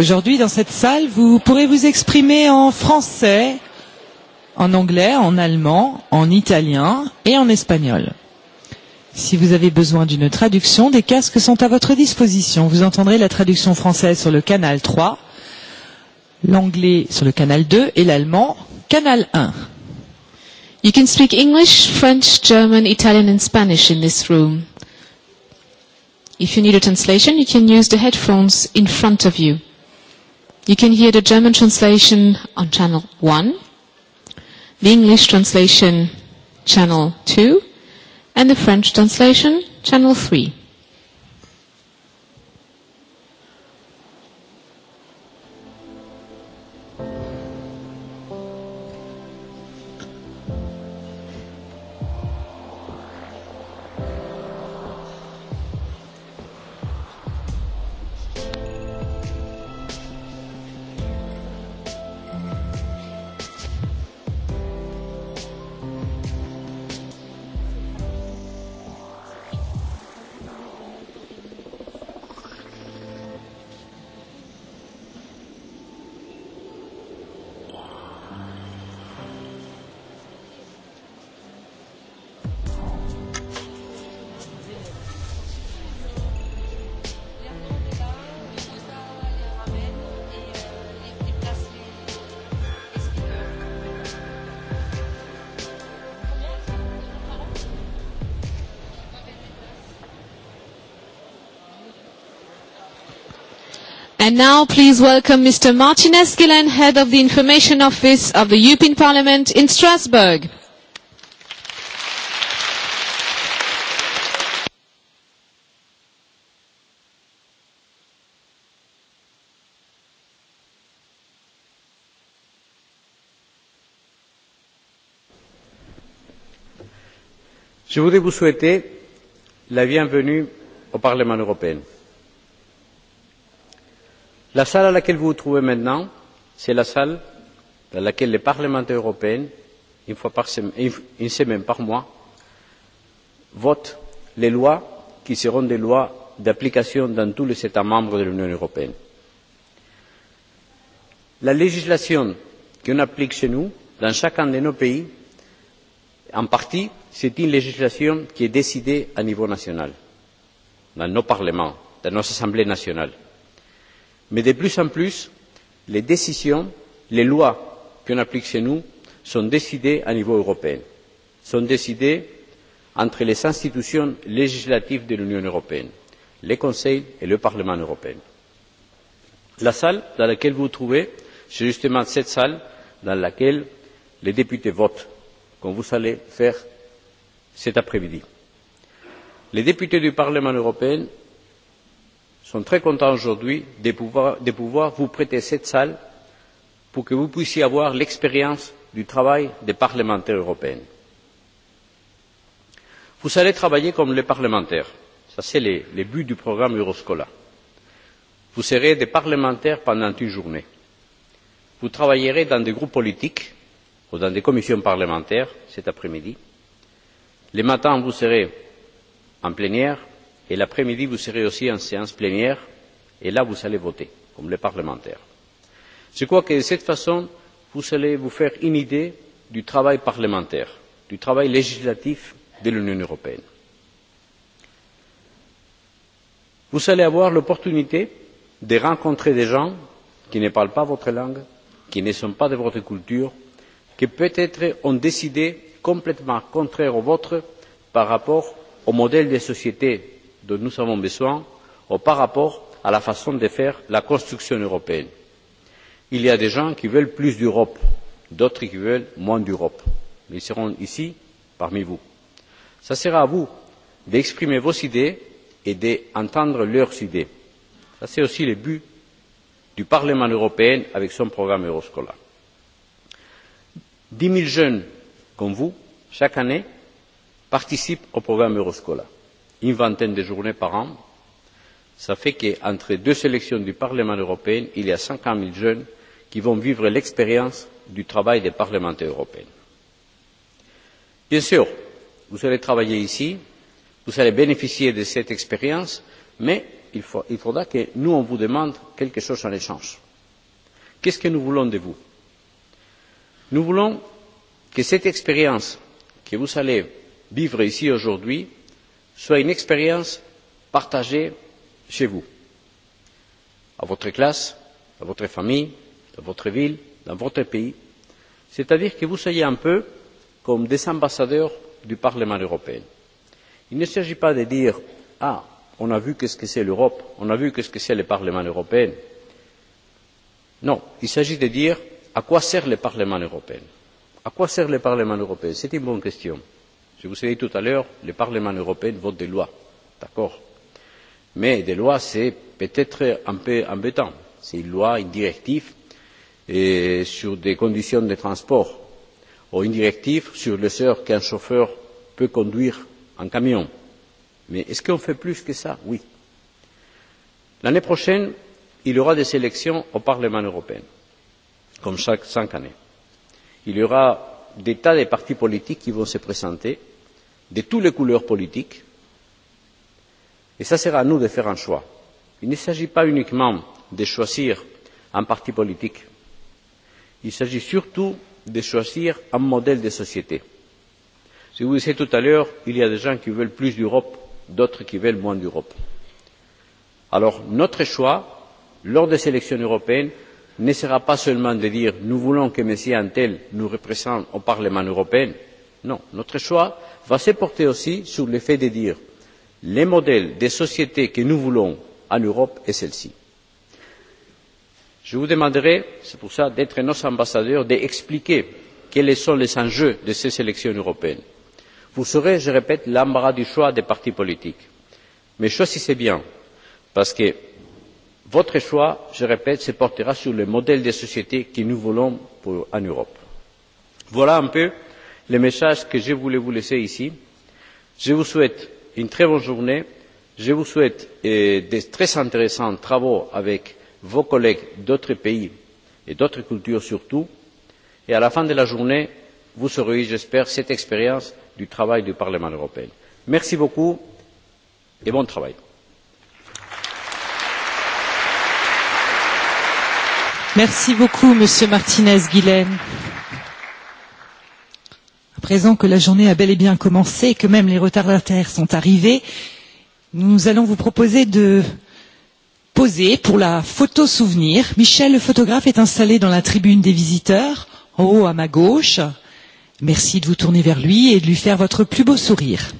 Aujourd'hui, dans cette salle, vous pourrez vous exprimer en français, en anglais, en allemand, en italien et en espagnol. Si vous avez besoin d'une traduction, des casques sont à votre disposition. Vous entendrez la traduction française sur le canal 3, l'anglais sur le canal 2 et l'allemand canal 1. You can speak English, French, German, Italian and Spanish in this room. If you need a translation, you can use the headphones in front of you. You can hear the German translation on channel 1, the English translation channel 2, and the French translation channel 3. And now please welcome Mr. Martin Eskelen, Head of the Information Office of the European Parliament in Strasbourg. Je voudrais vous souhaiter la bienvenue au Parlement européen la salle dans laquelle vous vous trouvez maintenant c'est la salle dans laquelle les parlementaires européens une fois par semaine, une semaine par mois votent les lois qui seront des lois d'application dans tous les États membres de l'Union européenne. La législation qu'on applique chez nous, dans chacun de nos pays, en partie, c'est une législation qui est décidée à niveau national, dans nos parlements, dans nos assemblées nationales mais de plus en plus les décisions les lois que l'on applique chez nous sont décidées au niveau européen sont décidées entre les institutions législatives de l'union européenne le conseil et le parlement européen. la salle dans laquelle vous vous trouvez c'est justement cette salle dans laquelle les députés votent comme vous allez faire cet après midi. les députés du parlement européen sommes très contents aujourd'hui de pouvoir vous prêter cette salle pour que vous puissiez avoir l'expérience du travail des parlementaires européens. Vous allez travailler comme les parlementaires. Ça, c'est le, le but du programme Euroscola. Vous serez des parlementaires pendant une journée. Vous travaillerez dans des groupes politiques ou dans des commissions parlementaires cet après-midi. Le matin, vous serez en plénière et l'après-midi, vous serez aussi en séance plénière, et là, vous allez voter, comme les parlementaires. Je crois que de cette façon, vous allez vous faire une idée du travail parlementaire, du travail législatif de l'Union européenne. Vous allez avoir l'opportunité de rencontrer des gens qui ne parlent pas votre langue, qui ne sont pas de votre culture, qui peut-être ont décidé complètement contraire au vôtre par rapport au modèle des sociétés dont nous avons besoin par rapport à la façon de faire la construction européenne. Il y a des gens qui veulent plus d'Europe, d'autres qui veulent moins d'Europe. Ils seront ici parmi vous. Ce sera à vous d'exprimer vos idées et d'entendre leurs idées. Ça, c'est aussi le but du Parlement européen avec son programme Euroscola. Dix mille jeunes comme vous, chaque année, participent au programme Euroscola une vingtaine de journées par an, ça fait qu'entre deux sélections du Parlement européen, il y a 50 000 jeunes qui vont vivre l'expérience du travail des parlementaires européens. Bien sûr, vous allez travailler ici, vous allez bénéficier de cette expérience, mais il, faut, il faudra que nous, on vous demande quelque chose en échange. Qu'est-ce que nous voulons de vous Nous voulons que cette expérience que vous allez vivre ici aujourd'hui soit une expérience partagée chez vous dans votre classe dans votre famille dans votre ville dans votre pays c'est à dire que vous soyez un peu comme des ambassadeurs du parlement européen. il ne s'agit pas de dire ah on a vu qu'est ce que c'est l'europe on a vu qu'est ce que c'est le parlement européen non il s'agit de dire à quoi sert le parlement européen? à quoi sert le parlement européen? c'est une bonne question je vous ai dit tout à l'heure le parlement européen vote des lois d'accord mais des lois c'est peut être un peu embêtant c'est une loi une directive et sur des conditions de transport ou une directive sur les heures qu'un chauffeur peut conduire en camion. Mais est-ce qu'on fait plus que ça Oui. L'année prochaine, il y aura des élections au Parlement européen, comme chaque cinq années. Il y aura des tas de partis politiques qui vont se présenter de toutes les couleurs politiques. Et ça sera à nous de faire un choix. Il ne s'agit pas uniquement de choisir un parti politique. Il s'agit surtout de choisir un modèle de société. Je vous disais tout à l'heure, il y a des gens qui veulent plus d'Europe, d'autres qui veulent moins d'Europe. Alors notre choix, lors des élections européennes, ne sera pas seulement de dire nous voulons que M. Antel nous représente au Parlement européen, non notre choix va se porter aussi sur le fait de dire les modèles des sociétés que nous voulons en Europe et celles ci. Je vous demanderai, c'est pour ça, d'être nos ambassadeurs, d'expliquer quels sont les enjeux de ces élections européennes. Vous serez, je répète, l'embarras du choix des partis politiques. Mais choisissez bien, parce que votre choix, je répète, se portera sur le modèle des sociétés que nous voulons pour, en Europe. Voilà un peu euh, le message que je voulais vous laisser ici. Je vous souhaite une très bonne journée. Je vous souhaite euh, de très intéressants travaux avec vos collègues d'autres pays et d'autres cultures surtout. Et à la fin de la journée, vous saurez, j'espère, cette expérience du travail du Parlement européen. Merci beaucoup et bon travail. Merci beaucoup, Monsieur Martinez-Guilaine. À présent que la journée a bel et bien commencé et que même les retardataires sont arrivés, nous allons vous proposer de poser pour la photo souvenir. Michel, le photographe, est installé dans la tribune des visiteurs, en haut à ma gauche. Merci de vous tourner vers lui et de lui faire votre plus beau sourire.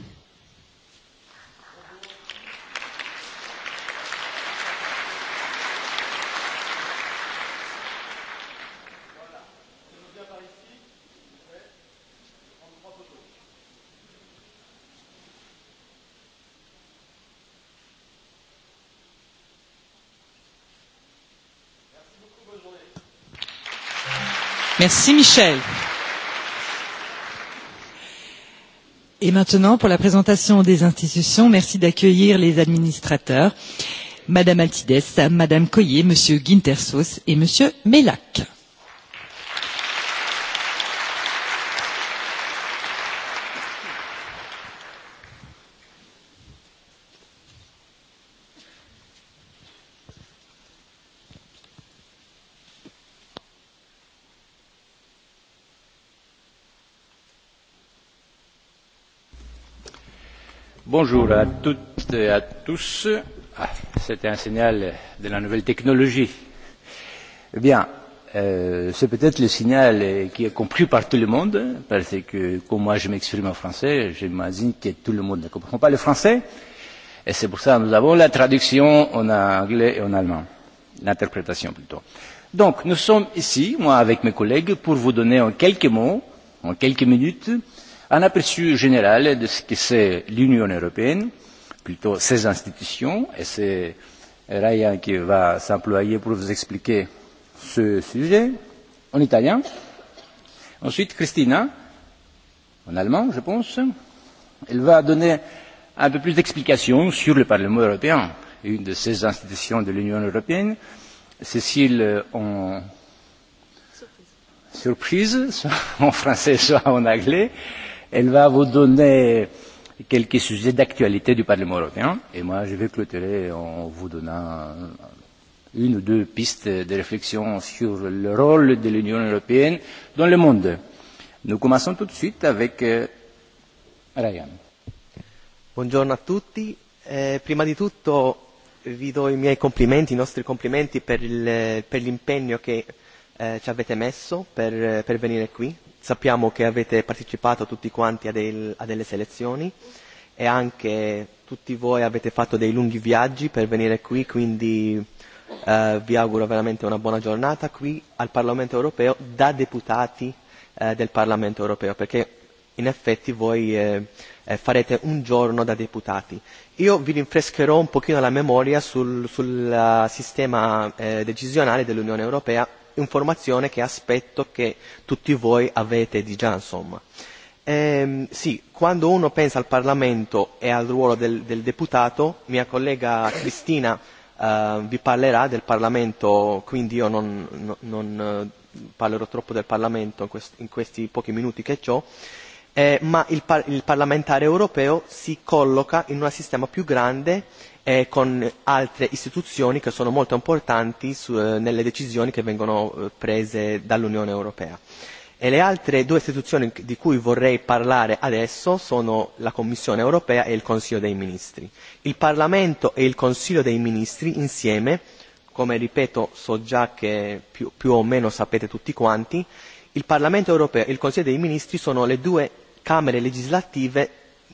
Merci Michel. Et maintenant, pour la présentation des institutions, merci d'accueillir les administrateurs, Madame Altides, Madame Coyer, Monsieur Guintersos et Monsieur Mélac. bonjour à toutes et à tous. Ah, c'est un signal de la nouvelle technologie. Eh bien, euh, c'est peut-être le signal qui est compris par tout le monde, parce que comme moi je m'exprime en français, j'imagine que tout le monde ne comprend pas le français. Et c'est pour ça que nous avons la traduction en anglais et en allemand. L'interprétation plutôt. Donc, nous sommes ici, moi avec mes collègues, pour vous donner en quelques mots, en quelques minutes, euh, un aperçu général de ce que c'est l'Union européenne, plutôt ses institutions, et c'est Ryan qui va s'employer pour vous expliquer ce sujet en italien. Ensuite, Christina, en allemand, je pense, elle va donner un peu plus d'explications sur le Parlement européen, une de ces institutions de l'Union européenne. Cécile, en surprise, surprise soit en français, soit en anglais. Euh, elle va vous donner quelques sujets d'actualité du Parlement européen et moi je vais clôturer en vous donnant une ou deux pistes de réflexion sur le rôle de l'Union européenne dans le monde. Nous commençons tout de suite avec euh, Ryan. Bonjour à tous. Eh, prima di tutto vi do i miei complimenti, i nostri complimenti per, il, per l'impegno che eh, ci avete messo per, per venire qui sappiamo che avete partecipato tutti quanti a, del, a delle selezioni e anche tutti voi avete fatto dei lunghi viaggi per venire qui, quindi eh, vi auguro veramente una buona giornata qui al Parlamento europeo da deputati eh, del Parlamento europeo, perché in effetti voi eh, eh farete un giorno da deputati. Io vi rinfrescherò un pochino la memoria sul, sul eh, sistema eh, decisionale dell'Unione europea informazione che aspetto che tutti voi avete di già, insomma. Ehm, sì, quando uno pensa al Parlamento e al ruolo del, del deputato, mia collega Cristina eh, vi parlerà del Parlamento, quindi io non, no, non, non eh, parlerò troppo del Parlamento in questi, in questi pochi minuti che ho, eh, ma il, par- il parlamentare europeo si colloca in un sistema più grande e con altre istituzioni che sono molto importanti su, eh, nelle decisioni che vengono eh, prese dall'Unione Europea. E le altre due istituzioni di cui vorrei parlare adesso sono la Commissione Europea e il Consiglio dei Ministri. Il Parlamento e il Consiglio dei Ministri insieme, come ripeto so già che più, più o meno sapete tutti quanti, il Parlamento Europeo e il Consiglio dei Ministri sono le due Camere legislative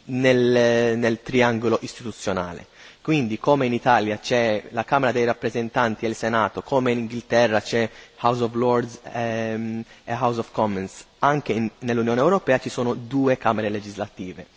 nel, nel triangolo istituzionale. Quindi come in Italia c'è la Camera dei rappresentanti e il Senato, come in Inghilterra c'è House of Lords ehm, e House of Commons, anche in, nell'Unione Europea ci sono due Camere legislative.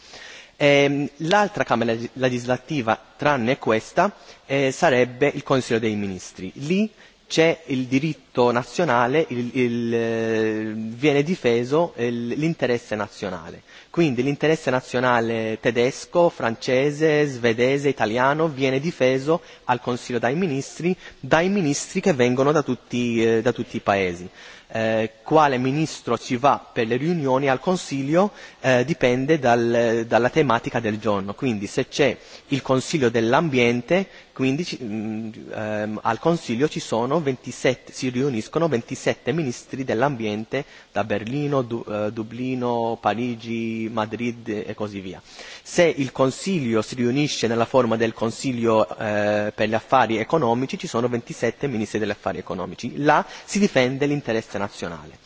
Ehm, l'altra Camera legislativa, tranne questa, eh, sarebbe il Consiglio dei Ministri. Lì c'è il diritto nazionale, il, il, eh, viene difeso il, l'interesse nazionale. Quindi l'interesse nazionale tedesco, francese, svedese, italiano viene difeso al Consiglio dai ministri, dai ministri che vengono da tutti, eh, da tutti i paesi. Eh, quale ministro ci va per le riunioni al Consiglio eh, dipende dal, dalla tematica del giorno. Quindi se c'è il Consiglio dell'ambiente quindi mm, ehm, al Consiglio ci sono 27, si riuniscono 27 ministri dell'ambiente da Berlino, du, eh, Dublino, Parigi, Madrid e così via. Se il Consiglio si riunisce nella forma del Consiglio eh, per gli affari economici ci sono 27 ministri degli affari economici. Là si difende l'interesse nazionale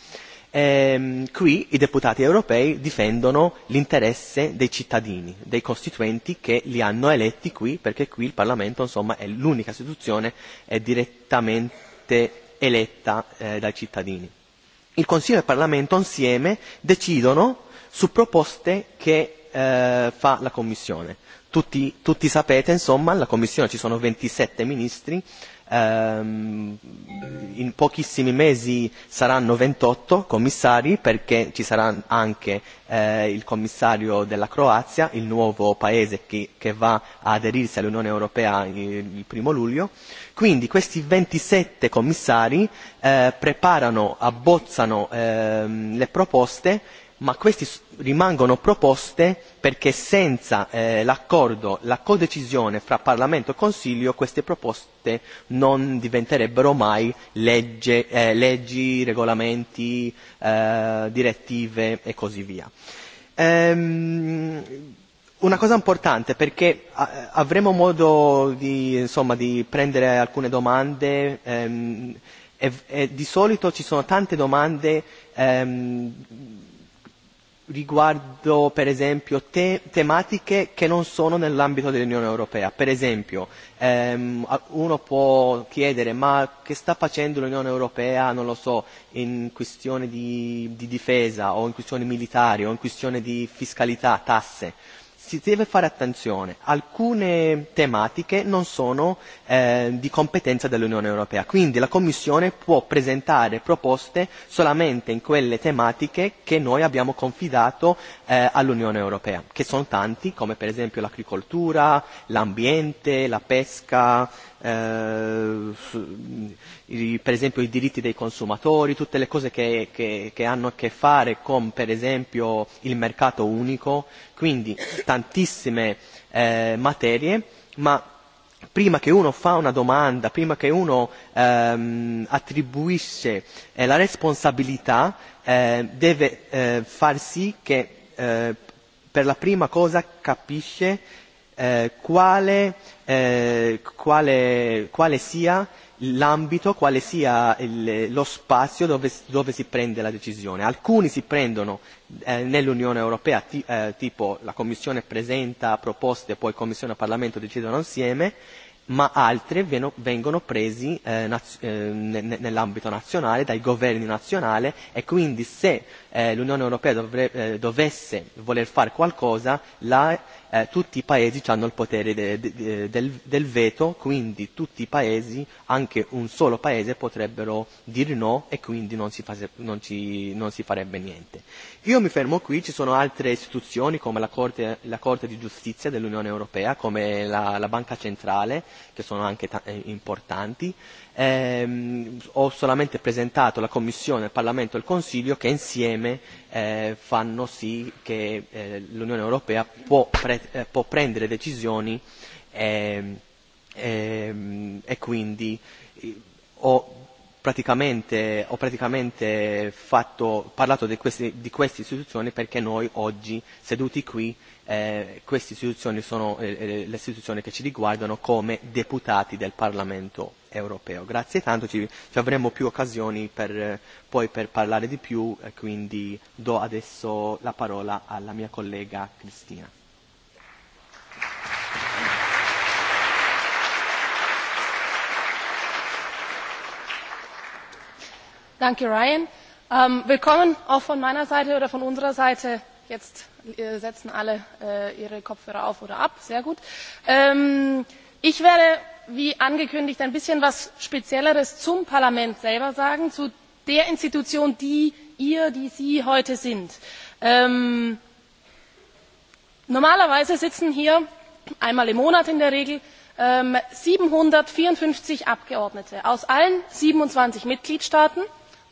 ehm, qui i deputati europei difendono l'interesse dei cittadini, dei costituenti che li hanno eletti qui, perché qui il Parlamento insomma, è l'unica istituzione è direttamente eletta eh, dai cittadini. Il Consiglio e il Parlamento insieme decidono su proposte che eh, fa la Commissione. Tutti, tutti sapete, insomma, la Commissione ci sono 27 ministri, ehm, in pochissimi mesi saranno 28 commissari perché ci sarà anche eh, il commissario della Croazia, il nuovo paese che, che va a aderirsi all'Unione Europea il, il primo luglio. Quindi questi 27 commissari eh, preparano, abbozzano ehm, le proposte ma queste rimangono proposte perché senza eh, l'accordo, la codecisione fra Parlamento e Consiglio, queste proposte non diventerebbero mai legge, eh, leggi, regolamenti, eh, direttive e così via. Ehm, una cosa importante perché avremo modo di, insomma, di prendere alcune domande, ehm, e, e di solito ci sono tante domande ehm, riguardo per esempio te tematiche che non sono nell'ambito dell'Unione Europea. Per esempio, ehm, uno può chiedere ma che sta facendo l'Unione Europea, non lo so, in questione di, di difesa o in questione militare o in questione di fiscalità, tasse si deve fare attenzione, alcune tematiche non sono eh, di competenza dell'Unione Europea, quindi la Commissione può presentare proposte solamente in quelle tematiche che noi abbiamo confidato eh, all'Unione Europea, che sono tanti, come per esempio l'agricoltura, l'ambiente, la pesca, eh, i, per esempio i diritti dei consumatori, tutte le cose che, che, che hanno a che fare con per esempio il mercato unico, quindi tantissime eh, materie, ma prima che uno fa una domanda, prima che uno ehm, attribuisce eh, la responsabilità, eh, deve eh, far sì che eh, per la prima cosa capisce eh, quale, eh, quale, quale sia l'ambito, quale sia il, lo spazio dove, dove si prende la decisione. Alcuni si prendono eh, nell'Unione Europea, ti, eh, tipo la Commissione presenta proposte, e poi Commissione e Parlamento decidono insieme, ma altri veno, vengono presi eh, naz, eh, ne, nell'ambito nazionale, dai governi nazionali e quindi se eh, l'Unione Europea dovre, eh, dovesse voler fare qualcosa, là, eh, tutti i paesi hanno il potere de, de, de, del, del veto, quindi tutti i paesi, anche un solo paese, potrebbero dire no e quindi non si, fase, non ci, non si farebbe niente. Io mi fermo qui, ci sono altre istituzioni come la Corte, la Corte di Giustizia dell'Unione Europea, come la, la Banca Centrale, che sono anche ta- eh, importanti ehm, ho solamente presentato la Commissione, il Parlamento e il Consiglio che insieme eh, fanno sì che eh, l'Unione Europea può, pre- eh, può prendere decisioni ehm, ehm, e quindi eh, ho praticamente, ho praticamente fatto, parlato di queste, di queste istituzioni perché noi oggi, seduti qui, eh, queste istituzioni sono eh, eh, le istituzioni che ci riguardano come deputati del Parlamento europeo. Grazie tanto, ci, ci avremo più occasioni per, eh, poi per parlare di più, eh, quindi do adesso la parola alla mia collega Cristina. Ähm, willkommen auch von meiner seite oder von unserer seite jetzt äh, setzen alle äh, ihre kopfhörer auf oder ab sehr gut! Ähm, ich werde wie angekündigt ein bisschen etwas spezielleres zum parlament selber sagen zu der institution die ihr die sie heute sind. Ähm, normalerweise sitzen hier einmal im monat in der regel siebenhundertvierundfünfzig abgeordnete aus allen siebenundzwanzig mitgliedstaaten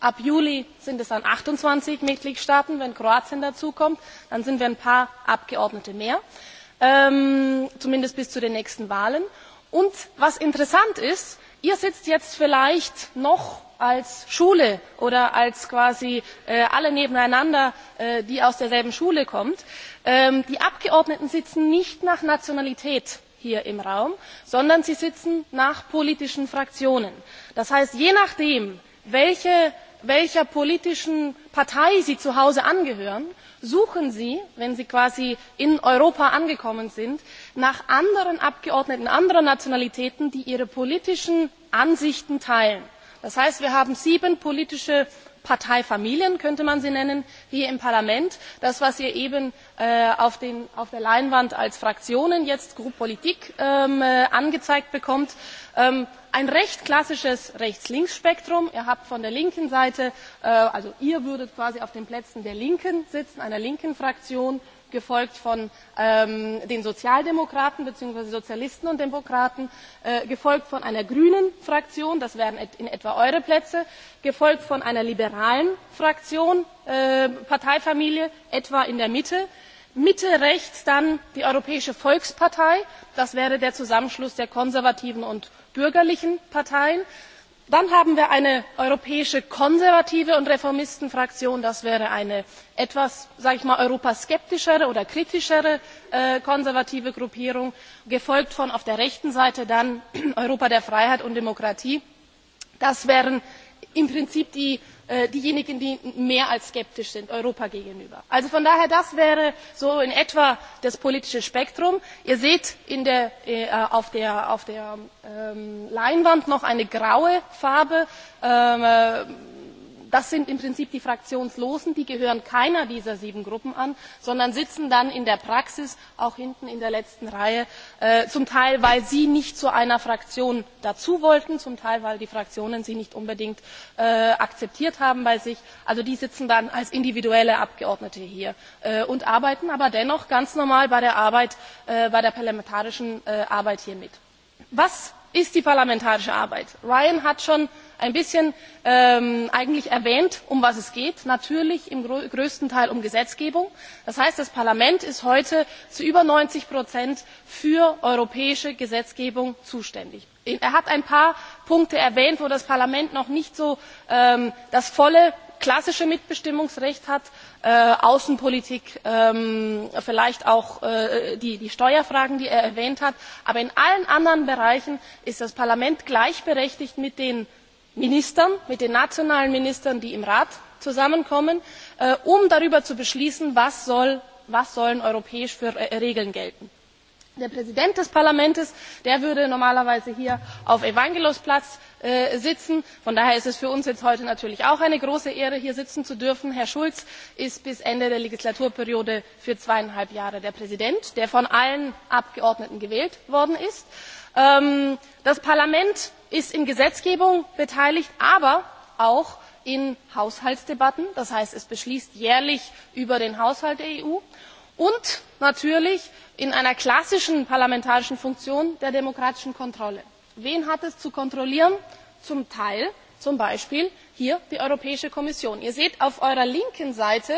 ab juli sind es dann achtundzwanzig mitgliedstaaten wenn kroatien dazukommt dann sind wir ein paar abgeordnete mehr ähm, zumindest bis zu den nächsten wahlen. und was interessant ist ihr sitzt jetzt vielleicht noch als schule oder als quasi äh, alle nebeneinander äh, die aus derselben schule kommt ähm, die abgeordneten sitzen nicht nach nationalität hier im raum sondern sie sitzen nach politischen fraktionen. das heißt je nachdem welche welcher politischen Partei Sie zu Hause angehören, suchen Sie, wenn Sie quasi in Europa angekommen sind, nach anderen Abgeordneten anderer Nationalitäten, die Ihre politischen Ansichten teilen. Das heißt, wir haben sieben politische parteifamilien könnte man sie nennen hier im parlament das was wir eben äh, auf der leinwand als fraktionen jetzt als groupe politique ähm, äh, angezeigt bekommen ähm, ein recht klassisches rechts links spektrum ihr habt von der linken seite äh, also ihr würdet quasi auf den plätzen der linken sitzen einer linken fraktion gefolgt von ähm, den sozialdemokraten bzw. sozialisten und demokraten äh, gefolgt von einer grünen fraktion das wären in etwa eure plätze gefolgt von einer liberalen fraktion äh, parteifamilie etwa in der mitte mitte rechts dann die europäische volkspartei das wäre der zusammenschluss der konservativen und bürgerlichen parteien dann haben wir eine europäische konservative und reformisten fraktion das wäre eine etwas europaskeptischere oder kritischere äh, konservative gruppierung gefolgt von auf der rechten seite europa der freiheit und demokratie das wären im prinzip äh, diejenigen die mehr als skeptisch sind europa gegenüber. von daher das wäre so in etwa das politische spektrum. ihr seht äh, auf der ähm, leinwand noch eine graue farbe ähm, äh, das sind im prinzip die fraktionslosen die gehören keiner dieser sieben gruppen an sondern sitzen dann in der praxis auch hinten in der letzten reihe äh, zum teil weil sie nicht zu einer fraktion dazu wollten zum teil weil die fraktionen sie nicht unbedingt äh, akzeptiert haben bei sich also die sitzen dann als individuelle abgeordnete hier äh, und arbeiten aber dennoch ganz normal bei der parlamentarischen arbeit hier mit. was ist die parlamentarische arbeit. ryan hat schon ein bisschen ähm, erwähnt um was es geht natürlich im größten teil um gesetzgebung. das heißt das parlament ist heute zu über neunzig für europäische gesetzgebung zuständig. er hat ein paar punkte erwähnt wo das parlament noch nicht ähm, das volle klassische mitbestimmungsrecht hat äh, außenpolitik ähm, vielleicht auch äh, die steuerfragen die er erwähnt hat aber in allen anderen bereichen ist das parlament gleichberechtigt mit den ministern mit den nationalen ministern die im rat zusammenkommen äh, um darüber zu beschließen was europäisch für regeln gelten der präsident des parlaments würde normalerweise hier auf evangelos platz äh, sitzen von daher ist es für uns heute natürlich auch eine große ehre hier sitzen zu dürfen. herr schulz ist bis ende der legislaturperiode für zweieinhalb jahre der präsident der von allen abgeordneten gewählt worden ist. Ähm, das parlament ist an der gesetzgebung beteiligt aber auch an haushaltsdebatten das heißt es beschließt jährlich über den haushalt der eu und natürlich in einer klassischen parlamentarischen funktion der demokratischen kontrolle. wen hat es zu kontrollieren? zum teil zum beispiel hier die europäische kommission. ihr seht auf eurer linken seite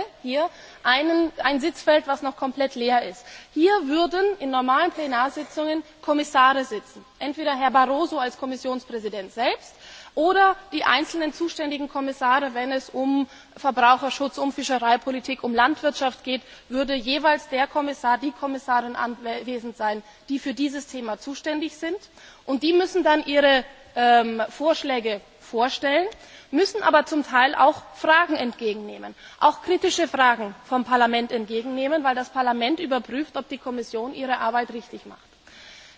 ein sitzfeld das noch komplett leer ist. hier würden in normalen plenarsitzungen kommissare sitzen entweder herr barroso als kommissionspräsident oder die einzelnen zuständigen kommissare wenn es um verbraucherschutz um fischereipolitik um landwirtschaft geht würde jeweils der kommissar die kommissarin anwesend sein die für dieses thema zuständig sind und die müssen dann ihre ähm, vorschläge vorstellen müssen aber zum teil auch fragen entgegennehmen auch kritische fragen vom parlament entgegennehmen weil das parlament überprüft ob die kommission ihre arbeit richtig macht.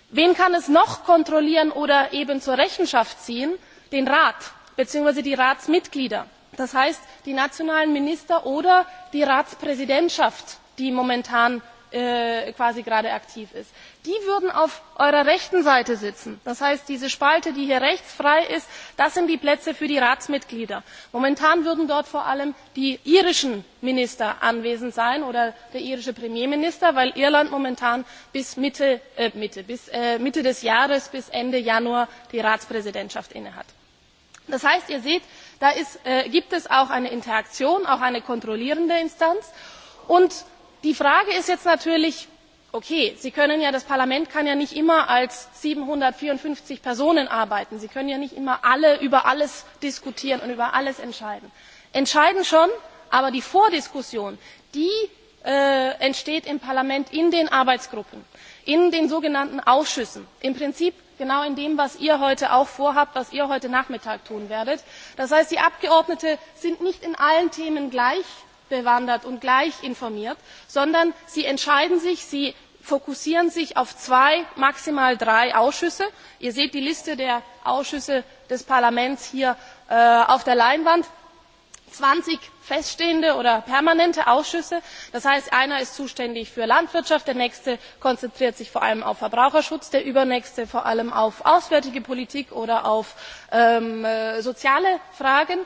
wen kann es noch kontrollieren oder eben zur rechenschaft ziehen? den rat beziehungsweise die ratsmitglieder das heißt die nationalen minister oder die ratspräsidentschaft die momentan äh, gerade aktiv ist die würden auf eurer rechten seite sitzen das heißt diese spalte die hier rechts frei ist das sind die plätze für die ratsmitglieder. momentan würden dort vor allem die irischen minister anwesend sein oder der irische premierminister weil irland momentan bis mitte äh, äh, des jahres bis ende januar die ratspräsidentschaft innehat das heißt ihr seht da äh, gibt es auch eine interaktion auch eine kontrollierende instanz. die frage ist jetzt natürlich okay ja, das parlament kann ja nicht immer mit siebenhundertvierundfünfzig personen arbeiten sie können ja nicht immer über alles diskutieren und über alles entscheiden. entscheiden schon aber die vordiskussion die äh, entsteht im parlament in den arbeitsgruppen in den sogenannten ausschüssen im prinzip genau in dem was ihr heute auch vorhabt was ihr heute nachmittag tun werdet. das heißt die abgeordneten sind nicht in allen themen gleich bewandert und gleich informiert sondern sie entscheiden sich sie fokussieren sich auf zwei maximal drei ausschüsse ihr seht die liste der ausschüsse des parlaments hier äh, auf der leinwand zwanzig feststehende oder permanente ausschüsse das heißt einer ist zuständig für landwirtschaft der nächste konzentriert sich vor allem auf verbraucherschutz der übernächste vor allem auf auswärtige politik oder auf ähm, äh, soziale fragen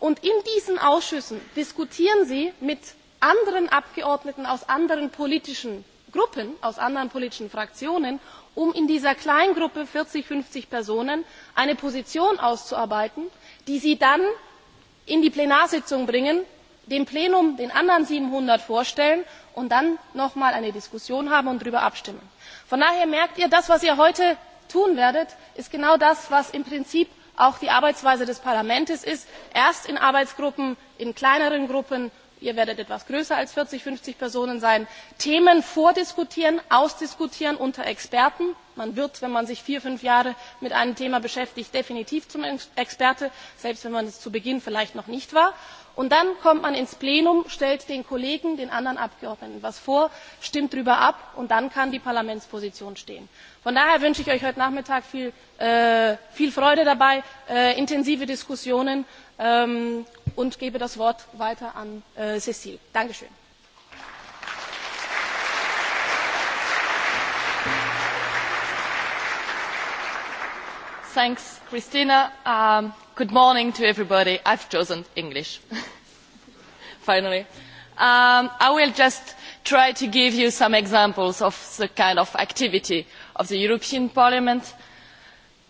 und in diesen ausschüssen diskutieren sie mit anderen abgeordneten aus anderen politischen gruppen aus anderen politischen fraktionen um in dieser kleingruppe von vierzig fünfzig personen eine position auszuarbeiten die sie dann in die plenarsitzung bringen dem plenum den anderen siebenhundert vorstellen und dann noch einmal eine diskussion haben und darüber abstimmen. von daher merkt ihr das was ihr heute tun werdet ist genau das was im prinzip auch die arbeitsweise des parlaments ist erst in arbeitsgruppen in kleineren gruppen ihr werdet etwas größer als vierzig fünfzig personen sein themen vordiskutieren ausdiskutieren unter experten man wird wenn man sich vier fünf jahre mit einem thema beschäftigt definitiv zum experten selbst wenn man es zu beginn vielleicht noch nicht war und dann kommt man ins plenum stellt den kollegen den anderen abgeordneten etwas vor stimmt darüber ab und dann kann die parlamentsposition stehen. von daher wünsche ich euch heute nachmittag viel äh, freude dabei äh, intensive diskussionen ähm, und gebe das wort weiter an äh, cecile. danke schön! thanks christina. Um, good morning to everybody. i've chosen english. finally. Um, i will just try to give you some examples of the kind of activity of the european parliament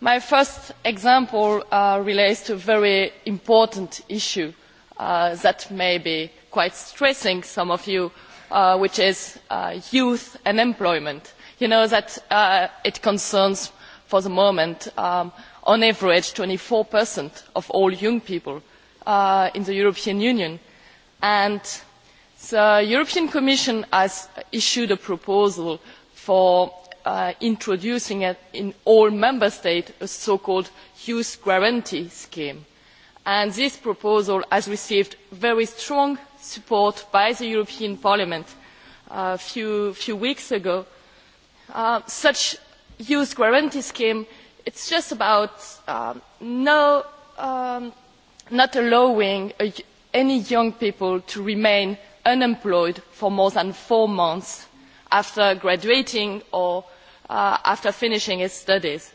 my first example uh, relates to a very important issue uh, that may be quite stressing to some of you uh, which is youth and employment. you know that it concerns for the moment um, on average twenty four of all young people in the european union and the european commission has issued a proposal for Uh, introducing in all member states a so called youth guarantee scheme. This proposal has received very strong support by the European Parliament a uh, few, few weeks ago. Uh, such youth guarantee scheme it's just about um, no, um, not allowing a, any young people to remain unemployed for more than four months after graduating or Uh, after finishing his studies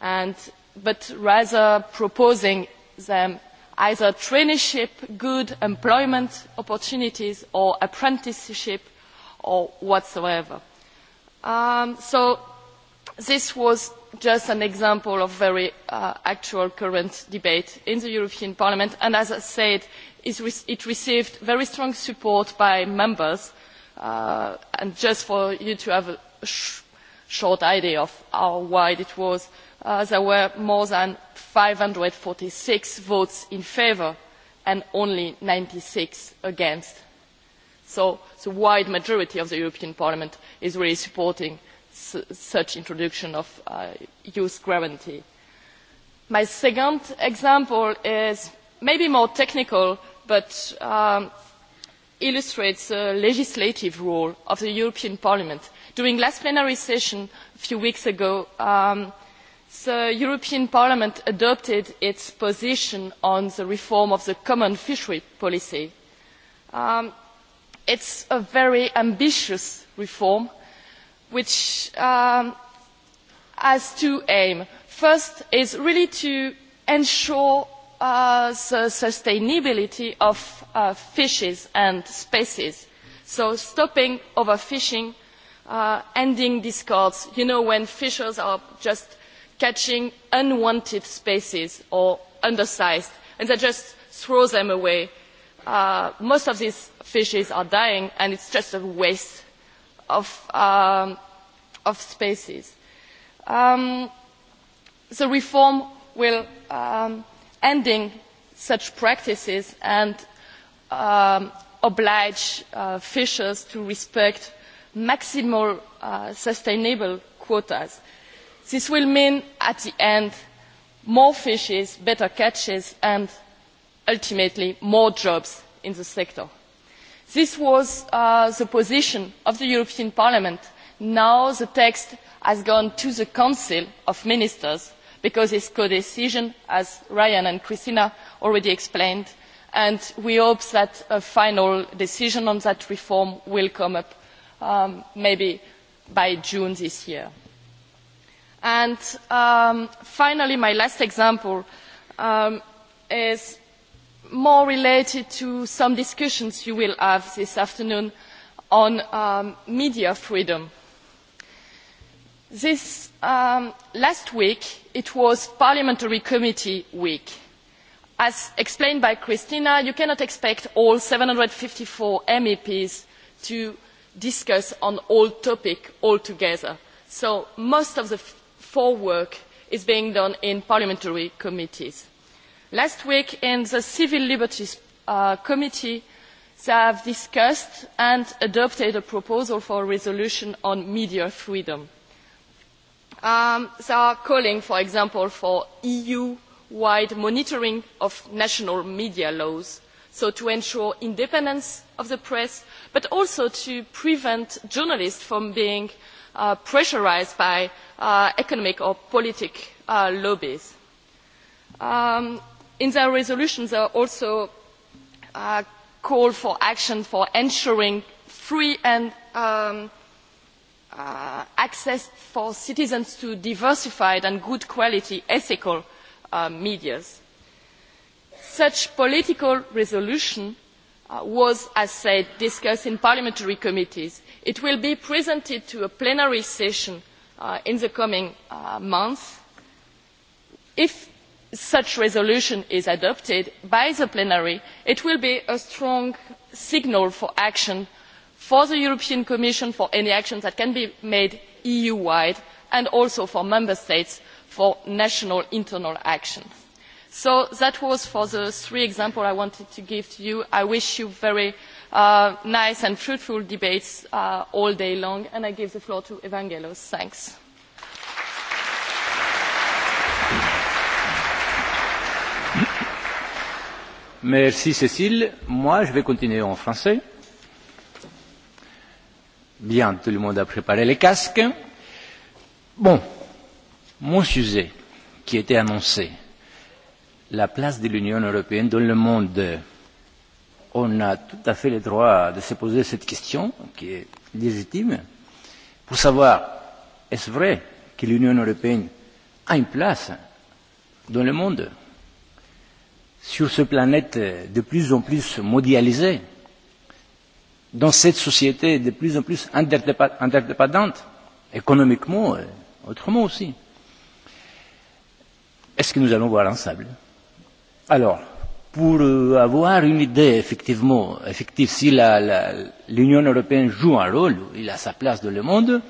but rather proposing them either traineeship good employment opportunities or apprenticeship or whatsoever. Um, so this was just an example of a very uh, actual current debate in the european parliament and as i said it received very strong support by members uh, and just for you to have a short idea of how wide it was. Uh, there were more than 546 votes in favour and only 96 against. So the wide majority of the European Parliament is really supporting s such introduction of uh, youth guarantee. My second example is maybe more technical, but um, illustrates the legislative role of the European Parliament during the last plenary session a few weeks ago um, the european parliament adopted its position on the reform of the common fisheries policy. Um, it is a very ambitious reform which um, has two aims. the first is really to ensure uh, the sustainability of uh, fishes and species so stopping overfishing Uh, ending discards you know when fishers are just catching unwanted species or undersized and they just throw them away. Uh, most of these fishes are dying and it's just a waste of, um, of species. Um, the reform will um, ending such practices and um, oblige uh, fishers to respect uh, maximal uh, sustainable quotas. this will mean in the end more fish better catches and ultimately more jobs in the sector. this was uh, the position of the european parliament. now the text has gone to the council of ministers because it is codecision as ryan and christina already explained and we hope that a final decision on that reform will come um, maybe by June this year. And um, finally, my last example um, is more related to some discussions you will have this afternoon on um, media freedom. This um, last week, it was Parliamentary Committee Week. As explained by Christina, you cannot expect all 754 MEPs to discuss on all topics altogether so most of the fore work is being done in parliamentary committees. last week in the civil liberties uh, committee they discussed and adopted a proposal for a resolution on media freedom. Um, they are calling for example for eu wide monitoring of national media laws to ensure independence of the press but also to prevent journalists from being uh, pressurised by uh, economic or political uh, lobbies. Um, in their resolution they also call for action for ensuring free um, access for citizens to diversified and good quality ethical media. such a political resolution Uh, was as i said discussed in parliamentary committees. it will be presented to a plenary session uh, in the coming uh, month if such a resolution is adopted by the plenary it will be a strong signal for action for the european commission for any actions that can be made eu wide and also for member states for national internal actions so that was for the three examples i wanted to give to you. i wish you very uh, nice and fruitful debates uh, all day long and i give the floor to evangelos. thanks. Merci Cécile. Moi, je vais continuer en français. Bien, tout le monde a préparé les casques. Bon, mon sujet qui était annoncé, la place de l'Union européenne dans le monde. On a tout à fait le droit de se poser cette question, qui est légitime, pour savoir est-ce vrai que l'Union européenne a une place dans le monde, sur cette planète de plus en plus mondialisée, dans cette société de plus en plus interdépendante, économiquement et euh, autrement aussi. Est-ce que nous allons voir ensemble? Alors, pour euh, avoir une idée effectivement, effective, si l'Union européenne joue un rôle, il a sa place dans le monde,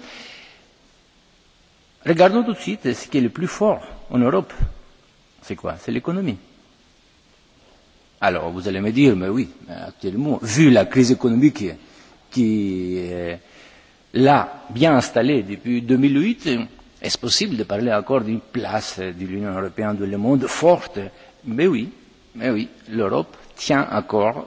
regardons tout de suite ce qui est le plus fort en Europe. C'est quoi C'est l'économie. Alors, vous allez me dire, mais oui, actuellement, vu la crise économique qui est là, bien installée depuis 2008, est-ce possible de parler encore d'une place de l'Union européenne dans le monde forte mais oui, mais oui, l'Europe tient encore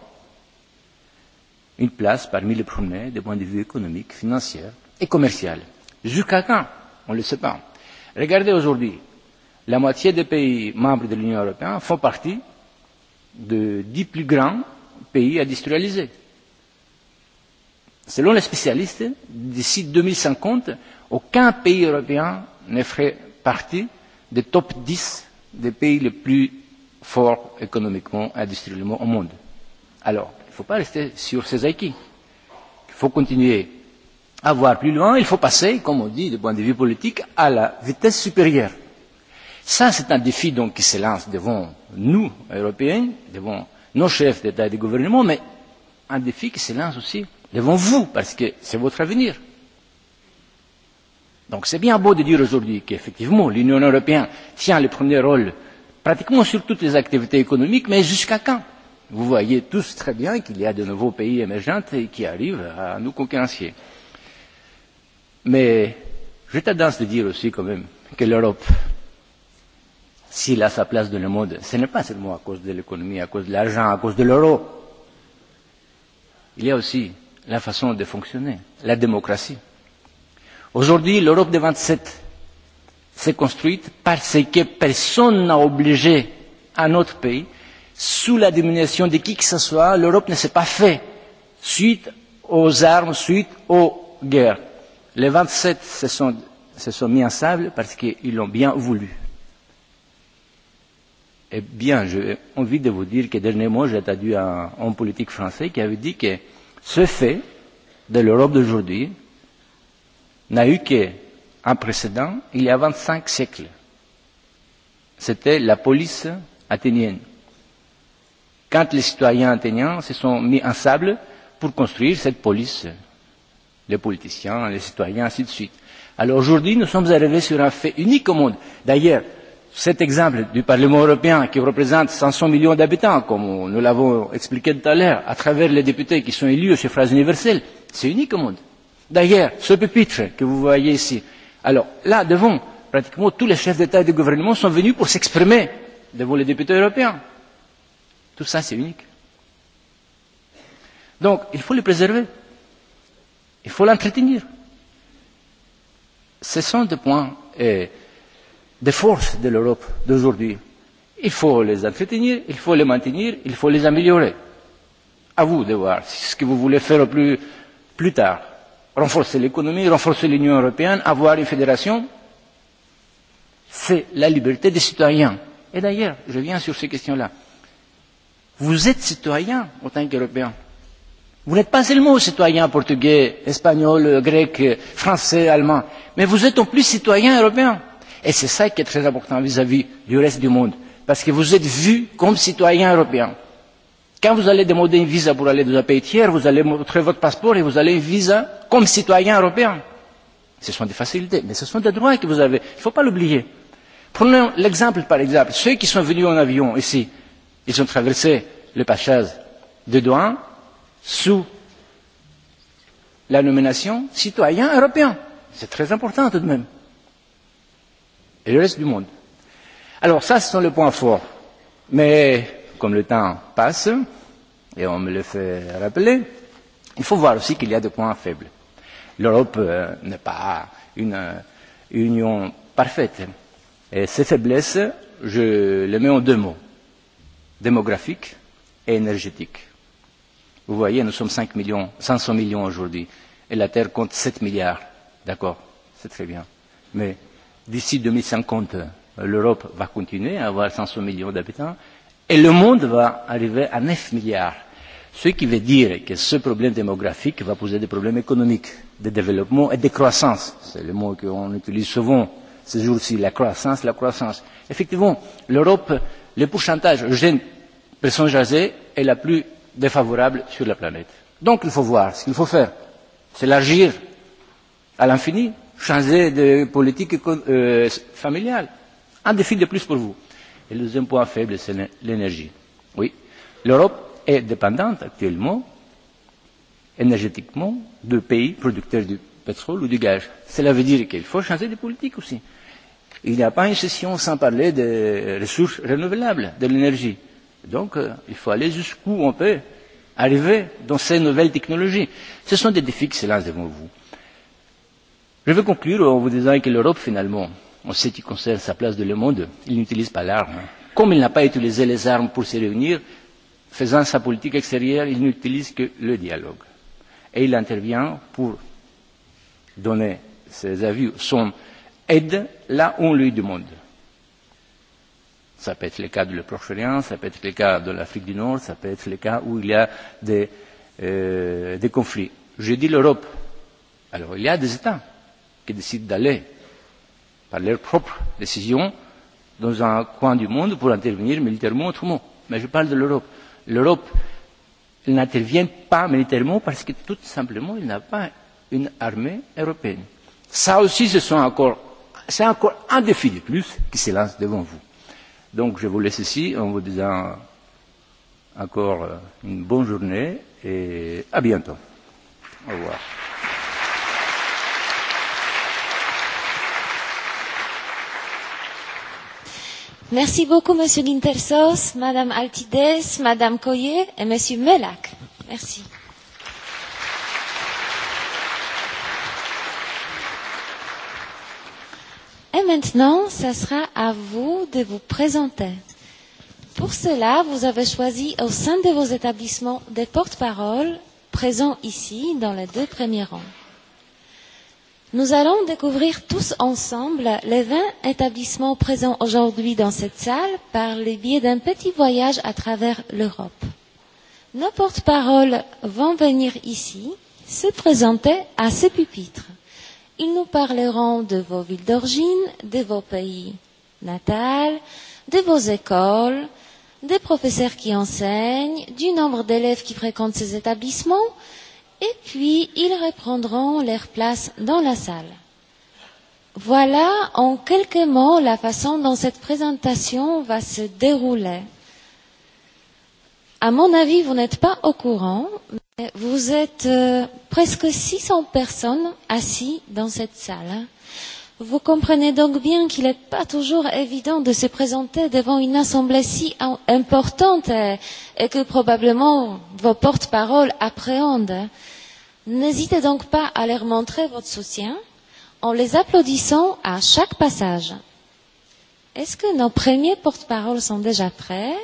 une place parmi les premiers du point de vue économique, financier et commercial. Jusqu'à quand On ne le sait pas. Regardez aujourd'hui, la moitié des pays membres de l'Union européenne font partie de dix plus grands pays industrialisés. Selon les spécialistes, d'ici 2050, aucun pays européen ne ferait partie des top 10 des pays les plus fort économiquement, industriellement au monde. Alors, il ne faut pas rester sur ces acquis. Il faut continuer à voir plus loin. Il faut passer, comme on dit, du point de vue politique, à la vitesse supérieure. Ça, c'est un défi donc, qui se lance devant nous, Européens, devant nos chefs d'État et de gouvernement, mais un défi qui se lance aussi devant vous, parce que c'est votre avenir. Donc c'est bien beau de dire aujourd'hui qu'effectivement l'Union européenne tient le premier rôle euh, pratiquement sur toutes les activités économiques, mais jusqu'à quand Vous voyez tous très bien qu'il y a de nouveaux pays émergents qui arrivent à nous concurrencer. Mais j'ai tendance à dire aussi quand même que l'Europe, s'il a sa place dans le monde, ce n'est pas seulement à cause de l'économie, à cause de l'argent, à cause de l'euro. Il y a aussi la façon de fonctionner, la démocratie. Aujourd'hui, l'Europe des 27 s'est construite parce que personne n'a obligé un autre pays, sous la domination de qui que ce soit, l'Europe ne s'est pas fait suite aux armes, suite aux guerres. Les 27 se sont, se sont mis ensemble parce qu'ils l'ont bien voulu. Eh bien, j'ai envie de vous dire que dernièrement, j'ai entendu un homme politique français qui avait dit que ce fait de l'Europe d'aujourd'hui n'a eu que un précédent il y a 25 siècles. C'était la police athénienne. Quand les citoyens athéniens se sont mis en sable pour construire cette police, les politiciens, les citoyens, ainsi de suite. Alors aujourd'hui, nous sommes arrivés sur un fait unique au monde. D'ailleurs, cet exemple du Parlement européen qui représente 500 millions d'habitants, comme nous l'avons expliqué tout à l'heure, à travers les députés qui sont élus au suffrage universel, c'est unique au monde. D'ailleurs, ce pupitre que vous voyez ici, Alors là, devant, pratiquement tous les chefs d'État et de gouvernement sont venus pour s'exprimer devant les députés européens. Tout ça, c'est unique. Donc, il faut le préserver. Il faut l'entretenir. Ce sont des points et des forces de l'Europe d'aujourd'hui. Il faut les entretenir, il faut les maintenir, il faut les améliorer. À vous de voir ce que vous voulez faire plus, plus tard renforcer l'économie, renforcer l'Union européenne, avoir une fédération, c'est la liberté des citoyens. Et d'ailleurs, je viens sur ces questions-là. Vous êtes citoyen en tant qu'Européen. Vous n'êtes pas seulement citoyen portugais, espagnol, grec, français, allemand, mais vous êtes en plus citoyen européen. Et c'est ça qui est très important vis-à-vis -vis du reste du monde, parce que vous êtes vu comme citoyen européen. Quand vous allez demander un visa pour aller dans un pays tiers, vous allez montrer votre passeport et vous allez un visa comme citoyen européen. Ce sont des facilités, mais ce sont des droits que vous avez. Il ne faut pas l'oublier. Prenons l'exemple par exemple. Ceux qui sont venus en avion ici, ils ont traversé le passage de douane sous la nomination citoyen européen. C'est très important tout de même. Et le reste du monde. Alors ça, ce sont les points forts. Mais comme le temps passe, et on me le fait rappeler, il faut voir aussi qu'il y a des points faibles. L'Europe euh, n'est pas une euh, union parfaite. Et ces faiblesses, je les mets en deux mots démographique et énergétique. Vous voyez, nous sommes 5 millions, 500 millions aujourd'hui, et la Terre compte 7 milliards. D'accord, c'est très bien. Mais d'ici 2050, l'Europe va continuer à avoir 500 millions d'habitants. Et le monde va arriver à 9 milliards. Ce qui veut dire que ce problème démographique va poser des problèmes économiques, de développement et de croissance. C'est le mot qu'on utilise souvent ces jours-ci, la croissance, la croissance. Effectivement, l'Europe, le pourcentage jeune personnes jasées est la plus défavorable sur la planète. Donc il faut voir ce qu'il faut faire. C'est l'agir à l'infini, changer de politique euh, familiale. Un défi de plus pour vous. Et le deuxième point faible, c'est l'énergie. Oui, l'Europe est dépendante actuellement, énergétiquement, de pays producteurs du pétrole ou du gaz. Cela veut dire qu'il faut changer de politique aussi. Il n'y a pas une session sans parler des ressources renouvelables, de l'énergie. Donc, euh, il faut aller jusqu'où on peut arriver dans ces nouvelles technologies. Ce sont des défis qui se lancent devant vous. Je veux conclure en vous disant que l'Europe, finalement, on sait qu'il conserve sa place dans le monde, il n'utilise pas l'arme. Comme il n'a pas utilisé les armes pour se réunir, faisant sa politique extérieure, il n'utilise que le dialogue. Et il intervient pour donner ses avis, son aide, là où on lui demande. Ça peut être le cas de le Proche-Orient, ça peut être le cas de l'Afrique du Nord, ça peut être le cas où il y a des, euh, des conflits. J'ai dit l'Europe. Alors, il y a des États qui décident d'aller par leurs propres décisions dans un coin du monde pour intervenir militairement autrement. Mais je parle de l'Europe. L'Europe n'intervient pas militairement parce que tout simplement il n'a pas une armée européenne. Ça aussi, ce sont encore, c'est encore un défi de plus qui se lance devant vous. Donc je vous laisse ici en vous disant encore une bonne journée et à bientôt. Au revoir. Merci beaucoup, Monsieur Guintersos, Madame Altides, Madame Coyer et Monsieur Melac. Merci. Et maintenant, ce sera à vous de vous présenter. Pour cela, vous avez choisi au sein de vos établissements des porte-paroles présents ici dans les deux premiers rangs. Nous allons découvrir tous ensemble les 20 établissements présents aujourd'hui dans cette salle par le biais d'un petit voyage à travers l'Europe. Nos porte-paroles vont venir ici se présenter à ce pupitre. Ils nous parleront de vos villes d'origine, de vos pays natals, de vos écoles, des professeurs qui enseignent, du nombre d'élèves qui fréquentent ces établissements, et puis ils reprendront leur place dans la salle. Voilà en quelques mots la façon dont cette présentation va se dérouler. À mon avis, vous n'êtes pas au courant, mais vous êtes euh, presque 600 personnes assises dans cette salle. Vous comprenez donc bien qu'il n'est pas toujours évident de se présenter devant une assemblée si importante et, et que probablement vos porte-paroles appréhendent. N'hésitez donc pas à leur montrer votre soutien en les applaudissant à chaque passage. Est-ce que nos premiers porte-paroles sont déjà prêts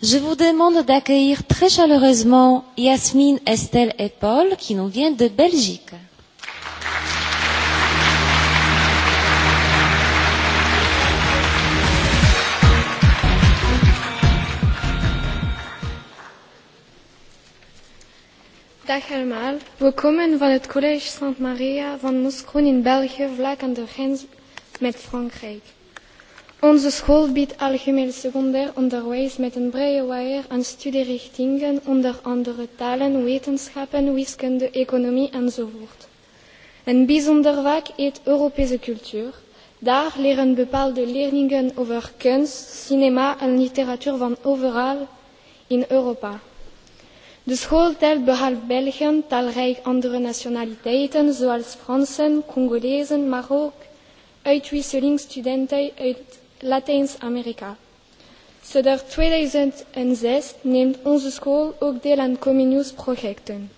Je vous demande d'accueillir très chaleureusement Yasmine, Estelle et Paul qui nous viennent de Belgique. Dag allemaal. We komen van het College Sainte Maria van Moeskroen in België, vlak aan de grens met Frankrijk. Onze school biedt algemeen secundair onderwijs met een brede waaier aan studierichtingen, onder andere talen, wetenschappen, wiskunde, economie enzovoort. Een bijzonder vak heet Europese cultuur. Daar leren bepaalde leerlingen over kunst, cinema en literatuur van overal in Europa. De school telt behalve Belgen talrijk andere nationaliteiten, zoals Fransen, Congolezen, maar ook uitwisselingsstudenten uit Latijns-Amerika. Sinds 2006 neemt onze school ook deel aan communiusprojecten.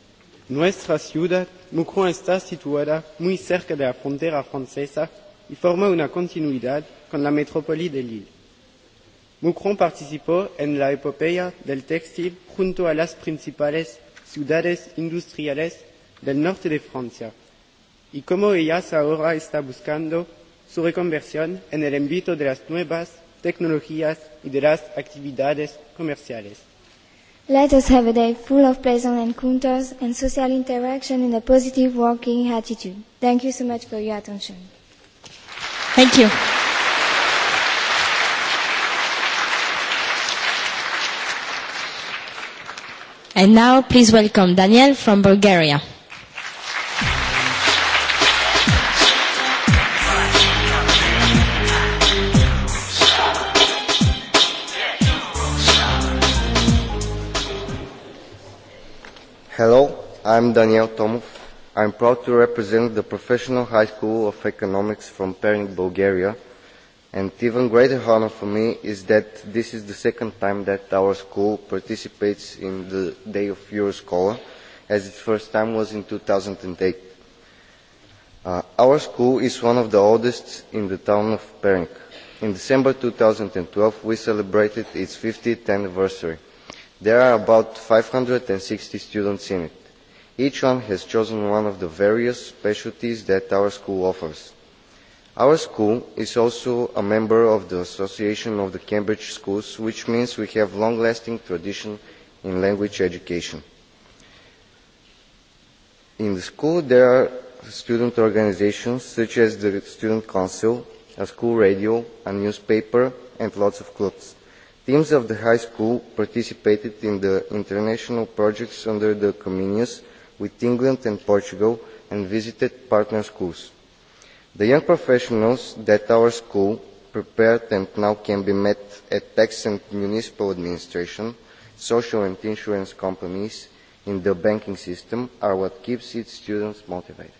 Nuestra ciudad, Mucron, está situada muy cerca de la frontera francesa y forma una continuidad con la metrópoli de Lille. Mucron participó en la epopeya del textil junto a las principales ciudades industriales del norte de Francia. Y como ellas ahora está buscando su reconversión en el ámbito de las nuevas tecnologías y de las actividades comerciales. Let us have a day full of pleasant encounters and social interaction in a positive working attitude. Thank you so much for your attention. Thank you. And now, please welcome Daniel from Bulgaria. Hello, I'm Daniel Tomov. I'm proud to represent the Professional High School of Economics from Pering, Bulgaria. And even greater honor for me is that this is the second time that our school participates in the Day of Euroscholar, as its first time was in 2008. Uh, our school is one of the oldest in the town of Perink. In December 2012, we celebrated its 50th anniversary. There are about 560 students in it. Each one has chosen one of the various specialties that our school offers our school is also a member of the association of the cambridge schools which means we have a long lasting tradition in language education. in the school there are student organisations such as the student council a school radio a newspaper and lots of clubs. teams of the high school participated in the international projects under the comenius with england and portugal and visited partner schools the young professionals that our school prepared and now can be met at tax and municipal administration, social and insurance companies, in the banking system are what keeps its students motivated.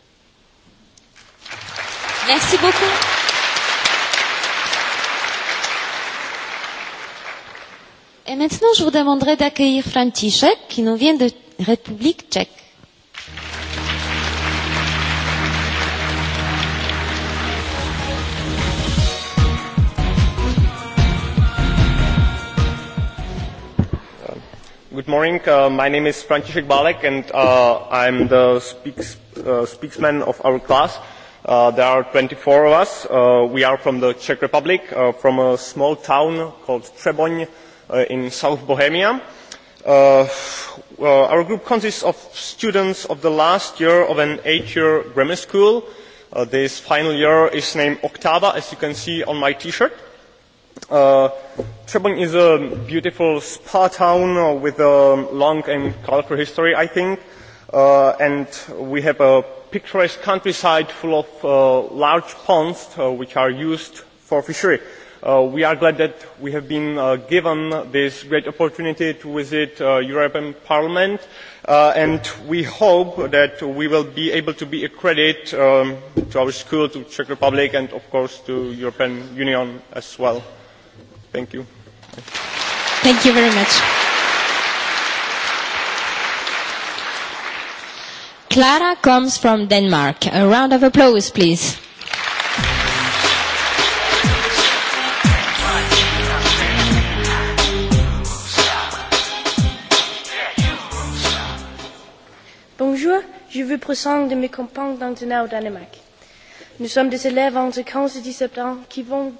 Merci beaucoup. Et maintenant, je vous demanderai d'accueillir František, qui nous vient de République tchèque. Good morning. Uh, my name is František Balek, and uh, I'm the speaks, uh, speaksman of our class. Uh, there are 24 of us. Uh, we are from the Czech Republic, uh, from a small town called Treboň uh, in South Bohemia. Uh, uh, our group consists of students of the last year of an eight-year grammar school. Uh, this final year is named Octava, as you can see on my T-shirt. Uh, Uh, Trebon is a beautiful spa town uh, with a long and colorful history, I think. Uh, and we have a picturesque countryside full of uh, large ponds uh, which are used for fishery. Uh, we are glad that we have been uh, given this great opportunity to visit uh, European Parliament. Uh, and we hope that we will be able to be a credit um, to our school, to Czech Republic, and of course to European Union as well. Thank you. Thank you very much. Clara comes from Denmark. A round of applause, please. Bonjour, je vous présente de mes compagnons d'antenne au Danemark. Nous sommes des élèves entre 15 et 17 ans qui vont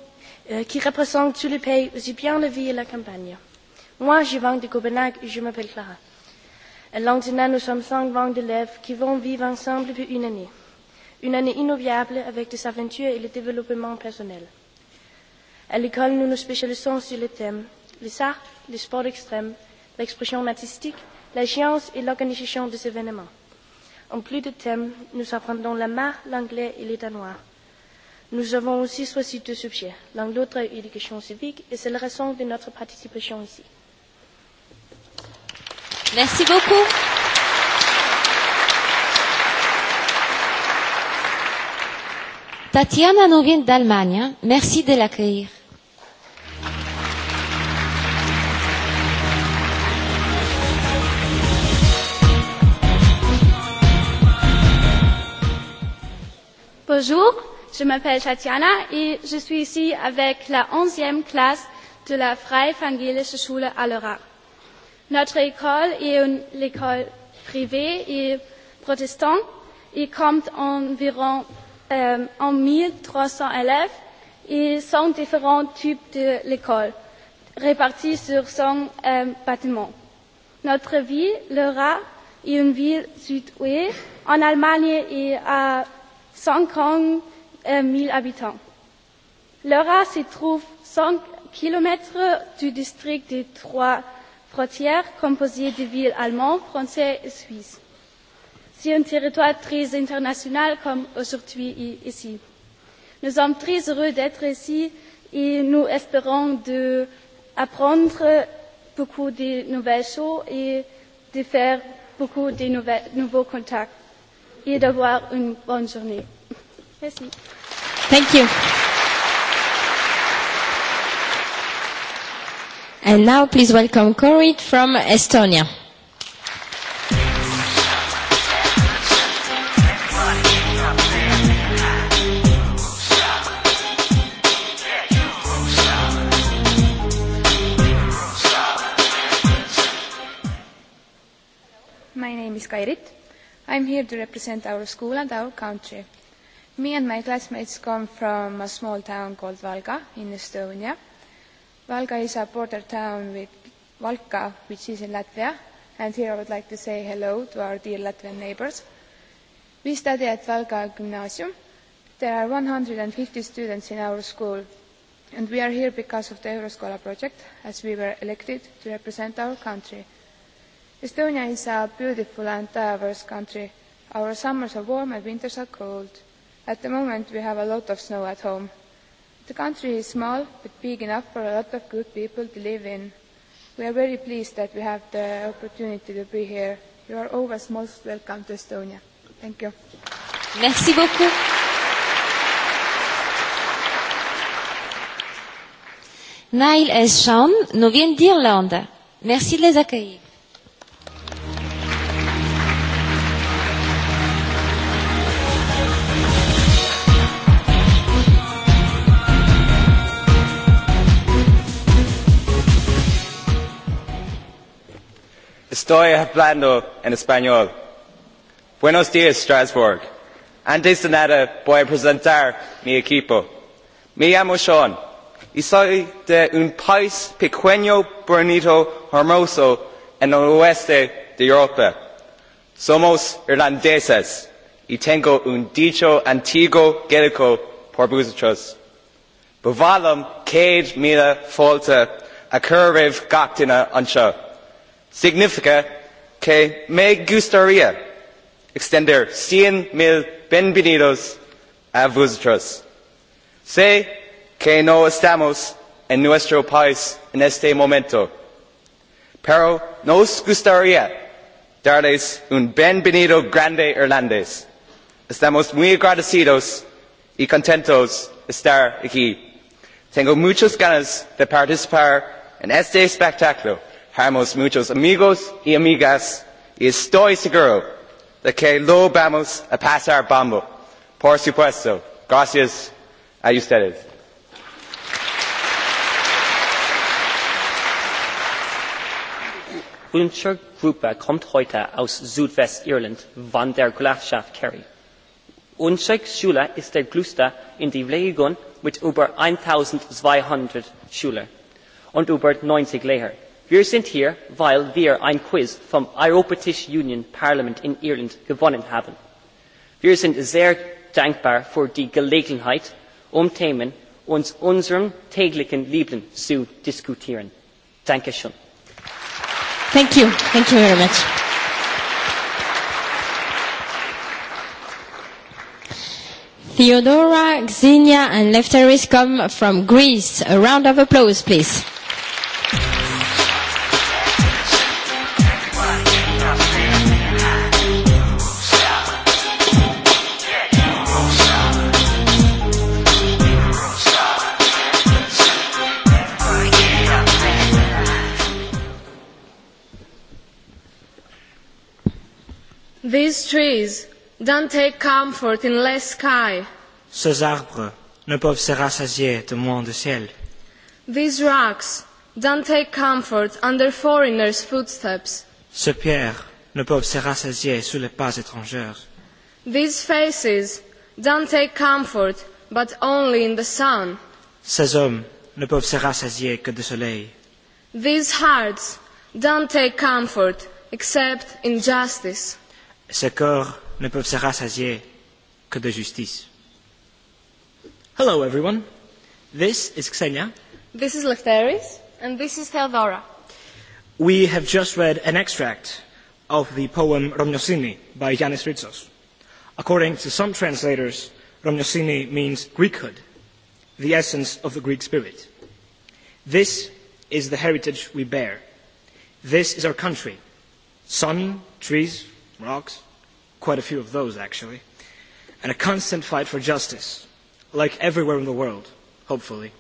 Euh, qui représente tous les pays aussi bien la ville que la campagne. Moi, je viens de Copenhague et je m'appelle Clara. Et maintenant, nous sommes cinq bandes d'élèves qui vont vivre ensemble depuis une année. Une année inoubliable avec des aventures et le développement personnel. À l'école, nous nous spécialisons sur les thèmes les arts, les sports extrêmes, l'expression artistique, la science et l'organisation des événements. En plus de thèmes, nous apprenons la marque, l'anglais et les danois. Nous avons aussi choisi deux sujets, l'un l'autre éducation civique, et c'est la raison de notre participation ici. Merci beaucoup. Tatiana nous vient d'Allemagne. Merci de l'accueillir. Bonjour je m'appelle Tatiana et je suis ici avec la 11e classe de la Freie Evangelische Schule à Lora. Notre école est une école privée et protestante et compte environ euh, en 1300 élèves et sont différents types de l'école répartis sur son euh, bâtiment. Notre ville, Lora, est une ville sud-ouest en Allemagne et à 50 000 euh, habitants. Lora se trouve 100 km du district des Trois Frontières, composé de villes allemandes, françaises et suisses. C'est un territoire très international comme aujourd'hui ici. Nous sommes très heureux d'être ici et nous espérons de apprendre beaucoup de nouvelles choses et de faire beaucoup de nouveaux contacts et d'avoir une bonne journée. Merci. Thank you. And now, please welcome Corit from Estonia. My name is Kairit. I'm here to represent our school and our country. Me and my classmates come from a small town called Valga in Estonia. Valga is a border town with Valka, which is in Latvia, and here I would like to say hello to our dear Latvian neighbors. We study at Valga Gymnasium. There are 150 students in our school, and we are here because of the Euroscola project, as we were elected to represent our country. Estonia is a beautiful and diverse country. Our summers are warm and winters are cold. At the moment, we have a lot of snow at home. The country is small, but big enough for a lot of good people to live in. We are very pleased that we have the opportunity to be here. You are always most welcome to Estonia. Thank you. Merci beaucoup. Nail Eschan, nous vient d'Irlande. Merci de les accueillir. estoy hablando en español. Buenos días, Strasbourg. Antes de nada, voy a presentar mi equipo. Me llamo Sean y soy de un país pequeño, bonito, hermoso en el oeste de Europa. Somos irlandeses y tengo un dicho antiguo gaelico por vosotros. Bovalum cade mila falta a curve gactina ancha significa que me gustaría extender cien mil bienvenidos a vosotros. Sé que no estamos en nuestro país en este momento, pero nos gustaría darles un bienvenido grande irlandés. Estamos muy agradecidos y contentos de estar aquí. Tengo muchas ganas de participar en este espectáculo. Hermos muchos amigos y amigas y estoy seguro de que lo vamos a pasar bombo. Por supuesto. Gracias a ustedes. Unser Gruppe kommt heute aus Südwestirland, von der Gulafschaf Kerry. Unser Schule ist der größte in die Legion mit über 1200 Schülern und über 90 Lehrern wir sind hier weil wir ein quiz vom europäischen union parlament in irland gewonnen haben. wir sind sehr dankbar für die gelegenheit um themen aus unserem täglichen leben zu diskutieren. danke schön! theodora xenia and leftheris come from greece. a round of applause please. These trees don't take comfort in less sky. Ces arbres ne peuvent se rassasier de moins de ciel. These rocks don't take comfort under foreigners' footsteps. Ces pierres ne peuvent se rassasier sous les pas étrangères. These faces don't take comfort but only in the sun. Ces hommes ne peuvent se rassasier que de soleil. These hearts don't take comfort except in justice ce corps ne peut se rassasier que de justice. Hello everyone. This is Xenia. This is Lefteris. And this is Theodora. We have just read an extract of the poem Romnosini by Yanis Ritsos. According to some translators, Romnosini means Greekhood, the essence of the Greek spirit. This is the heritage we bear. This is our country, sun, trees, rocks, quite a few of those actually, and a constant fight for justice, like everywhere in the world, hopefully.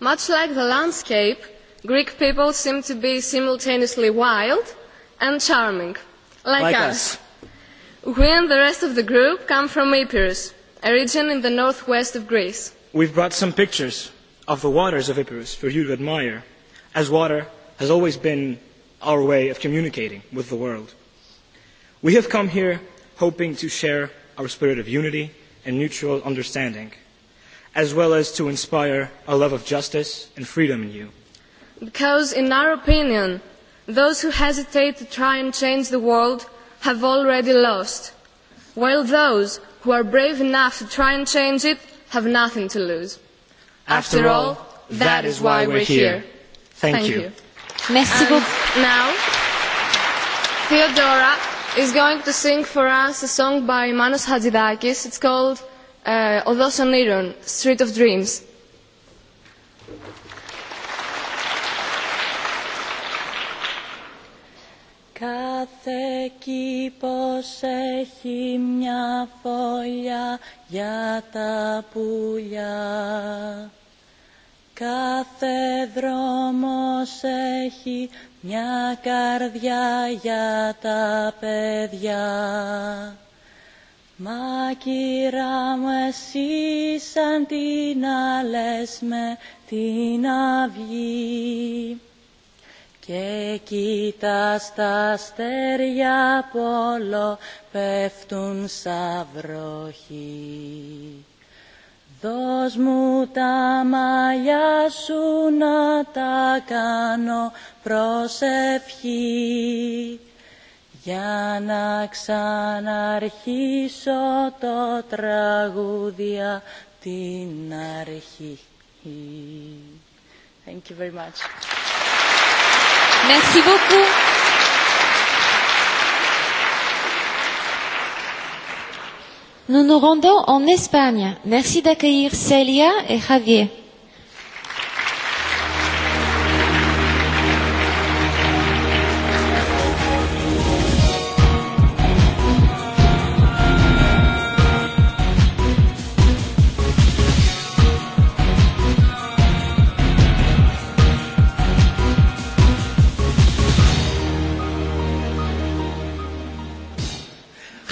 Much like the landscape, Greek people seem to be simultaneously wild and charming, like, like us. us. We and the rest of the group come from Epirus, a region in the northwest of Greece. We've brought some pictures of the waters of Epirus for you to admire, as water has always been our way of communicating with the world. We have come here hoping to share our spirit of unity and mutual understanding, as well as to inspire a love of justice and freedom in you. Because, in our opinion, those who hesitate to try and change the world have already lost, while those who are brave enough to try and change it have nothing to lose. After, After all, that, that is why, why we're here. here. Thank, Thank you. you. Merci and now, Theodora is going to sing for us a song by Manos Hadzidakis. It's called uh, Odos Oniron, Street of Dreams. Κάθε κήπος έχει μια φωλιά για τα πουλιά. Κάθε δρόμος έχει μια καρδιά για τα παιδιά. Μα κύρα μου εσύ σαν την άλλες με την αυγή και κοίτα τα αστέρια πόλο πέφτουν σαν βροχή. Δώσ' μου τα μαλλιά σου να τα κάνω προσευχή για να ξαναρχίσω το τραγούδια την αρχή. Thank you very much. Merci beaucoup. Nous nous rendons en Espagne. Merci d'accueillir Celia et Javier.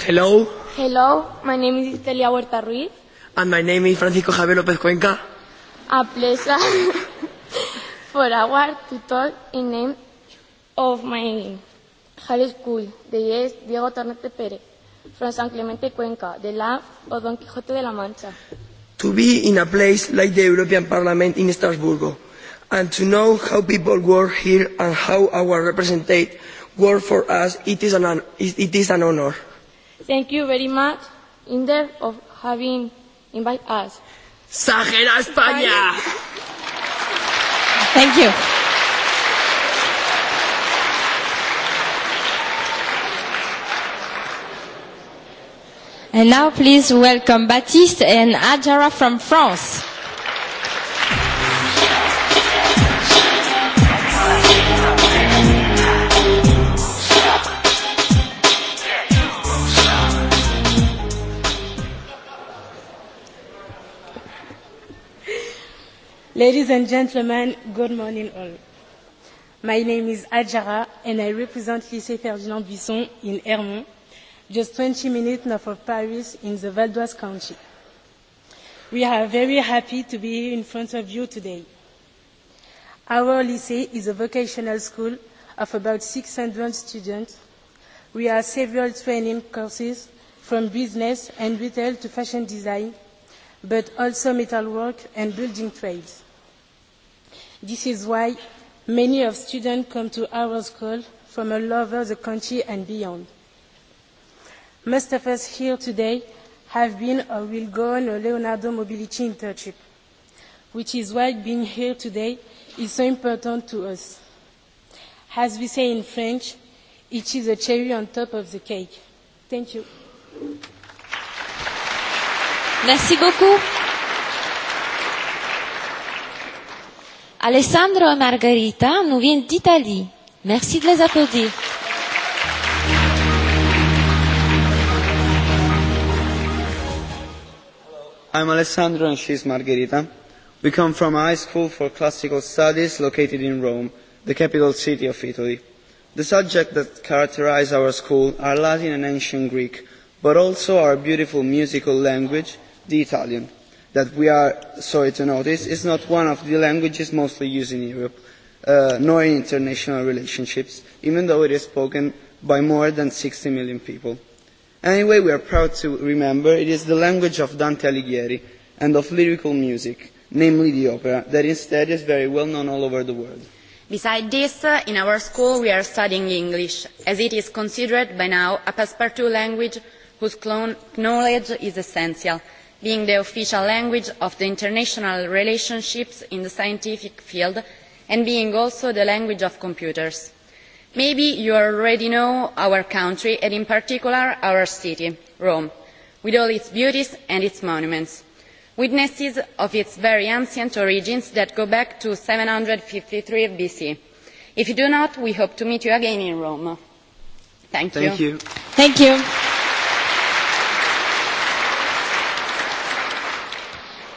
Hello. Hello, my name is Italia Huerta Ruiz. And my name is Francisco Javier López Cuenca. A pleasure for our to talk in name of my high school, the yes Diego Tornete Pérez, from San Clemente Cuenca, the love of Don Quixote de la Mancha. To be in a place like the European Parliament in Strasbourg, and to know how people work here and how our representatives work for us, it is an, it is an honor. Thank you very much, Inder, for having invited us. ¡Sajera España! Thank you. And now please welcome Baptiste and Ajara from France. ladies and gentlemen good morning all my name is adjara and i represent lycee ferdinand buisson in ermont just twenty minutes north of paris in the val d'oise county we are very happy to be here in front of you today our lycee is a vocational school of about six hundred students we have several training courses from business and retail to fashion design but also metal work and building trades This is why many of students come to our school from all over the country and beyond. Most of us here today have been or will go on a Leonardo Mobility internship, which is why being here today is so important to us. As we say in French, it is a cherry on top of the cake. Thank you. Merci beaucoup. Alessandro et Margarita nous viennent d'Italie. Merci de les applaudir. I'm Alessandro and she's Margherita. We come from a high school for classical studies located in Rome, the capital city of Italy. The subjects that characterize our school are Latin and ancient Greek, but also our beautiful musical language, the Italian that we are sorry to notice is not one of the languages mostly used in Europe, uh, nor in international relationships, even though it is spoken by more than 60 million people. Anyway, we are proud to remember it is the language of Dante Alighieri and of lyrical music, namely the opera, that instead is very well known all over the world. Besides this, uh, in our school we are studying English, as it is considered by now a passepartout language whose clone knowledge is essential being the official language of the international relationships in the scientific field and being also the language of computers. Maybe you already know our country and in particular our city, Rome, with all its beauties and its monuments, witnesses of its very ancient origins that go back to 753 BC. If you do not, we hope to meet you again in Rome. Thank you. Thank you. Thank you.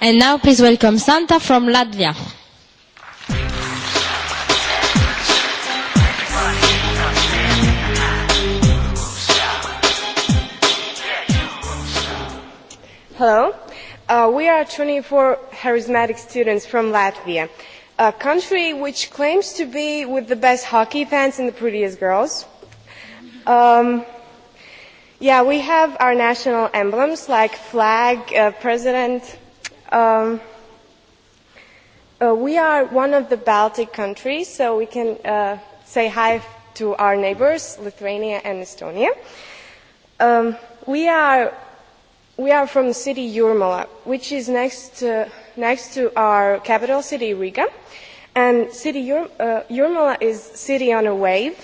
And now please welcome Santa from Latvia. Hello. Uh, we are 24 charismatic students from Latvia, a country which claims to be with the best hockey fans and the prettiest girls. Um, yeah, we have our national emblems like flag, uh, president, Um, uh, we are one of the Baltic countries, so we can uh, say hi to our neighbors, Lithuania and Estonia. Um, we, are, we are from the city Jurmala, which is next to, next to our capital city, Riga. And city Jur, uh, Jurmala is city on a wave,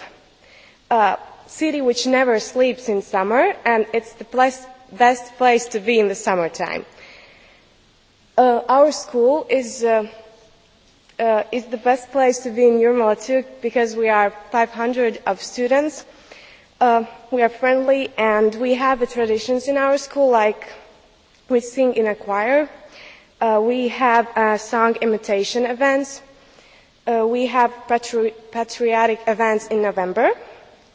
a uh, city which never sleeps in summer, and it's the ple- best place to be in the summertime uh, our school is, uh, uh, is the best place to be in Yermala too because we are 500 of students. Uh, we are friendly and we have the traditions in our school like we sing in a choir. Uh, we have uh, song imitation events. Uh, we have patri- patriotic events in November.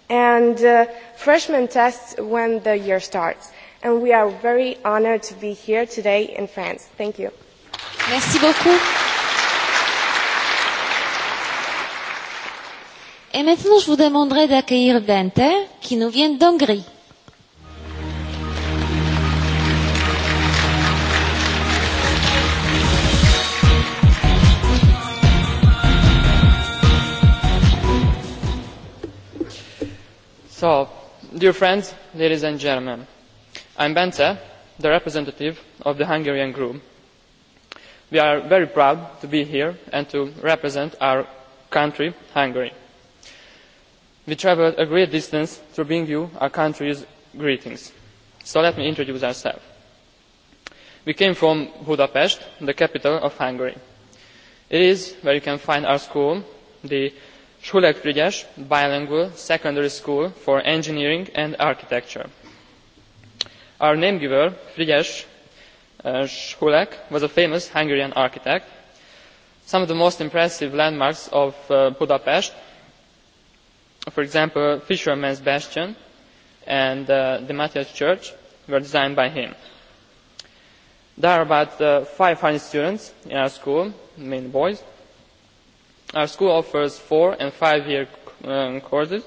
And uh, freshman tests when the year starts and we are very honored to be here today in France. Thank you. Merci beaucoup. Et maintenant, je vous demanderai d'accueillir Dante, qui nous vient d'Hongrie. So, dear friends, ladies and gentlemen, i am bence the representative of the hungarian group. we are very proud to be here and to represent our country hungary. we travelled a great distance to bring you our country's greetings so let me introduce ourselves. we came from budapest the capital of hungary. it is where you can find our school the szulek frigyes bilingual secondary school for engineering and architecture our name giver friesz uh, schulek was a famous hungarian architect. some of the most impressive landmarks of uh, budapest for example fisherman's bastion and uh, the matthias church were designed by him. there are about 500 students in our school mainly boys. our school offers four and five year um, courses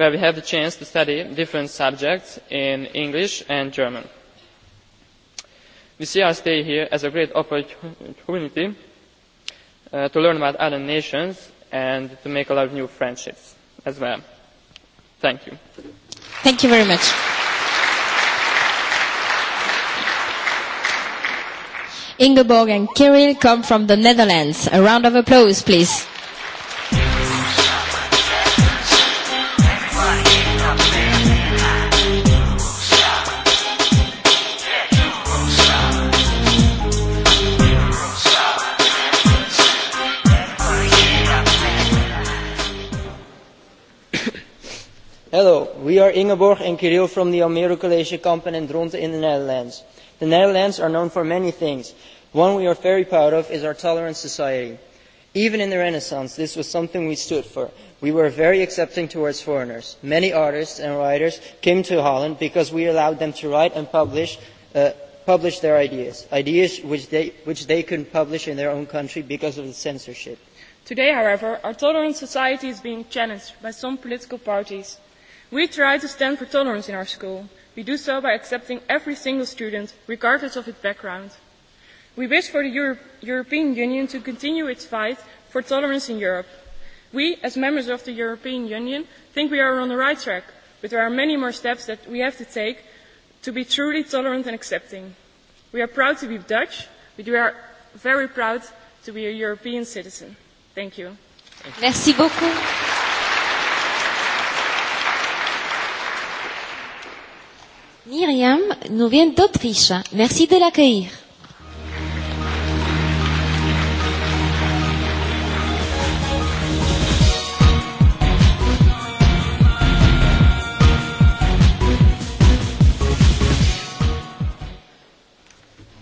where we have the chance to study different subjects in English and German. We see our stay here as a great opportunity uh, to learn about other nations and to make a lot of new friendships as well. Thank you. Thank you very much. Ingeborg and Kirill come from the Netherlands. A round of applause, please. hello we are ingeborg and kirill from the almere croatia company in dronte in the netherlands. the netherlands are known for many things. one we are very proud of is our tolerant society. even in the renaissance this was something we stood for. we were very accepting towards foreigners. many artists and writers came to holland because we allowed them to write and publish, uh, publish their ideas, ideas which they, which they couldn't publish in their own country because of the censorship. Today, however, our tolerant society is being challenged by some political parties. We try to stand for tolerance in our school. We do so by accepting every single student, regardless of its background. We wish for the Euro- European Union to continue its fight for tolerance in Europe. We, as members of the European Union, think we are on the right track, but there are many more steps that we have to take to be truly tolerant and accepting. We are proud to be Dutch, but we are very proud to be a European citizen. Thank you. Thank you. Merci beaucoup. Myriam nous vient d'Autriche. Merci de l'accueillir.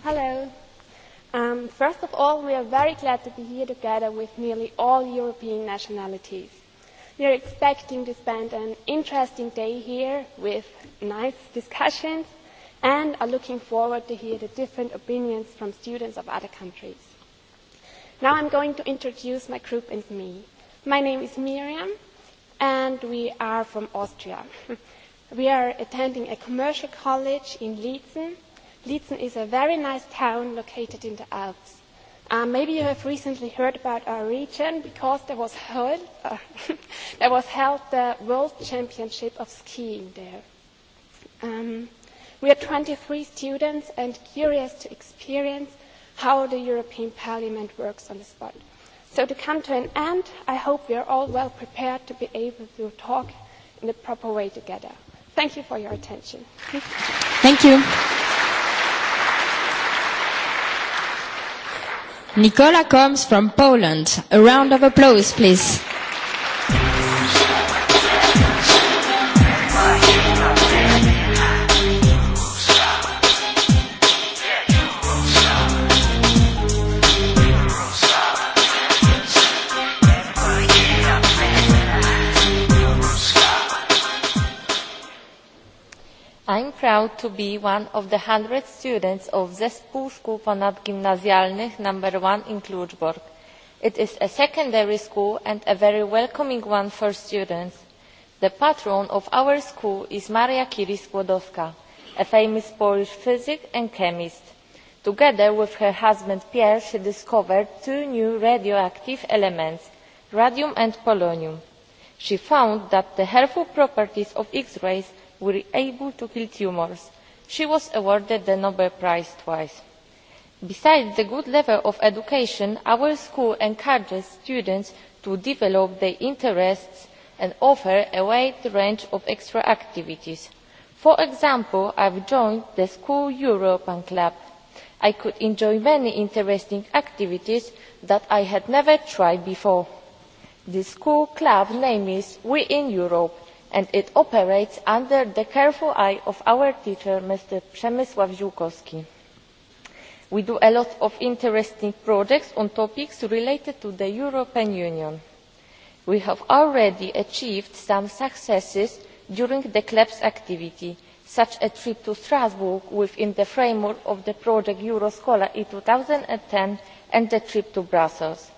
Hello. Um, first of all, we are very glad to be here together with nearly all European nationalities we are expecting to spend an interesting day here with nice discussions and are looking forward to hearing the different opinions from students of other countries. Now I'm going to introduce my group and me. My name is Miriam and we are from Austria. we are attending a commercial college in Liezen. Liezen is a very nice town located in the Alps. Uh, maybe you have recently heard about our region because there was, held, uh, there was held the World Championship of Skiing there. Um, we are 23 students and curious to experience how the European Parliament works on the spot. So, to come to an end, I hope we are all well prepared to be able to talk in the proper way together. Thank you for your attention. Thank you. Thank you. Nicola comes from Poland. A round of applause, please. proud to be one of the one hundred students of zespół szkół ponadgimnazjalnych no one in kluczbork. it is a secondary school and a very welcoming one for students. the patron of our school is maria curie skłodowska a famous polish physicist and chemist. together with her husband pierre she discovered two new radioactive elements radium and polonium. she found that the harmful properties of x rays were able to kill tumours. She was awarded the Nobel Prize twice. Besides the good level of education, our school encourages students to develop their interests and offer a wide range of extra activities. For example, I've joined the School European Club. I could enjoy many interesting activities that I had never tried before. The school club name is We in Europe and it operates under the careful eye of our teacher mr przemysław ziółkowski. we do a lot of interesting projects on topics related to the european union. we have already achieved some successes during the club's activity such as a trip to strasbourg within the framework of the project euroscola in two thousand and ten and a trip to brussels.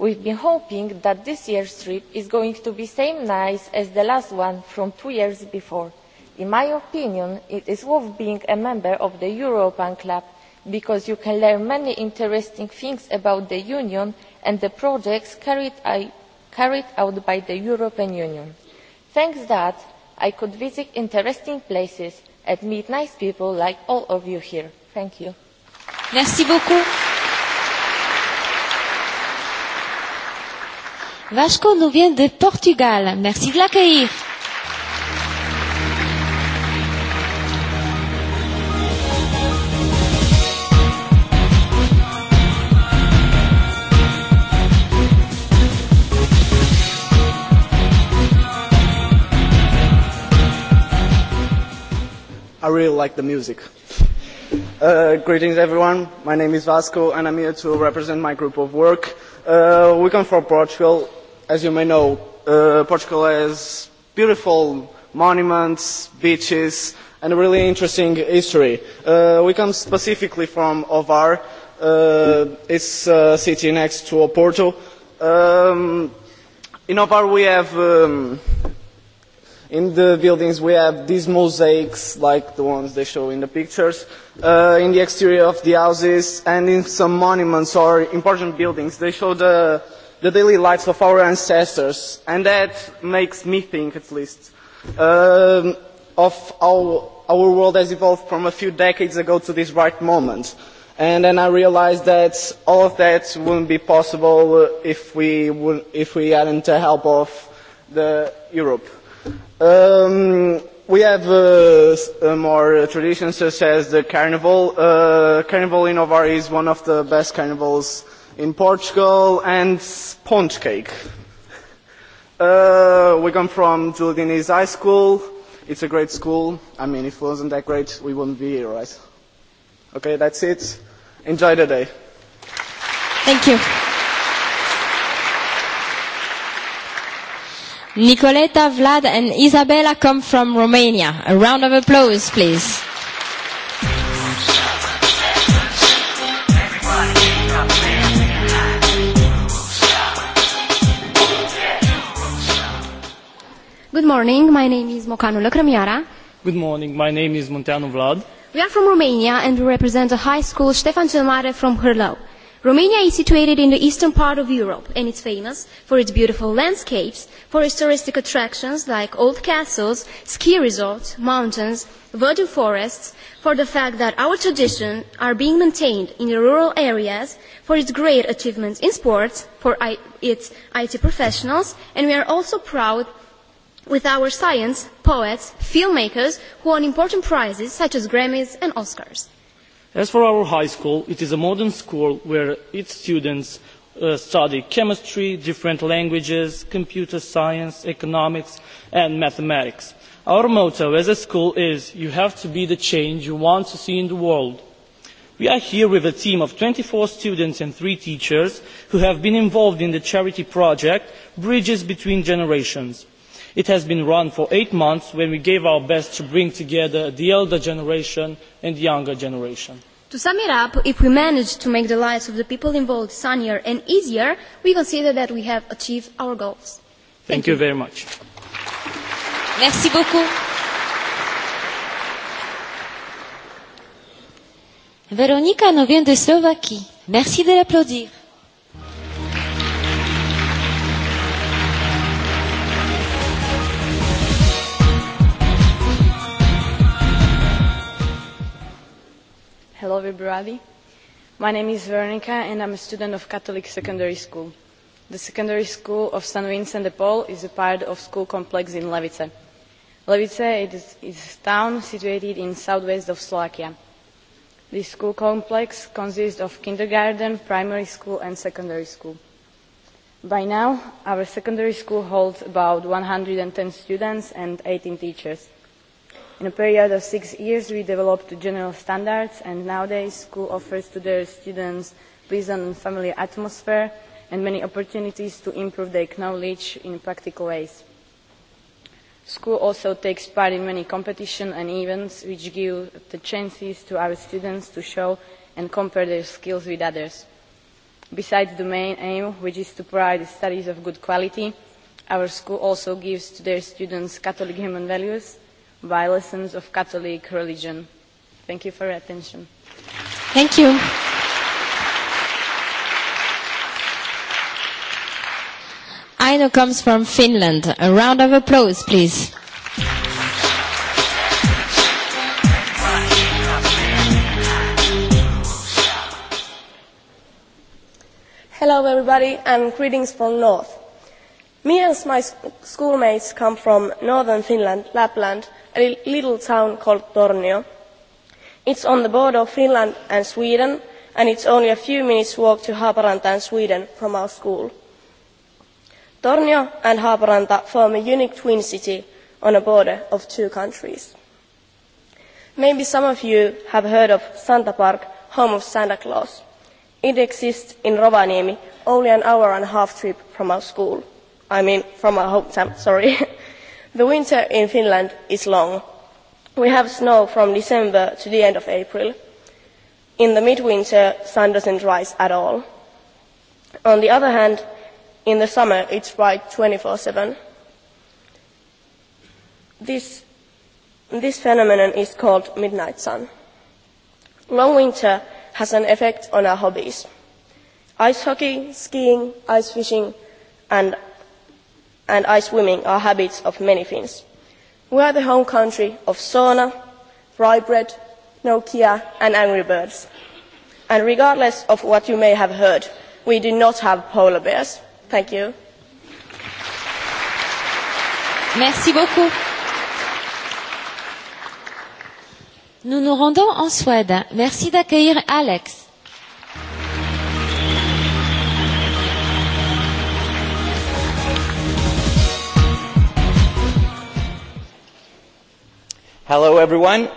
We've been hoping that this year's trip is going to be same nice as the last one from two years before. In my opinion, it is worth being a member of the European Club because you can learn many interesting things about the Union and the projects carried, I, carried out by the European Union. Thanks that, I could visit interesting places and meet nice people like all of you here. Thank you. Merci beaucoup. Vasco nous vient de Portugal. Merci de l'accueillir. I really like the music. Uh, greetings, everyone. My name is Vasco, and I'm here to represent my group of work. Uh, we come from Portugal, as you may know, uh, Portugal has beautiful monuments, beaches, and a really interesting history. Uh, we come specifically from Ovar, uh, it's a city next to Oporto. Um, in Ovar, we have um, in the buildings we have these mosaics, like the ones they show in the pictures, uh, in the exterior of the houses, and in some monuments or important buildings, they show the the daily lives of our ancestors, and that makes me think, at least, um, of how our world has evolved from a few decades ago to this right moment. And then I realized that all of that wouldn't be possible if we, would, if we hadn't the help of the Europe. Um, we have uh, uh more traditions such as the carnival. Uh, carnival in Ovar is one of the best carnivals uh, in Portugal and sponge cake. Uh, we come from Julianese High School. It's a great school. I mean, if it wasn't that great, we wouldn't be here, right? Okay, that's it. Enjoy the day. Thank you. Nicoleta, Vlad, and Isabella come from Romania. A round of applause, please. morning. My name is Mocanu Lăcrămiara. Good morning. My name is Munteanu Vlad. We are from Romania and we represent a high school, Stefan cel Mare, from Hrlău. Romania is situated in the eastern part of Europe and it's famous for its beautiful landscapes, for its touristic attractions like old castles, ski resorts, mountains, virgin forests, for the fact that our traditions are being maintained in the rural areas, for its great achievements in sports, for I- its IT professionals, and we are also proud with our science, poets, filmmakers who won important prizes such as Grammys and Oscars. As for our high school, it is a modern school where its students uh, study chemistry, different languages, computer science, economics and mathematics. Our motto as a school is, you have to be the change you want to see in the world. We are here with a team of 24 students and three teachers who have been involved in the charity project, Bridges Between Generations it has been running for eight months when we gave our best to bring together the older generation and the younger generation. To sum it up, if we manage to make the lives of the people involved sunnier and easier, we consider that we have achieved our goals. Thank, Thank you. you very much. Merci beaucoup. Veronica Novien de Slovaquie, merci de l'applaudir. Hello, everybody. My name is Veronica, and I'm a student of Catholic Secondary School. The Secondary School of St. Vincent de Paul is a part of school complex in Levice. Levice is, is a town situated in southwest of Slovakia. This school complex consists of kindergarten, primary school, and secondary school. By now, our secondary school holds about 110 students and 18 teachers. In a period of six years, we developed general standards, and nowadays, school offers to their students pleasant and family atmosphere and many opportunities to improve their knowledge in practical ways. School also takes part in many competitions and events, which give the chances to our students to show and compare their skills with others. Besides the main aim, which is to provide studies of good quality, our school also gives to their students Catholic human values, violations of Catholic religion. Thank you for your attention. Thank you. Aino comes from Finland. A round of applause, please. Hello, everybody, and greetings from North. Me and my schoolmates come from northern Finland, Lapland, a little town called Tornio. It's on the border of Finland and Sweden, and it's only a few minutes' walk to Haaparanta and Sweden from our school. Tornio and Haaparanta form a unique twin city on a border of two countries. Maybe some of you have heard of Santa Park, home of Santa Claus. It exists in Rovaniemi, only an hour and a half trip from our school. I mean, from our hometown, sorry. The winter in Finland is long. We have snow from December to the end of April. In the midwinter, sun doesn't rise at all. On the other hand, in the summer, it's bright 24 7. This, this phenomenon is called midnight sun. Long winter has an effect on our hobbies ice hockey, skiing, ice fishing, and and ice swimming are habits of many Finns. We are the home country of sauna, rye bread, Nokia and Angry Birds. And regardless of what you may have heard, we do not have polar bears. Thank you. Merci beaucoup. Nous nous rendons en Suède. Merci d'accueillir Alex. Hello everyone.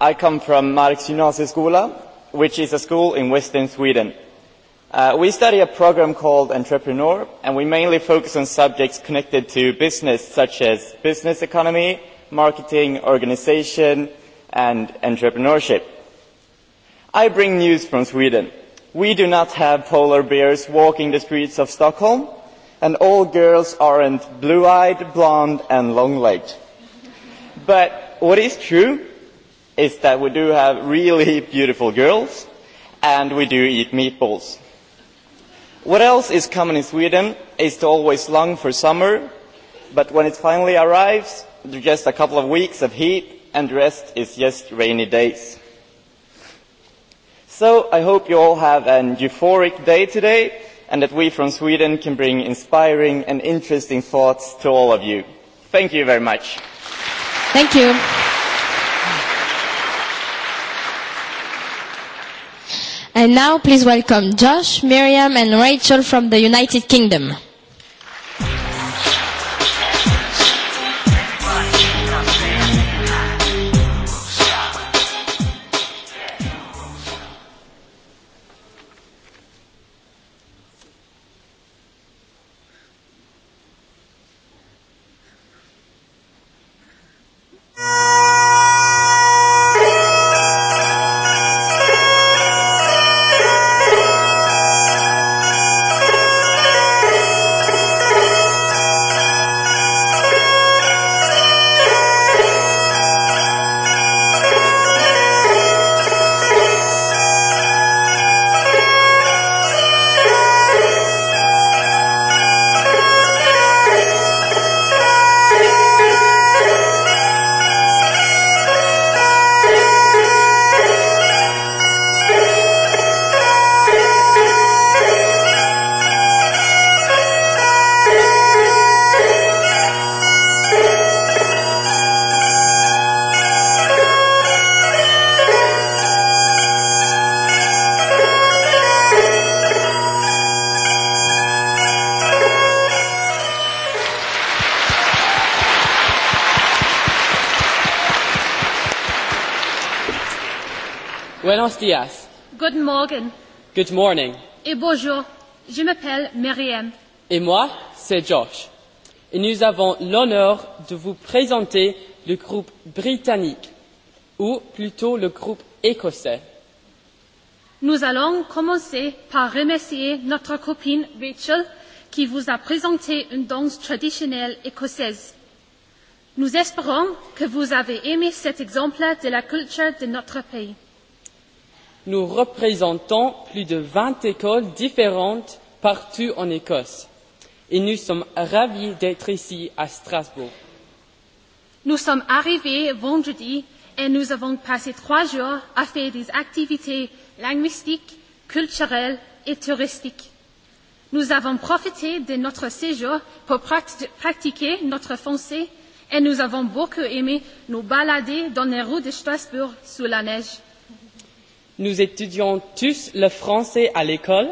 I come from Marksgymnasieskola, which is a school in western Sweden. Uh, we study a program called Entrepreneur, and we mainly focus on subjects connected to business, such as business economy, marketing, organization, and entrepreneurship. I bring news from Sweden. We do not have polar bears walking the streets of Stockholm, and all girls aren't blue-eyed, blonde, and long-legged. But what is true is that we do have really beautiful girls and we do eat meatballs. What else is common in Sweden is to always long for summer, but when it finally arrives, there's just a couple of weeks of heat and the rest is just rainy days. So I hope you all have an euphoric day today and that we from Sweden can bring inspiring and interesting thoughts to all of you. Thank you very much. Thank you. And now please welcome Josh, Miriam and Rachel from the United Kingdom. días. Good morning. Good morning. Et bonjour. Je m'appelle Myriam. Et moi, c'est Josh. Et nous avons l'honneur de vous présenter le groupe britannique, ou plutôt le groupe écossais. Nous allons commencer par remercier notre copine Rachel qui vous a présenté une danse traditionnelle écossaise. Nous espérons que vous avez aimé cet exemple de la culture de notre pays nous représentons plus de vingt écoles différentes partout en écosse et nous sommes ravis d'être ici à strasbourg. nous sommes arrivés vendredi et nous avons passé trois jours à faire des activités linguistiques culturelles et touristiques. nous avons profité de notre séjour pour pratiquer notre français et nous avons beaucoup aimé nous balader dans les rues de strasbourg sous la neige nous étudions tous le français à l'école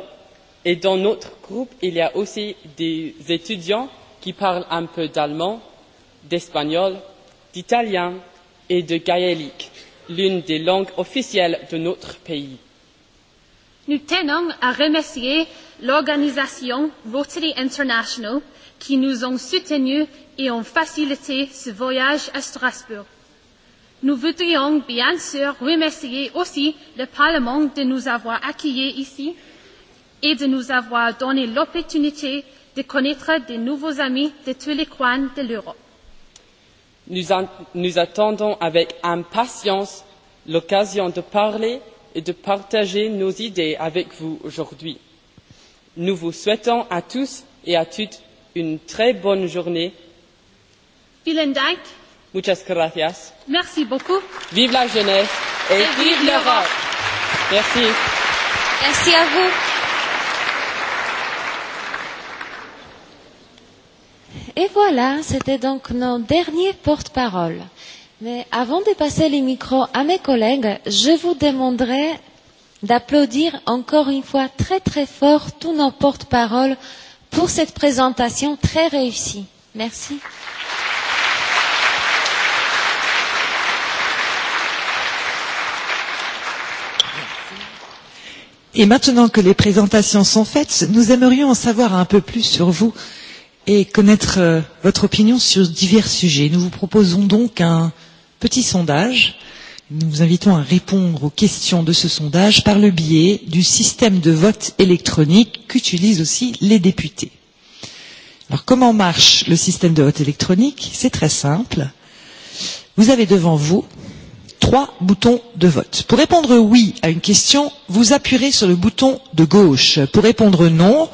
et dans notre groupe il y a aussi des étudiants qui parlent un peu d'allemand, d'espagnol, d'italien et de gaélique, l'une des langues officielles de notre pays. Nous tenons à remercier l'organisation Rotary International qui nous ont soutenus et ont facilité ce voyage à Strasbourg. Nous voudrions bien sûr remercier aussi le Parlement de nous avoir accueillis ici et de nous avoir donné l'opportunité de connaître de nouveaux amis de tous les coins de l'Europe. Nous, nous attendons avec impatience l'occasion de parler et de partager nos idées avec vous aujourd'hui. Nous vous souhaitons à tous et à toutes une très bonne journée. Vielen Dank muchas gracias. Merci beaucoup. Vive la jeunesse et, et vive, vive l'Europe. Merci. Merci à vous. Et voilà, c'était donc nos derniers porte-paroles. Mais avant de passer les micros à mes collègues, je vous demanderai d'applaudir encore une fois très très fort tous nos porte-paroles pour cette présentation très réussie. Merci. Merci. Et maintenant que les présentations sont faites, nous aimerions en savoir un peu plus sur vous et connaître euh, votre opinion sur divers sujets. Nous vous proposons donc un petit sondage. Nous vous invitons à répondre aux questions de ce sondage par le biais du système de vote électronique qu'utilisent aussi les députés. Alors comment marche le système de vote électronique C'est très simple. Vous avez devant vous trois boutons de vote. Pour répondre oui à une question, vous appuierez sur le bouton de gauche. Pour répondre non,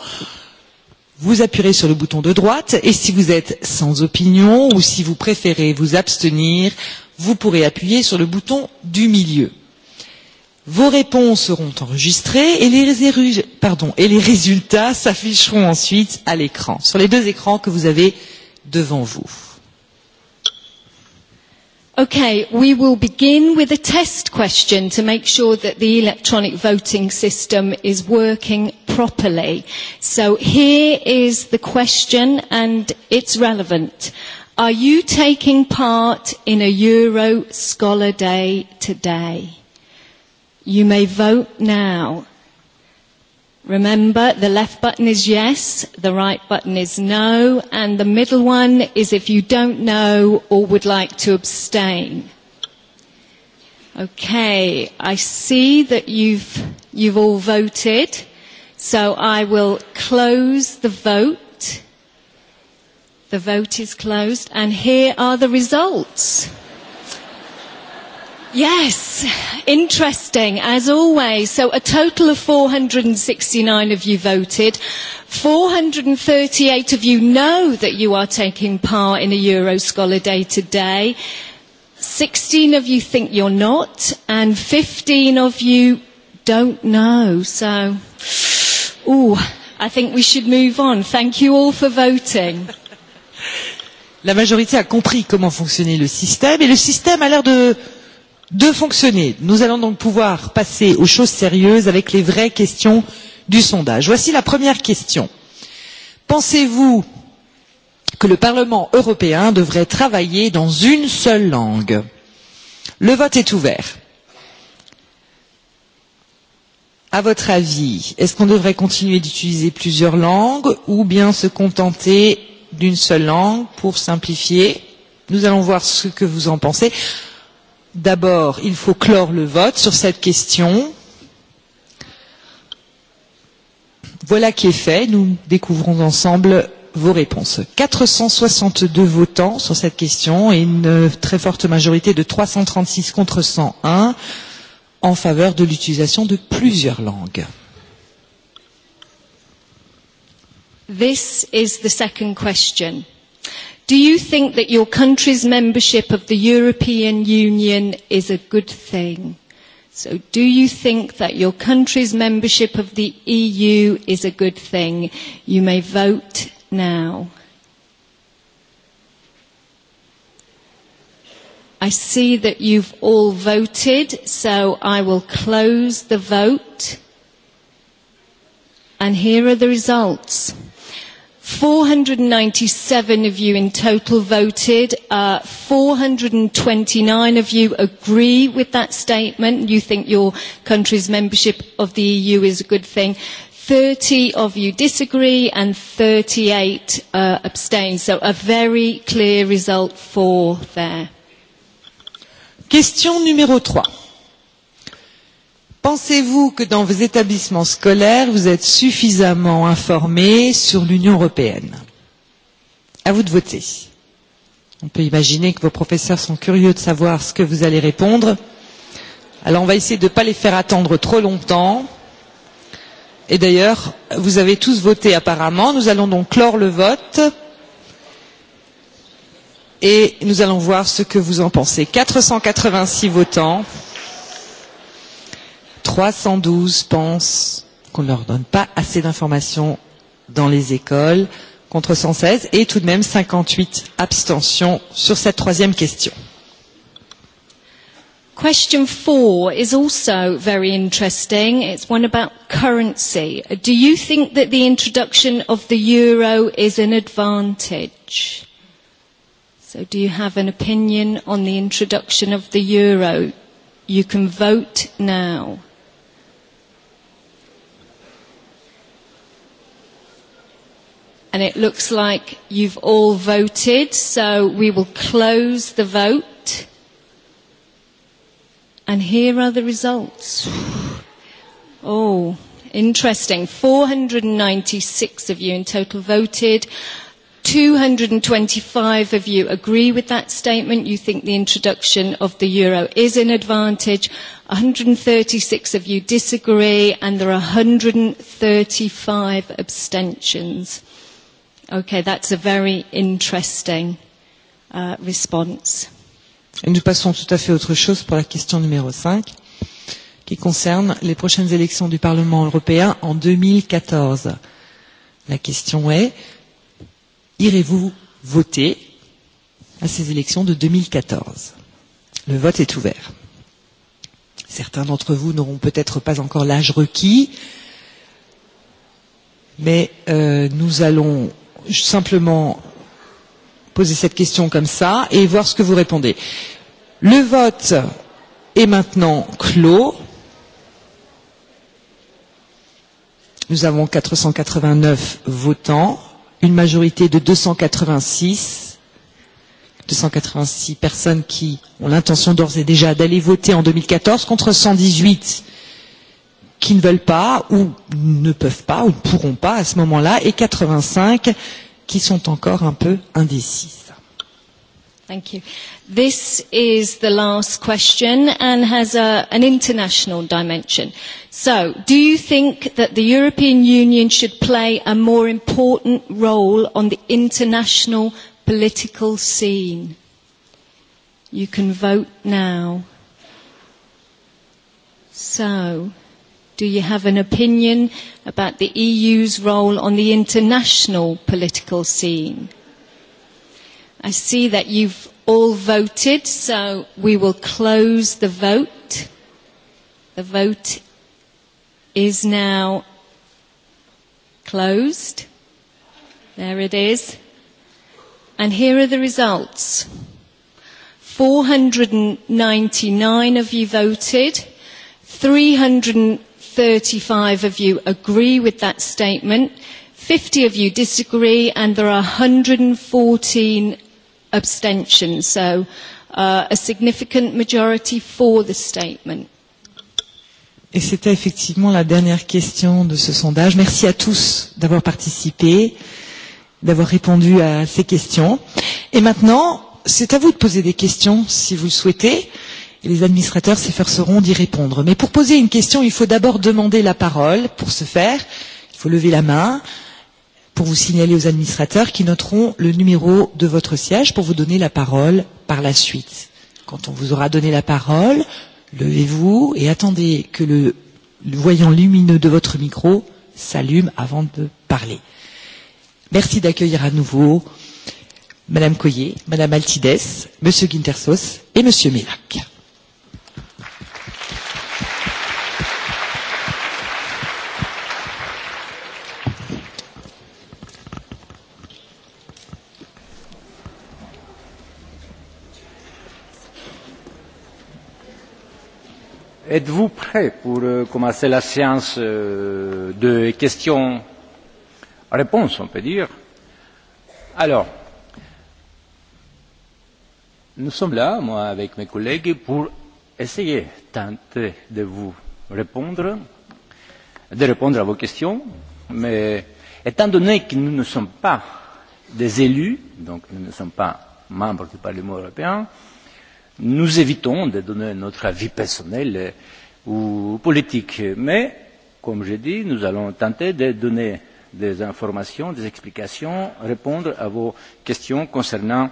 vous appuierez sur le bouton de droite. Et si vous êtes sans opinion ou si vous préférez vous abstenir, vous pourrez appuyer sur le bouton du milieu. Vos réponses seront enregistrées et les, pardon, et les résultats s'afficheront ensuite à l'écran, sur les deux écrans que vous avez devant vous. Okay, we will begin with a test question to make sure that the electronic voting system is working properly. So here is the question and it's relevant. Are you taking part in a Euro Scholar Day today? You may vote now. Remember, the left button is yes, the right button is no, and the middle one is if you don't know or would like to abstain. Okay, I see that you've, you've all voted, so I will close the vote. The vote is closed, and here are the results. Yes, interesting, as always. So, a total of 469 of you voted. 438 of you know that you are taking part in a Euro Scholar Day today. 16 of you think you're not, and 15 of you don't know. So, ooh, I think we should move on. Thank you all for voting. La majorité a compris comment fonctionnait le système, et le système a l'air de de fonctionner. Nous allons donc pouvoir passer aux choses sérieuses avec les vraies questions du sondage. Voici la première question. Pensez vous que le Parlement européen devrait travailler dans une seule langue Le vote est ouvert. À votre avis, est-ce qu'on devrait continuer d'utiliser plusieurs langues ou bien se contenter d'une seule langue pour simplifier Nous allons voir ce que vous en pensez. D'abord, il faut clore le vote sur cette question. Voilà qui est fait. Nous découvrons ensemble vos réponses. 462 votants sur cette question et une très forte majorité de 336 contre 101 en faveur de l'utilisation de plusieurs langues. This is the second question. Do you think that your country's membership of the European Union is a good thing? So, do you think that your country's membership of the EU is a good thing? You may vote now. I see that you've all voted, so I will close the vote. And here are the results. 497 of you in total voted. Uh, 429 of you agree with that statement. You think your country's membership of the EU is a good thing. 30 of you disagree and 38 uh, abstain. So a very clear result for there. Question numéro 3 pensez-vous que dans vos établissements scolaires vous êtes suffisamment informés sur l'Union européenne À vous de voter. On peut imaginer que vos professeurs sont curieux de savoir ce que vous allez répondre. Alors on va essayer de ne pas les faire attendre trop longtemps. Et d'ailleurs, vous avez tous voté apparemment. Nous allons donc clore le vote. Et nous allons voir ce que vous en pensez. 486 votants. 312 pensent qu'on ne leur donne pas assez d'informations dans les écoles contre 116 et tout de même 58 abstentions sur cette troisième question. Question 4 is also very interesting. It's one about currency. Do you think that the introduction of the euro is an advantage? So do you have an opinion on the introduction of the euro? You can vote now. And it looks like you've all voted, so we will close the vote. And here are the results. Oh, interesting. 496 of you in total voted. 225 of you agree with that statement. You think the introduction of the euro is an advantage. 136 of you disagree, and there are 135 abstentions. Okay, that's a very interesting uh, response. Et nous passons tout à fait à autre chose pour la question numéro 5 qui concerne les prochaines élections du Parlement européen en 2014. La question est irez-vous voter à ces élections de 2014 Le vote est ouvert. Certains d'entre vous n'auront peut-être pas encore l'âge requis, mais euh, nous allons simplement poser cette question comme ça et voir ce que vous répondez. Le vote est maintenant clos. Nous avons 489 votants, une majorité de 286, 286 personnes qui ont l'intention d'ores et déjà d'aller voter en 2014 contre 118 qui ne veulent pas ou ne peuvent pas ou ne pourront pas à ce moment-là et 85 qui sont encore un peu indécises. Thank you. This is the last question and has a, an international dimension. So, do you think that the European Union should play a more important role on the international political scene? You can vote now. So, Do you have an opinion about the EU's role on the international political scene? I see that you've all voted, so we will close the vote. The vote is now closed. There it is. And here are the results. 499 of you voted. 300 35 of you agree with that statement, 50 of you disagree, and there are 114 abstentions. So uh, a significant majority for the statement. Et c'était effectivement la dernière question de ce sondage. Merci à tous d'avoir participé, d'avoir répondu à ces questions. Et maintenant, c'est à vous de poser des questions si vous le souhaitez et les administrateurs s'efforceront d'y répondre. Mais pour poser une question, il faut d'abord demander la parole. Pour ce faire, il faut lever la main pour vous signaler aux administrateurs qui noteront le numéro de votre siège pour vous donner la parole par la suite. Quand on vous aura donné la parole, levez-vous et attendez que le voyant lumineux de votre micro s'allume avant de parler. Merci d'accueillir à nouveau Madame Coyer, Madame Altides, Monsieur Guintersos et Monsieur Mélac. êtes vous prêt pour euh, commencer la séance euh, de questions réponses on peut dire? alors nous sommes là moi avec mes collègues pour essayer tenter de vous répondre de répondre à vos questions mais étant donné que nous ne sommes pas des élus donc nous ne sommes pas membres du parlement européen nous évitons de donner notre avis personnel euh, ou politique. Mais, comme j'ai dit, nous allons tenter de donner des informations, des explications, répondre à vos questions concernant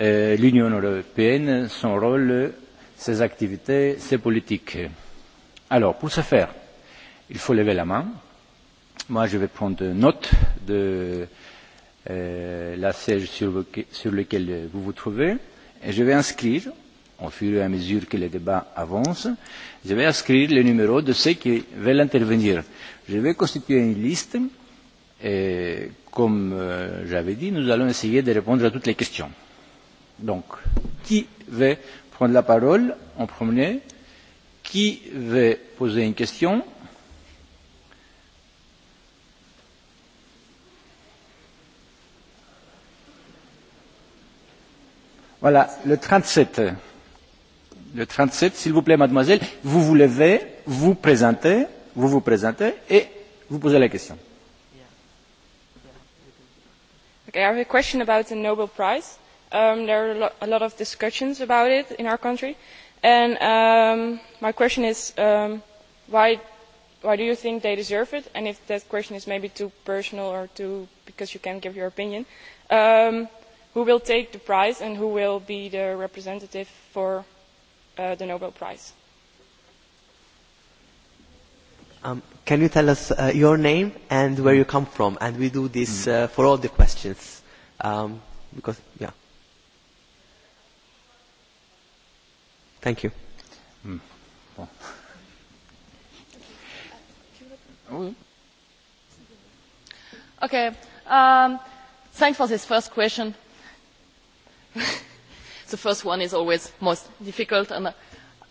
euh, l'Union européenne, son rôle, ses activités, ses politiques. Alors, pour ce faire, il faut lever la main. Moi, je vais prendre note de euh, la siège sur, sur laquelle vous vous trouvez et je vais inscrire euh, au fur et à mesure que les débats avancent, je vais inscrire les numéros de ceux qui veulent intervenir. Je vais constituer une liste et, comme euh, j'avais dit, nous allons essayer de répondre à toutes les questions. Donc, qui veut prendre la parole en premier Qui veut poser une question Voilà, le 37 le 37, s'il vous plaît, mademoiselle, vous vous levez, vous présentez, vous vous présentez et vous posez la question. Okay, I have a question about the Nobel Prize. Um, there are a lot of discussions about it in our country, and um, my question is, um, why, why do you think they deserve it? And if that question is maybe too personal or too because you can't give your opinion, um, who will take the prize and who will be the representative for Uh, the Nobel Prize. Um, can you tell us uh, your name and where you come from? And we do this mm. uh, for all the questions. Um, because, yeah. Thank you. Mm. Well. Oh, okay. Um, thanks for this first question. the first one is always the most difficult and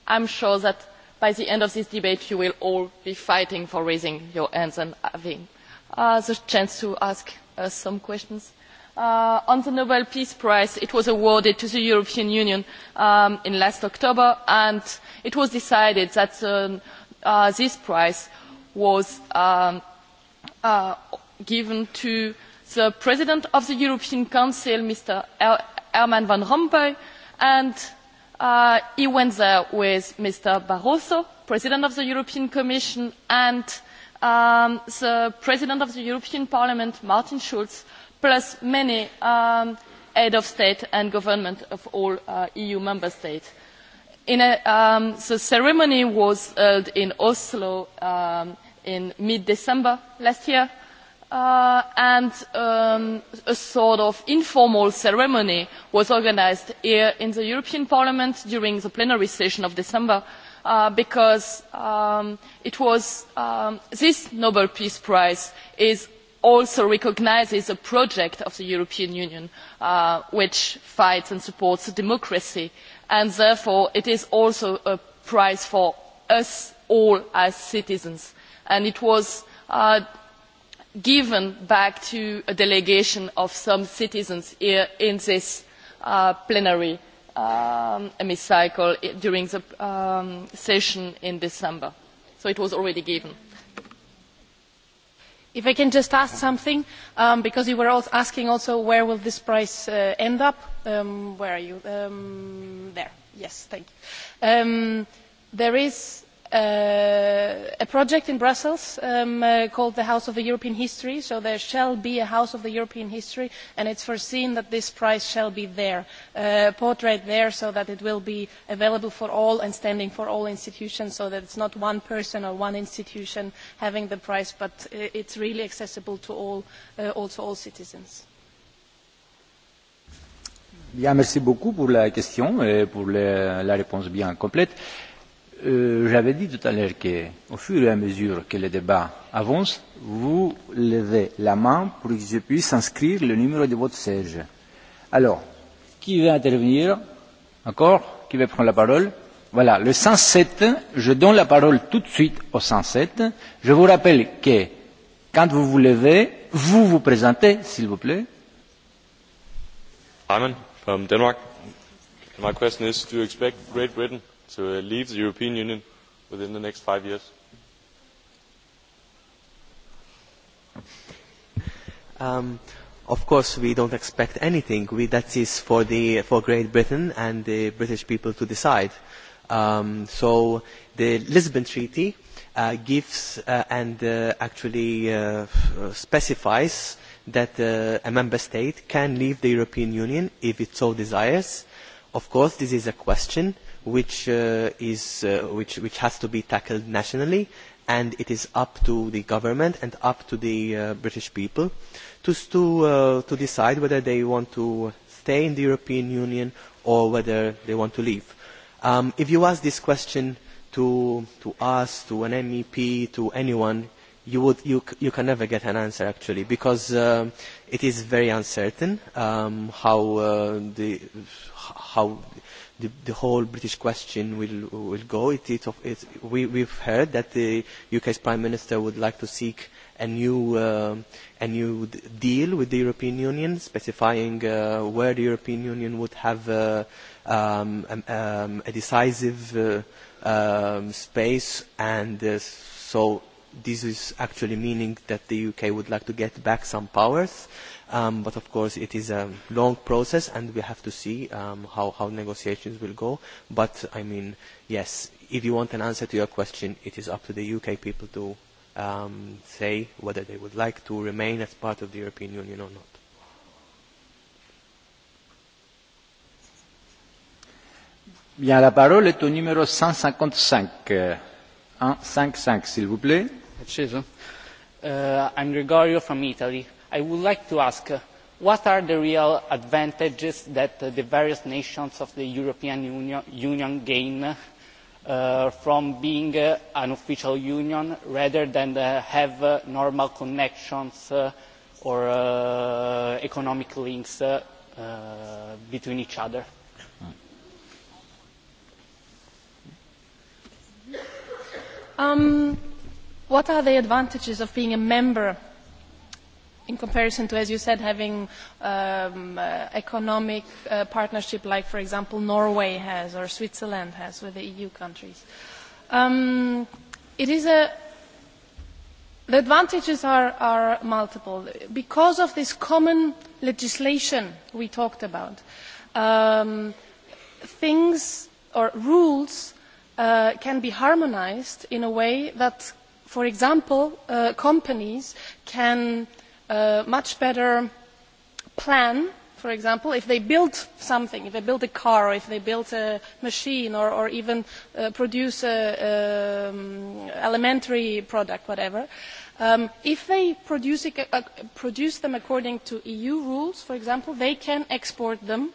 i am sure that by the end of this debate you will all be fighting for raising your hands and having uh, the chance to ask us uh, some questions. Uh, on the Nobel Peace Prize, it was awarded to the European Union um, in last October and it was decided that uh, uh, this prize was um, uh, given to the President of the European Council, Mr herman van rompuy and he uh, went there with mr barroso president of the european commission and um, the president of the european parliament martin schulz plus many um, heads of state and government of all uh, eu member states. Um, the ceremony was held in oslo in mid december last year Uh, and um, a sort of informal ceremony was organised here in the European Parliament during the plenary session of December uh, because um, it was um, this Nobel Peace Prize is also recognises a project of the European Union uh, which fights and supports democracy and therefore it is also a prize for us all as citizens and it was uh, given back to a delegation of some citizens here in this uh, plenary um, hemicycle during the um, session in December. So it was already given. If I can just ask something, um, because you were asking also where will this price uh, end up? Um, where are you? Um, there. Yes, thank you. Um, there is uh, a project in Brussels um, uh, called the House of the European History. So there shall be a House of the European History, and it's foreseen that this prize shall be there, uh, portrait there, so that it will be available for all and standing for all institutions, so that it's not one person or one institution having the prize, but it's really accessible to all, uh, also all citizens. Bien, merci beaucoup pour la question et pour la réponse bien complète. Euh, Euh, j'avais dit tout à l'heure qu'au fur et à mesure que le débat avance, vous levez la main pour que je puisse inscrire le numéro de votre siège. Alors, qui veut intervenir Encore Qui veut prendre la parole Voilà, le 107, je donne la parole tout de suite au 107. Je vous rappelle que quand vous vous levez, vous vous présentez, s'il vous plaît. Amen, from Denmark. My question is, do you expect Great Britain? to uh, leave the european union within the next five years? Um, of course, we don't expect anything. We, that is for, the, for Great Britain and the British people to decide. Um, so the Lisbon Treaty uh, gives uh, and uh, actually uh, specifies that uh, a member state can leave the European Union if it so desires. Of course, this is a question which, uh, is, uh, which, which has to be tackled nationally, and it is up to the government and up to the uh, British people to, to, uh, to decide whether they want to stay in the European Union or whether they want to leave. Um, if you ask this question to, to us, to an MEP, to anyone, you, would, you, you can never get an answer, actually, because uh, it is very uncertain um, how, uh, the, how the, the whole British question will, will go. It, it, it, we, we've heard that the UK's Prime Minister would like to seek a new, uh, a new d- deal with the European Union, specifying uh, where the European Union would have uh, um, a, um, um, a decisive uh, um, space. And uh, so this is actually meaning that the UK would like to get back some powers um, but of course it is a long process and we have to see um, how, how negotiations will go. But I mean, yes, if you want an answer to your question, it is up to the UK people to um, say whether they would like to remain as part of the European Union or not. Bien, la parole est au numéro 155. 155, s'il vous plaît. Uh, I'm Gregorio from Italy i would like to ask uh, what are the real advantages that uh, the various nations of the european union gain uh, from being an official union rather than having normal connections or economic links between each other? Um, what are the advantages of being a member in comparison to, as you said, having um, uh, economic uh, partnership like, for example, Norway has or Switzerland has with the EU countries. Um, it is a, the advantages are, are multiple. Because of this common legislation we talked about, um, things or rules uh, can be harmonized in a way that, for example, uh, companies can uh, Uh, much better plan for example if they build something if they build a car or if they build a machine or, or even uh, produce an um, elementary product whatever um, if they produce, it, uh, produce them according to eu rules for example they can export them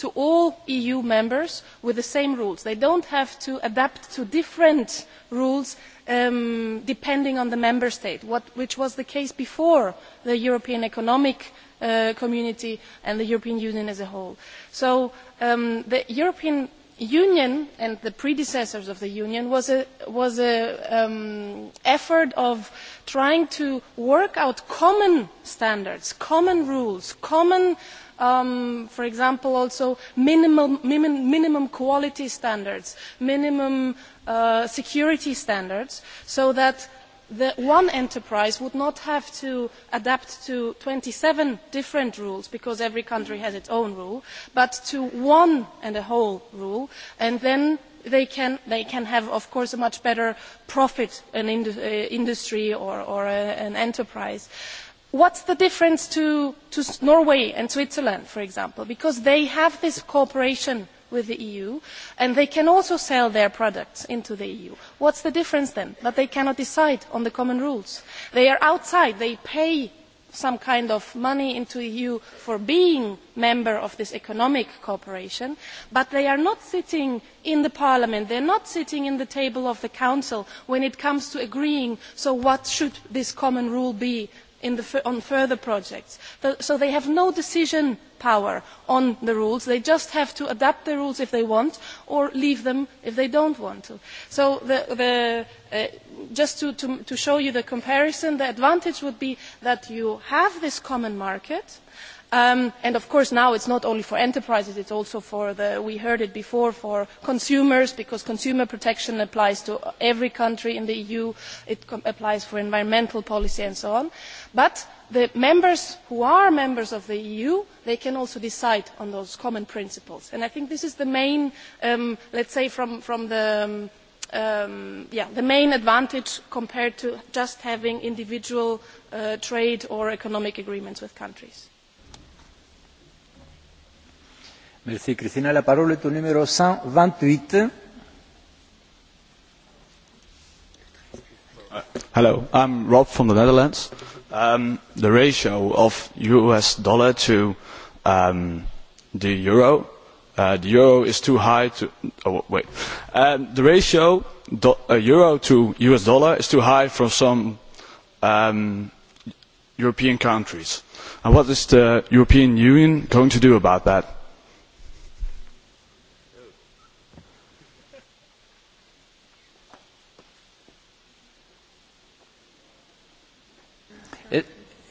to all eu members with the same rules. they do not have to adapt to different rules um, depending on the member state which was the case before the european economic uh, community and the european union as a whole. so um, the european union and the predecessors of the union was an um, effort of trying to work out common standards common rules common um, for example, also minimum, minimum, minimum quality standards, minimum uh, security standards, so that the one enterprise would not have to adapt to 27 different rules because every country has its own rule, but to one and a whole rule, and then they can, they can have, of course, a much better profit an in, uh, industry or, or a, uh, an enterprise. Uh, what is the difference between norway and switzerland for example? because they have this cooperation with the eu and they can also sell their products into the eu. what is the difference then? that they cannot decide on the common rules. they are outside they pay some kind of money into the eu for being a member of this economic cooperation but they are not sitting in the parliament they are not sitting at the table of the council when it comes to agreeing what this common rule should in the f- on further projects. Th- so they have no decision power on the rules. They just have to adapt the rules if they want or leave them if they don't want to. So the, the, uh, just to, to, to show you the comparison, the advantage would be that you have this common market. Um, and of course now it is not only for enterprises it is also for we heard it before for consumers because consumer protection applies to every country in the eu it applies for environmental policy and so on but the members who are members of the eu can also decide on those common principles and i think this is the main um, let us say um, the main advantage compared to just having individual uh, trade or economic agreements with countries. hello i am rob from the netherlands. Um, the ratio of the us dollar to um, the euro uh, the euro is too high oh, wait um, the ratio uh, euro to us dollar is too high for some european countries. what is the european union going to do about that?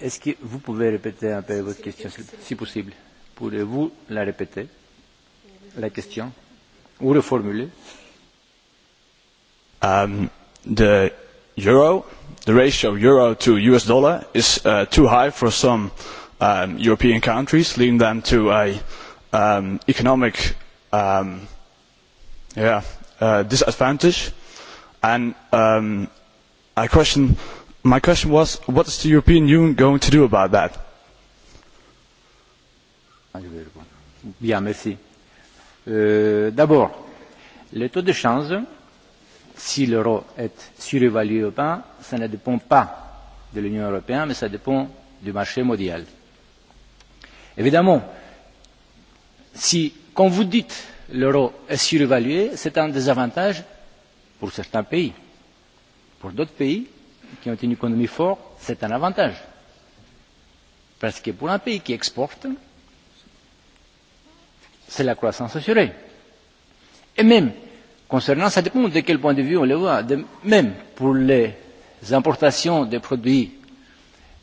est ce que vous pouvez répéter un peu si votre question possible. si possible pouvez vous la répéter oui. la question ou reformuler um, the euro the ratio of euro to us dollar is uh, too high for some um, european countries leading them to a um, economic um, yeah, uh, disadvantage and um, i question My question was, what is the European Union going to do about that? Bien, merci. Euh, D'abord, le taux de change, si l'euro est surévalué ou pas, ça ne dépend pas de l'Union européenne, mais ça dépend du marché mondial. Évidemment, si, quand vous dites l'euro est surévalué, c'est un désavantage pour certains pays. Pour d'autres pays, qui ont une économie forte c'est un avantage parce que pour un pays qui exporte c'est la croissance assurée et même concernant ça dépend de quel point de vue on le voit de, même pour les importations de produits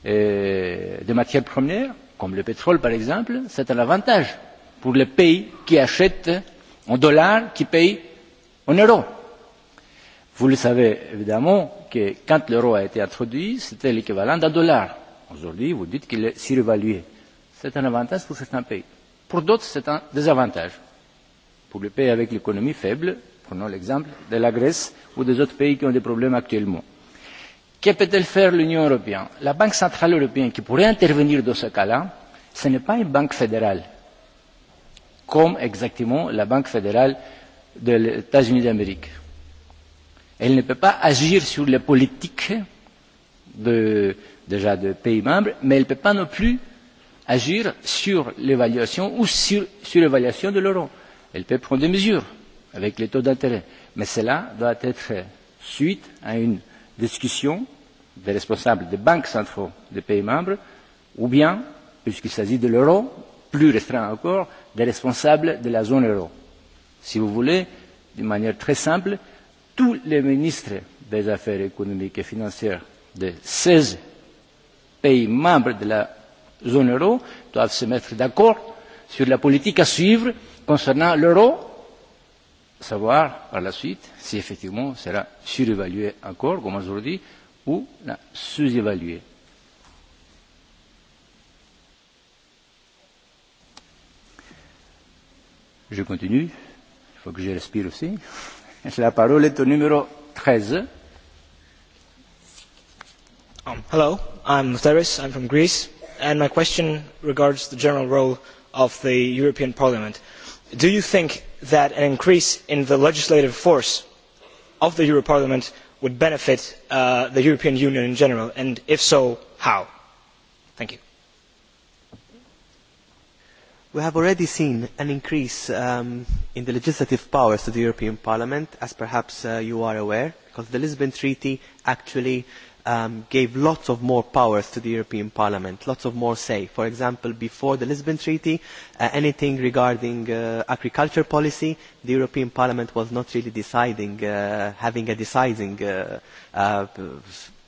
euh, de matières premières comme le pétrole par exemple c'est un avantage pour les pays qui achètent en dollars qui payent en euros vous le savez évidemment que quand l'euro a été introduit, c'était l'équivalent d'un dollar. Aujourd'hui, vous dites qu'il est surévalué. C'est un avantage pour certains pays. Pour d'autres, c'est un désavantage. Pour les pays avec l'économie faible, prenons l'exemple de la Grèce ou des autres pays qui ont des problèmes actuellement. Que peut-elle faire l'Union européenne La Banque centrale européenne qui pourrait intervenir dans ce cas-là, ce n'est pas une banque fédérale, comme exactement la Banque fédérale des États-Unis d'Amérique elle ne peut pas agir sur les politiques de, déjà de pays membres, mais elle ne peut pas non plus agir sur l'évaluation ou sur, sur l'évaluation de l'euro. Elle peut prendre des mesures avec les taux d'intérêt, mais cela doit être suite à une discussion des responsables des banques centrales des pays membres ou bien, puisqu'il s'agit de l'euro, plus restreint encore, des responsables de la zone euro. Si vous voulez, d'une manière très simple, tous les ministres des affaires économiques et financières des seize pays membres de la zone euro doivent se mettre d'accord sur la politique à suivre concernant l'euro savoir par la suite si effectivement sera surévalué encore comme aujourd'hui ou sous évalué. Je continue, il faut que je respire aussi. Euh, La parole est au numéro 13. Um, hello, I'm Theris, I'm from Greece, and my question regards the general role of the European Parliament. Do you think that an increase in the legislative force of the European Parliament would benefit uh, the European Union in general, and if so, how? Thank you. We have already seen an increase um, in the legislative powers of the European Parliament, as perhaps uh, you are aware, because the Lisbon Treaty actually um, gave lots of more powers to the European Parliament, lots of more say. For example, before the Lisbon Treaty, uh, anything regarding uh, agriculture policy, the European Parliament was not really deciding, uh, having a deciding uh, uh,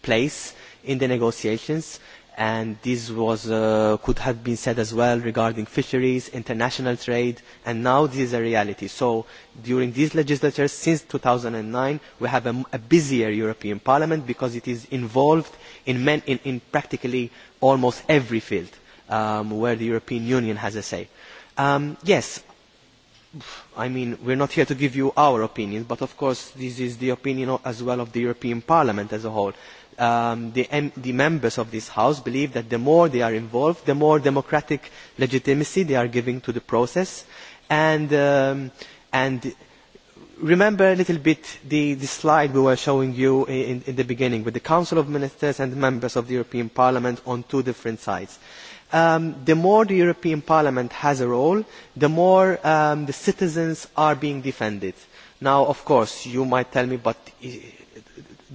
place in the negotiations and this was, uh, could have been said as well regarding fisheries, international trade, and now this is a reality. So during this legislature, since 2009, we have a, a busier European Parliament because it is involved in, men, in, in practically almost every field um, where the European Union has a say. Um, yes, I mean, we're not here to give you our opinion, but of course this is the opinion as well of the European Parliament as a whole um, the, M the members of this House believe that the more they are involved, the more democratic legitimacy they are giving to the process. And, um, and remember a little bit the, the slide we were showing you in, in the beginning with the Council of Ministers and the members of the European Parliament on two different sides. Um, the more the European Parliament has a role, the more um, the citizens are being defended. Now, of course, you might tell me, but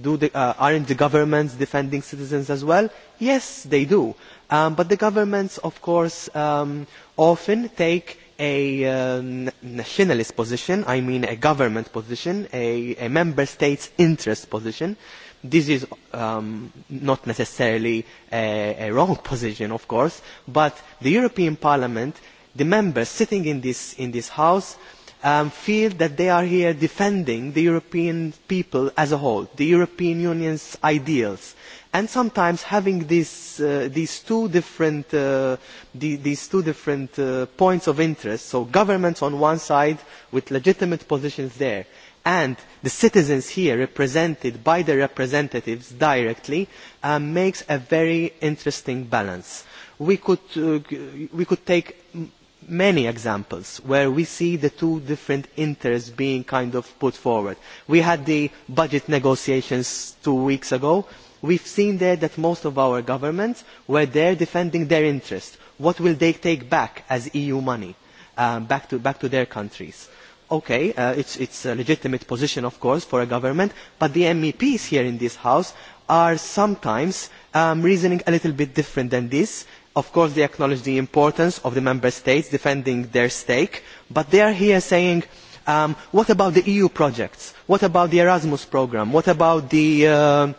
Uh, are the governments defending citizens as well? yes they do um, but the governments of course um, often take a um, nationalist position i mean a government position a member state's interest position. this is not necessarily a wrong position of course but the european parliament the members sitting in this house um, feel that they are here defending the European people as a whole, the European Union's ideals. And sometimes having this, uh, these two different, uh, the, these two different uh, points of interest, so governments on one side with legitimate positions there, and the citizens here represented by the representatives directly, um, makes a very interesting balance. We could, uh, we could take many examples where we see the two different interests being kind of put forward. We had the budget negotiations two weeks ago. We've seen there that most of our governments were there defending their interests. What will they take back as EU money um, back, to, back to their countries? Okay, uh, it's, it's a legitimate position, of course, for a government, but the MEPs here in this House are sometimes um, reasoning a little bit different than this, of course they acknowledge the importance of the member states defending their stake but they are here saying um, what about the eu projects what about the erasmus programme what about the uh,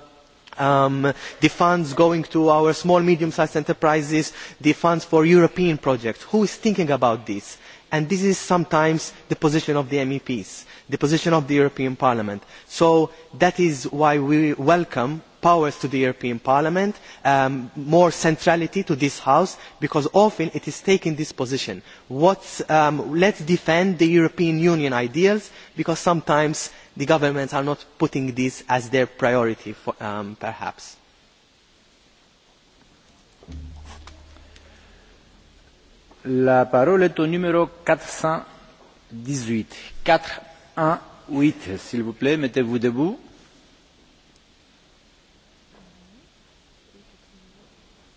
um, the funds going to our small medium sized enterprises, the funds for European projects. Who is thinking about this? And this is sometimes the position of the MEPs, the position of the European Parliament. So that is why we welcome powers to the european parliament and um, more centrality to this house because often it is taking this position um, let us defend the european union ideals because sometimes the governments are not putting this as their priority um, perhaps.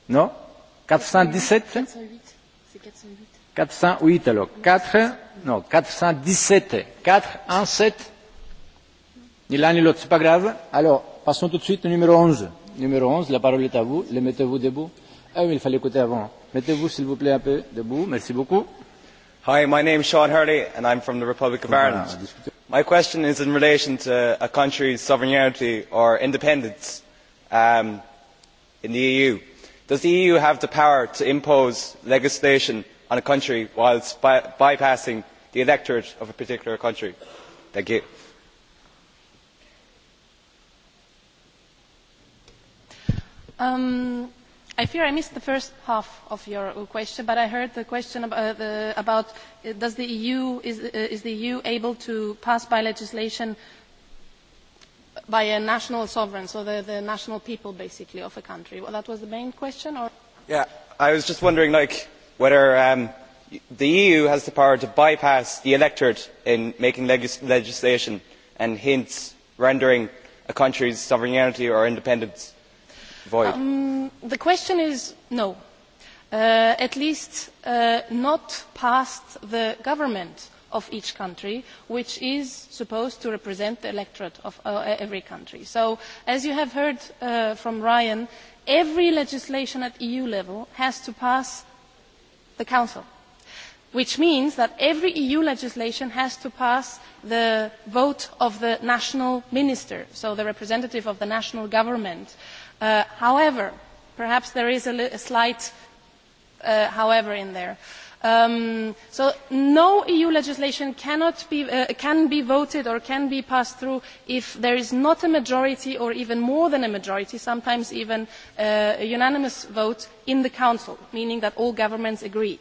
Non 417 408 alors. 4 Non, 417. 417. Ni l'un ni l'autre, c'est pas grave. Alors, passons tout de suite au numéro 11. Numéro 11, la parole est à vous. Le mettez-vous debout. Ah oui, il fallait écouter avant. Mettez-vous, s'il vous plaît, un peu debout. Merci beaucoup. Hi, my name is Sean Hurley, and I'm from the Republic of Ireland. My question is in relation to a country's sovereignty or independence um, in the EU. Uh, does the eu have the power to impose legislation on a country whilst bypassing the electorate of a particular country? Um, i fear i missed the first half of your question but i heard the question uh, about whether uh, the eu is uh, e able to pass by legislation by a national sovereign, so the, the national people, basically, of a country? Well, that was the main question, or? Yeah, I was just wondering, like, whether um, the EU has the power to bypass the electorate in making legis- legislation and hence rendering a country's sovereignty or independence void. Um, the question is no. Uh, at least uh, not past the government. Uh, of each country, which is supposed to represent the electorate of uh, every country. So, as you have heard uh, from Ryan, every legislation at EU level has to pass the Council, which means that every EU legislation has to pass the vote of the national minister, so the representative of the national government. Uh, however, perhaps there is a, li- a slight uh, however in there. Uh, Um, so no EU legislation cannot be, uh, can be voted or can be passed through if there is not a majority or even more than a majority, sometimes even uh, a unanimous vote in the Council, meaning that all governments agreed.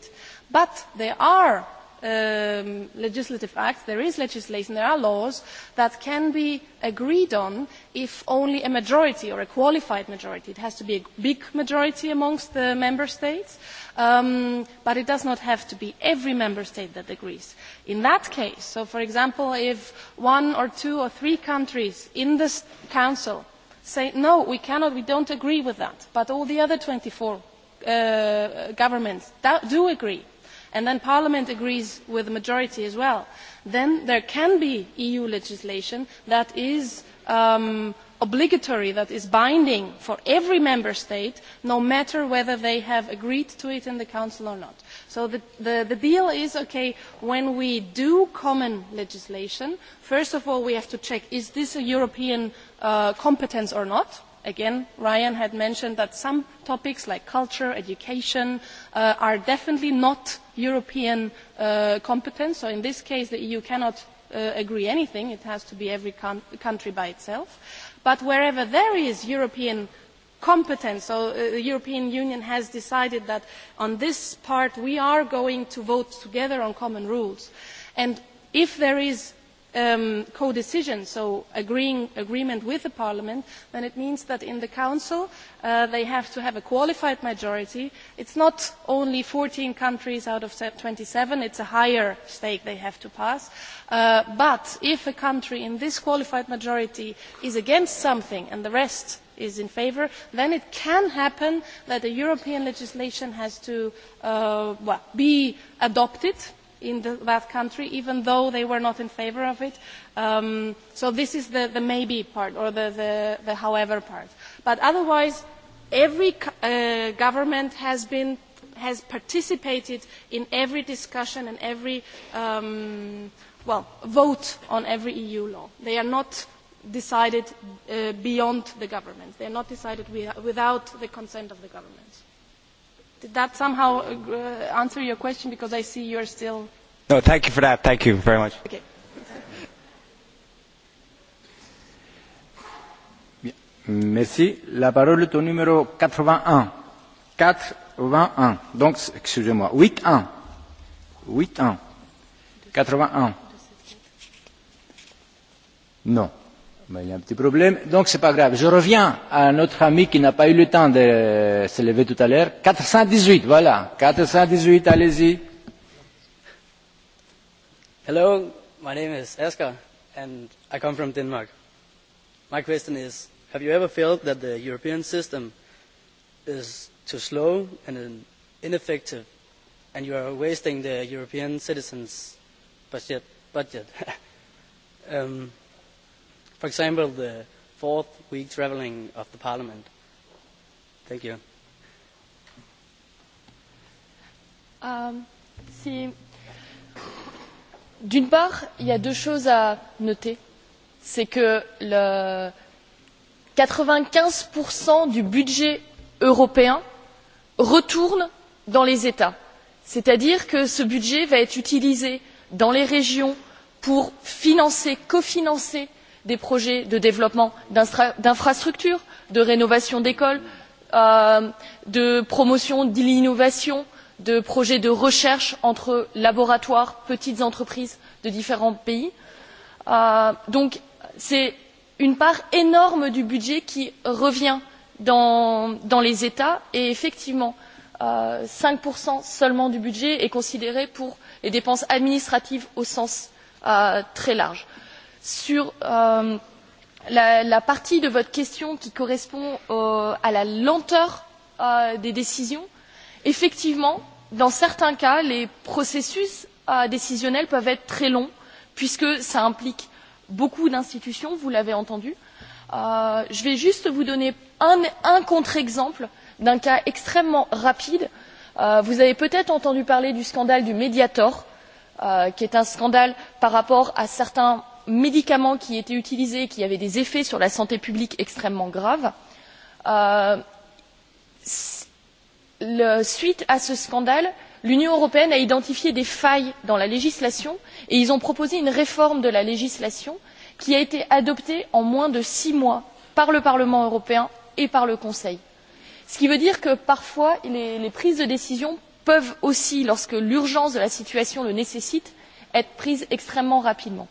But there are um, legislative acts, there is legislation, there are laws that can be agreed on if only a majority or a qualified majority, it has to be a big majority amongst the member states, um, but it does not have to be every member state that agrees. In that case, so for example, if one or two or three countries in this council say, no, we cannot, we don't agree with that, but all the other 24 uh, governments do agree, and then parliament agrees with the majority as well then there can be eu legislation that is um, obligatory that is binding for every member state no matter whether they have agreed to it in the council or not so the, the, the deal is okay when we do common legislation first of all we have to check is this a european uh, competence or not again, Ryan had mentioned that some topics like culture, education, uh, are definitely not European uh, competence. So in this case, the EU cannot uh, agree anything. It has to be every country by itself. But wherever there is European competence, so uh, the European Union has decided that on this part we are going to vote together on common rules. And if there is um, co-decision, so agreeing agreement with the parliament, then it means that in the council uh, they have to have a qualified majority. It's not only 14 countries out of 27; it's a higher stake they have to pass. Uh, but if a country in this qualified majority is against something and the rest is in favour, then it can happen that the European legislation has to uh, well, be adopted in the, that country, even though they were not in favor of it. Um, so this is the, the maybe part or the, the, the however part. But otherwise, every uh, government has been has participated in every discussion and every um, well vote on every EU law. They are not decided uh, beyond the government. They are not decided without the consent of the government. Did that somehow uh, uh, answer your question? Because I see you're still. No, thank you for that. Thank you very much. Okay. Merci. La parole est au numéro 81. 81. Donc, excusez-moi. 81. 81. 81. Non mais il y a un petit problème. Donc c'est pas grave. Je reviens à notre ami qui n'a pas eu le temps de se lever tout à l'heure. 418, voilà. 418, allez-y. Hello, my name is Eska and I come from Denmark. My question is, have you ever felt that the European system is too slow and ineffective and you are wasting the European citizens' budget? budget? um, For example, the fourth week traveling of the parliament. Thank you. Um, D'une part, il y a deux choses à noter. C'est que le 95% du budget européen retourne dans les États. C'est-à-dire que ce budget va être utilisé dans les régions pour financer, cofinancer des projets de développement d'infrastructures de rénovation d'écoles euh, de promotion de l'innovation de projets de recherche entre laboratoires et petites entreprises de différents pays. Euh, c'est donc une part énorme du budget qui revient dans les états et effectivement euh, cinq seulement du budget est considéré pour les dépenses administratives au sens très large sur euh, la partie de votre question qui correspond à la lenteur euh, des décisions effectivement dans certains cas les processus euh, décisionnels peuvent être très longs puisque cela implique beaucoup d'institutions vous l'avez entendu. je vais juste vous donner un contre exemple d'un cas extrêmement rapide. vous avez peut être entendu parler du scandale du mediator qui est un scandale par rapport à certains médicaments qui étaient utilisés et qui avaient des effets sur la santé publique extrêmement graves. Euh, à la suite de ce scandale l'union européenne a identifié des failles dans la législation et ils ont proposé une réforme de la législation qui a été adoptée en moins de six mois par le parlement européen et par le conseil. ce qui veut dire que parfois les prises de décision peuvent aussi lorsque l'urgence de la situation le nécessite être prises extrêmement rapidement.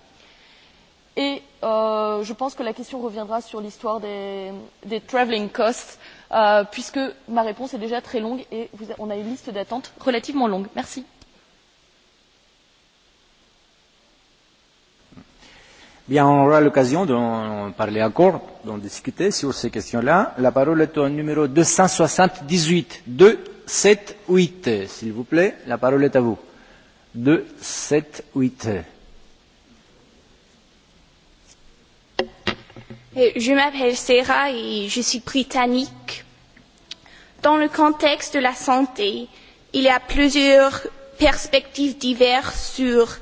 Et euh, je pense que la question reviendra sur l'histoire des, des travelling costs, euh, puisque ma réponse est déjà très longue et vous, on a une liste d'attente relativement longue. Merci. Bien, on aura l'occasion d'en parler encore, d'en discuter sur ces questions-là. La parole est au numéro 278. 278, s'il vous plaît. La parole est à vous. 278. Je m'appelle Sarah et je suis britannique. Dans le contexte de la santé, il y a plusieurs perspectives diverses sur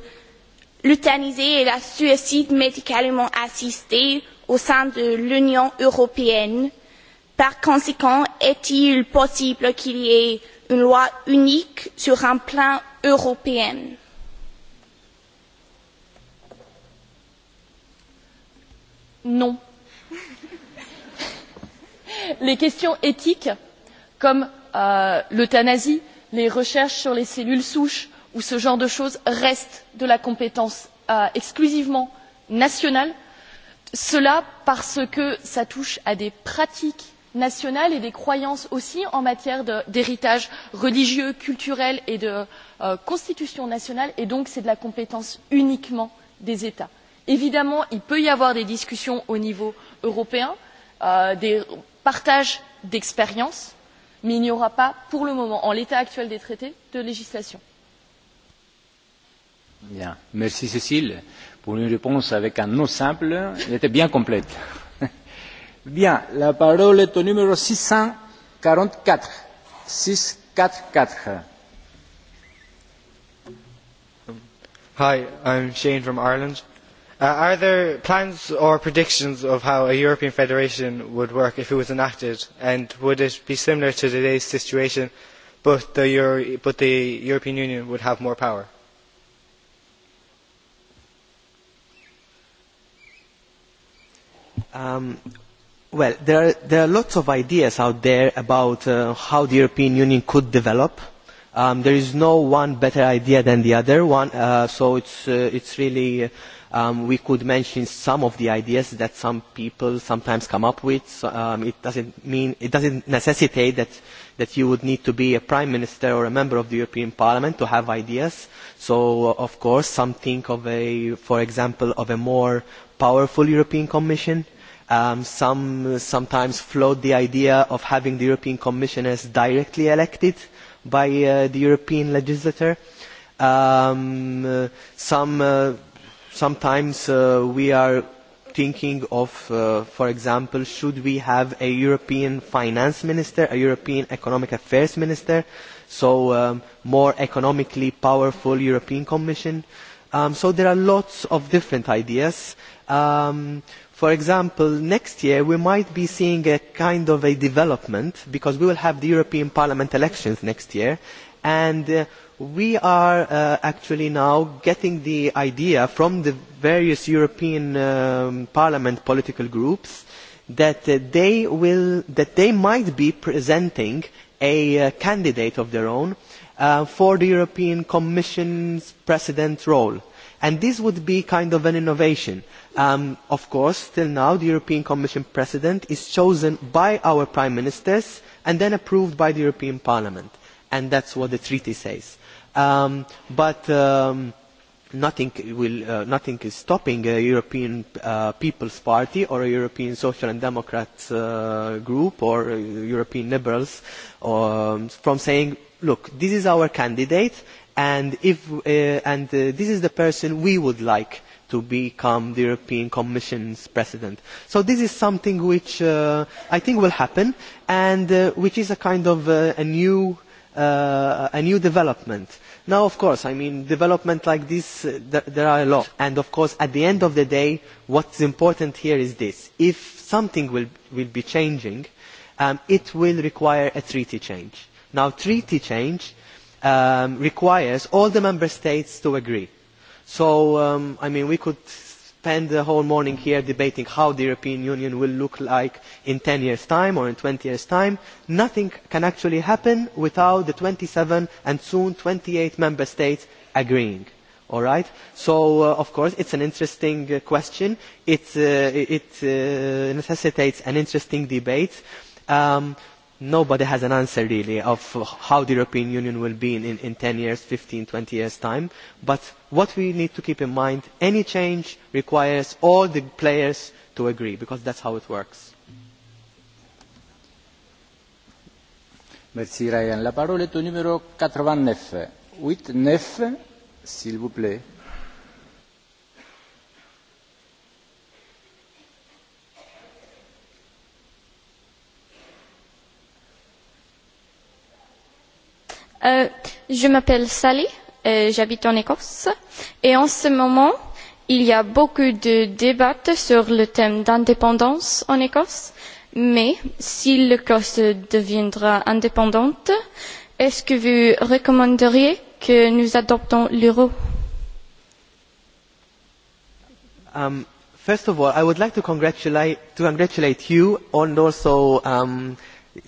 l'euthanisée et la suicide médicalement assistée au sein de l'Union européenne. Par conséquent, est-il possible qu'il y ait une loi unique sur un plan européen Non les questions éthiques comme euh, l'euthanasie les recherches sur les cellules souches ou ce genre de choses restent de la compétence euh, exclusivement nationale cela parce que cela touche à des pratiques nationales et des croyances aussi en matière d'héritage religieux culturel et de euh, constitution nationale et donc c'est de la compétence uniquement des états. évidemment il peut y avoir des discussions au niveau européen des partage d'expériences mais il n'y aura pas pour le moment en l'état actuel des traités de législation. Bien. Merci Cécile pour une réponse avec un nom simple. Elle était bien complète. Bien, la parole est au numéro 644. 644. Hi, I'm Shane from Ireland. Uh, are there plans or predictions of how a European federation would work if it was enacted? And would it be similar to today's situation, but the, Euro- but the European Union would have more power? Um, well, there are, there are lots of ideas out there about uh, how the European Union could develop. Um, there is no one better idea than the other one, uh, so it's, uh, it's really. Uh, um, we could mention some of the ideas that some people sometimes come up with. So, um, it doesn't mean it doesn't necessitate that that you would need to be a prime minister or a member of the European Parliament to have ideas. So of course, some think of a, for example, of a more powerful European Commission. Um, some sometimes float the idea of having the European Commissioners directly elected by uh, the European legislator. Um, some. Uh, sometimes uh, we are thinking of, uh, for example, should we have a European finance minister, a European economic affairs minister, so um, more economically powerful European Commission. Um, so there are lots of different ideas. Um, for example, next year we might be seeing a kind of a development because we will have the European Parliament elections next year and uh, we are uh, actually now getting the idea from the various European um, Parliament political groups that uh, they will that they might be presenting a uh, candidate of their own uh, for the European Commission's president role. And this would be kind of an innovation. Um, of course, till now, the European Commission president is chosen by our prime ministers and then approved by the European Parliament. And that's what the treaty says um, but um, nothing will uh, nothing is stopping a European uh, People's Party or a European Social and Democrats uh, group or uh, European Liberals um, from saying, "Look, this is our candidate, and if uh, and uh, this is the person we would like." to become the European Commission's president. So this is something which uh, I think will happen and uh, which is a kind of uh, a new uh, a new development. Now, of course, I mean, development like this, uh, th there are a lot. And of course, at the end of the day, what's important here is this. If something will, will be changing, um, it will require a treaty change. Now, treaty change um, requires all the member states to agree. So, um, I mean, we could spend the whole morning here debating how the european union will look like in ten years' time or in twenty years' time nothing can actually happen without the twenty seven and soon twenty eight member states agreeing. so uh, of course it is an interesting uh, question it, uh, it uh, necessitates an interesting debate. Um, nobody has an answer really of how the European Union will be in, in 10 years, 15, 20 years time. But what we need to keep in mind, any change requires all the players to agree because that's how it works. Merci Ryan. La parole est au numéro 89. 89, s'il vous plaît. Euh, je m'appelle Sally, euh, j'habite en Écosse et en ce moment, il y a beaucoup de débats sur le thème d'indépendance en Écosse. Mais si l'Écosse deviendra indépendante, est-ce que vous recommanderiez que nous adoptons l'euro um, First of all, I would like to congratulate, to congratulate you and also um, uh,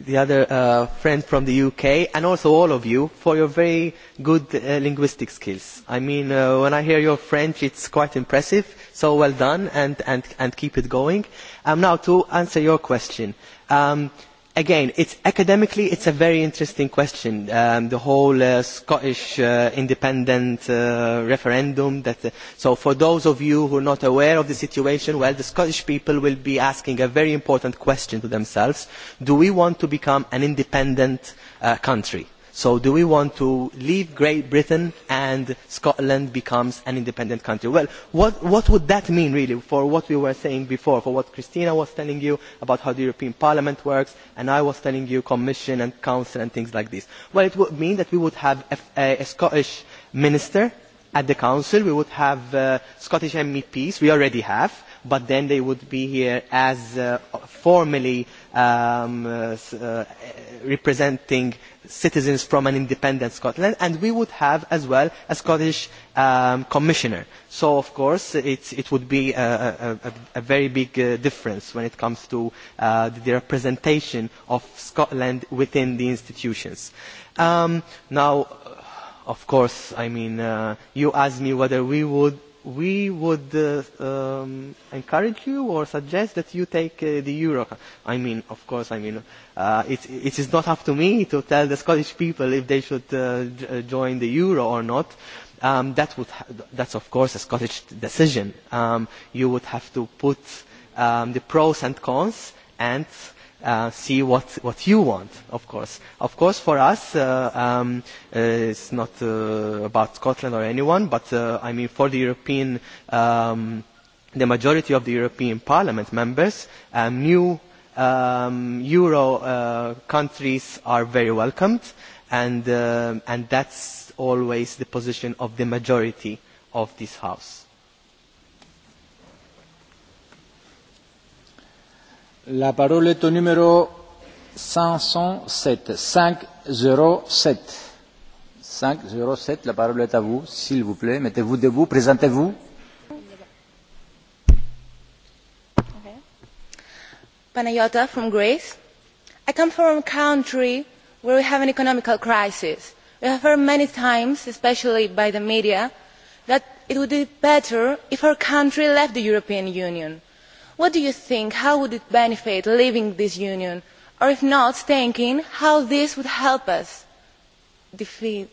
the other uh, friend from the UK, and also all of you, for your very good uh, linguistic skills. I mean, uh, when I hear your French, it's quite impressive. So well done, and, and, and keep it going. Um, now, to answer your question. Um, again, it's academically, it's a very interesting question. Um, the whole uh, Scottish uh, independent uh, referendum. That, uh, so for those of you who are not aware of the situation, well, the Scottish people will be asking a very important question to themselves. Do we want to become an independent uh, country? So do we want to leave Great Britain and Scotland becomes an independent country? Well, what, what would that mean, really, for what we were saying before, for what Christina was telling you about how the European Parliament works, and I was telling you Commission and Council and things like this? Well, it would mean that we would have a, a Scottish minister at the Council, we would have uh, Scottish MEPs, we already have, but then they would be here as uh, formally um, uh, uh, representing citizens from an independent Scotland, and we would have as well a Scottish um, commissioner. So, of course, it's, it would be a, a, a very big uh, difference when it comes to uh, the representation of Scotland within the institutions. Um, now, of course, I mean, uh, you asked me whether we would we would uh, um, encourage you or suggest that you take uh, the euro. I mean, of course, I mean, uh, it, it is not up to me to tell the Scottish people if they should uh, j- uh, join the euro or not. Um, that would ha- that's, of course, a Scottish decision. Um, you would have to put um, the pros and cons and Uh, see what what you want. Of course, of course, for us, uh, um, uh, it's not uh, about Scotland or anyone, but uh, I mean for the European, um, the majority of the European Parliament members, um, new um, Euro uh, countries are very welcomed, and uh, and that's always the position of the majority of this House. la parole est au numéro 507 507 507 la parole est à vous s'il vous plaît mettez-vous debout présentez-vous Panayota from Greece I come from a country where we have an economical crisis we have heard many times especially by the media that it would be better if our country left the European Union what do you think how would it benefit leaving this union or if not thinking how this would help us defeat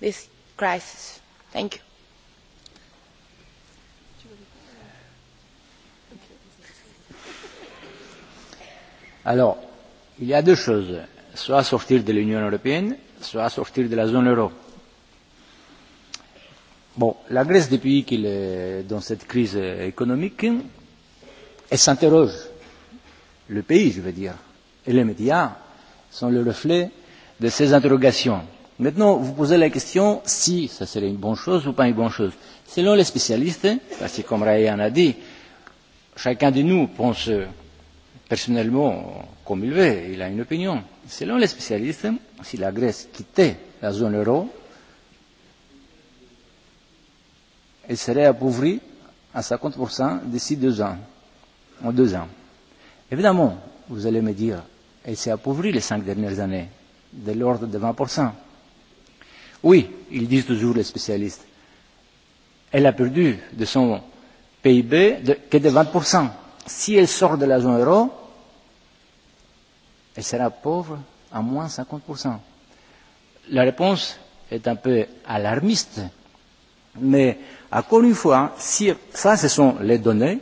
this crisis thank you alors il y a deux choses soit sortir de l'union européenne soit sortir de la zone euro bon la grèce depuis qu'il est dans cette crise économique et s'interroge. Le pays, je veux dire, et les médias sont le reflet de ces interrogations. Maintenant, vous posez la question si ça serait une bonne chose ou pas une bonne chose. Selon les spécialistes, parce que comme Ryan a dit, chacun de nous pense personnellement comme il veut, il a une opinion. Selon les spécialistes, si la Grèce quittait la zone euro, elle serait appauvrie à 50% d'ici deux ans en deux ans. Évidemment, vous allez me dire, elle s'est appauvrie les cinq dernières années, de l'ordre de 20%. Oui, ils disent toujours les spécialistes, elle a perdu de son PIB de, que de 20%. Si elle sort de la zone euro, elle sera pauvre à moins 50%. La réponse est un peu alarmiste, mais encore une fois, si, ça ce sont les données,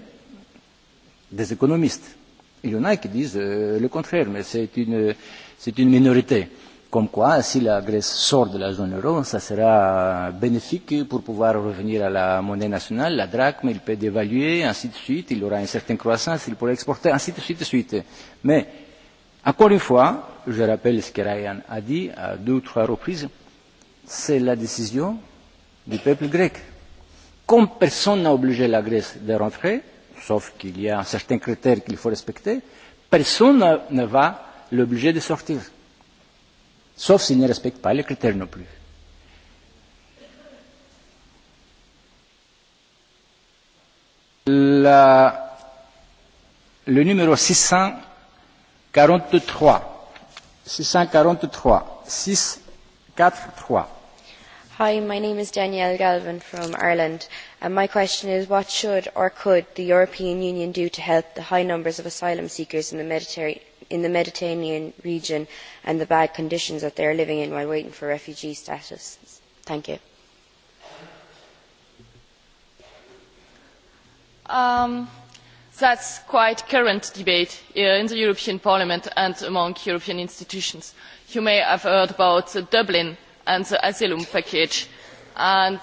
des économistes. Il y en a qui disent euh, le contraire, mais c'est une, c'est une minorité. Comme quoi, si la Grèce sort de la zone euro, ça sera bénéfique pour pouvoir revenir à la monnaie nationale, la drachme, il peut dévaluer, ainsi de suite, il aura une certaine croissance, il pourra exporter, ainsi de suite, de suite. Mais, encore une fois, je rappelle ce que Ryan a dit à deux ou trois reprises, c'est la décision du peuple grec. Comme personne n'a obligé la Grèce de rentrer, sauf qu'il y a un certain critère qu'il faut respecter, personne ne va l'obliger de sortir. Sauf s'il ne respecte pas les critères non plus. La, le numéro 643. 643. 643. Hi, my name is Danielle Galvin from Ireland, and my question is what should or could the European Union do to help the high numbers of asylum seekers in the, Mediter- in the Mediterranean region and the bad conditions that they are living in while waiting for refugee status? Thank you. Um, that's quite current debate uh, in the European Parliament and among European institutions. You may have heard about Dublin and the asylum package. And,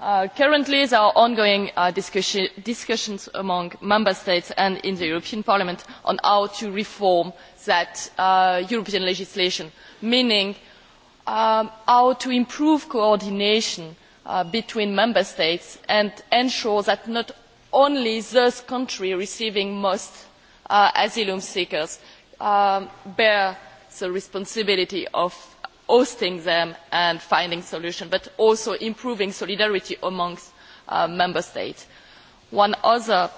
uh, currently, there are ongoing uh, discussion, discussions among Member States and in the European Parliament on how to reform that uh, European legislation, meaning um, how to improve coordination uh, between Member States and ensure that not only those countries receiving most uh, asylum seekers um, bear the responsibility of hosting them and finding solutions but also improving solidarity amongst uh, member states. One other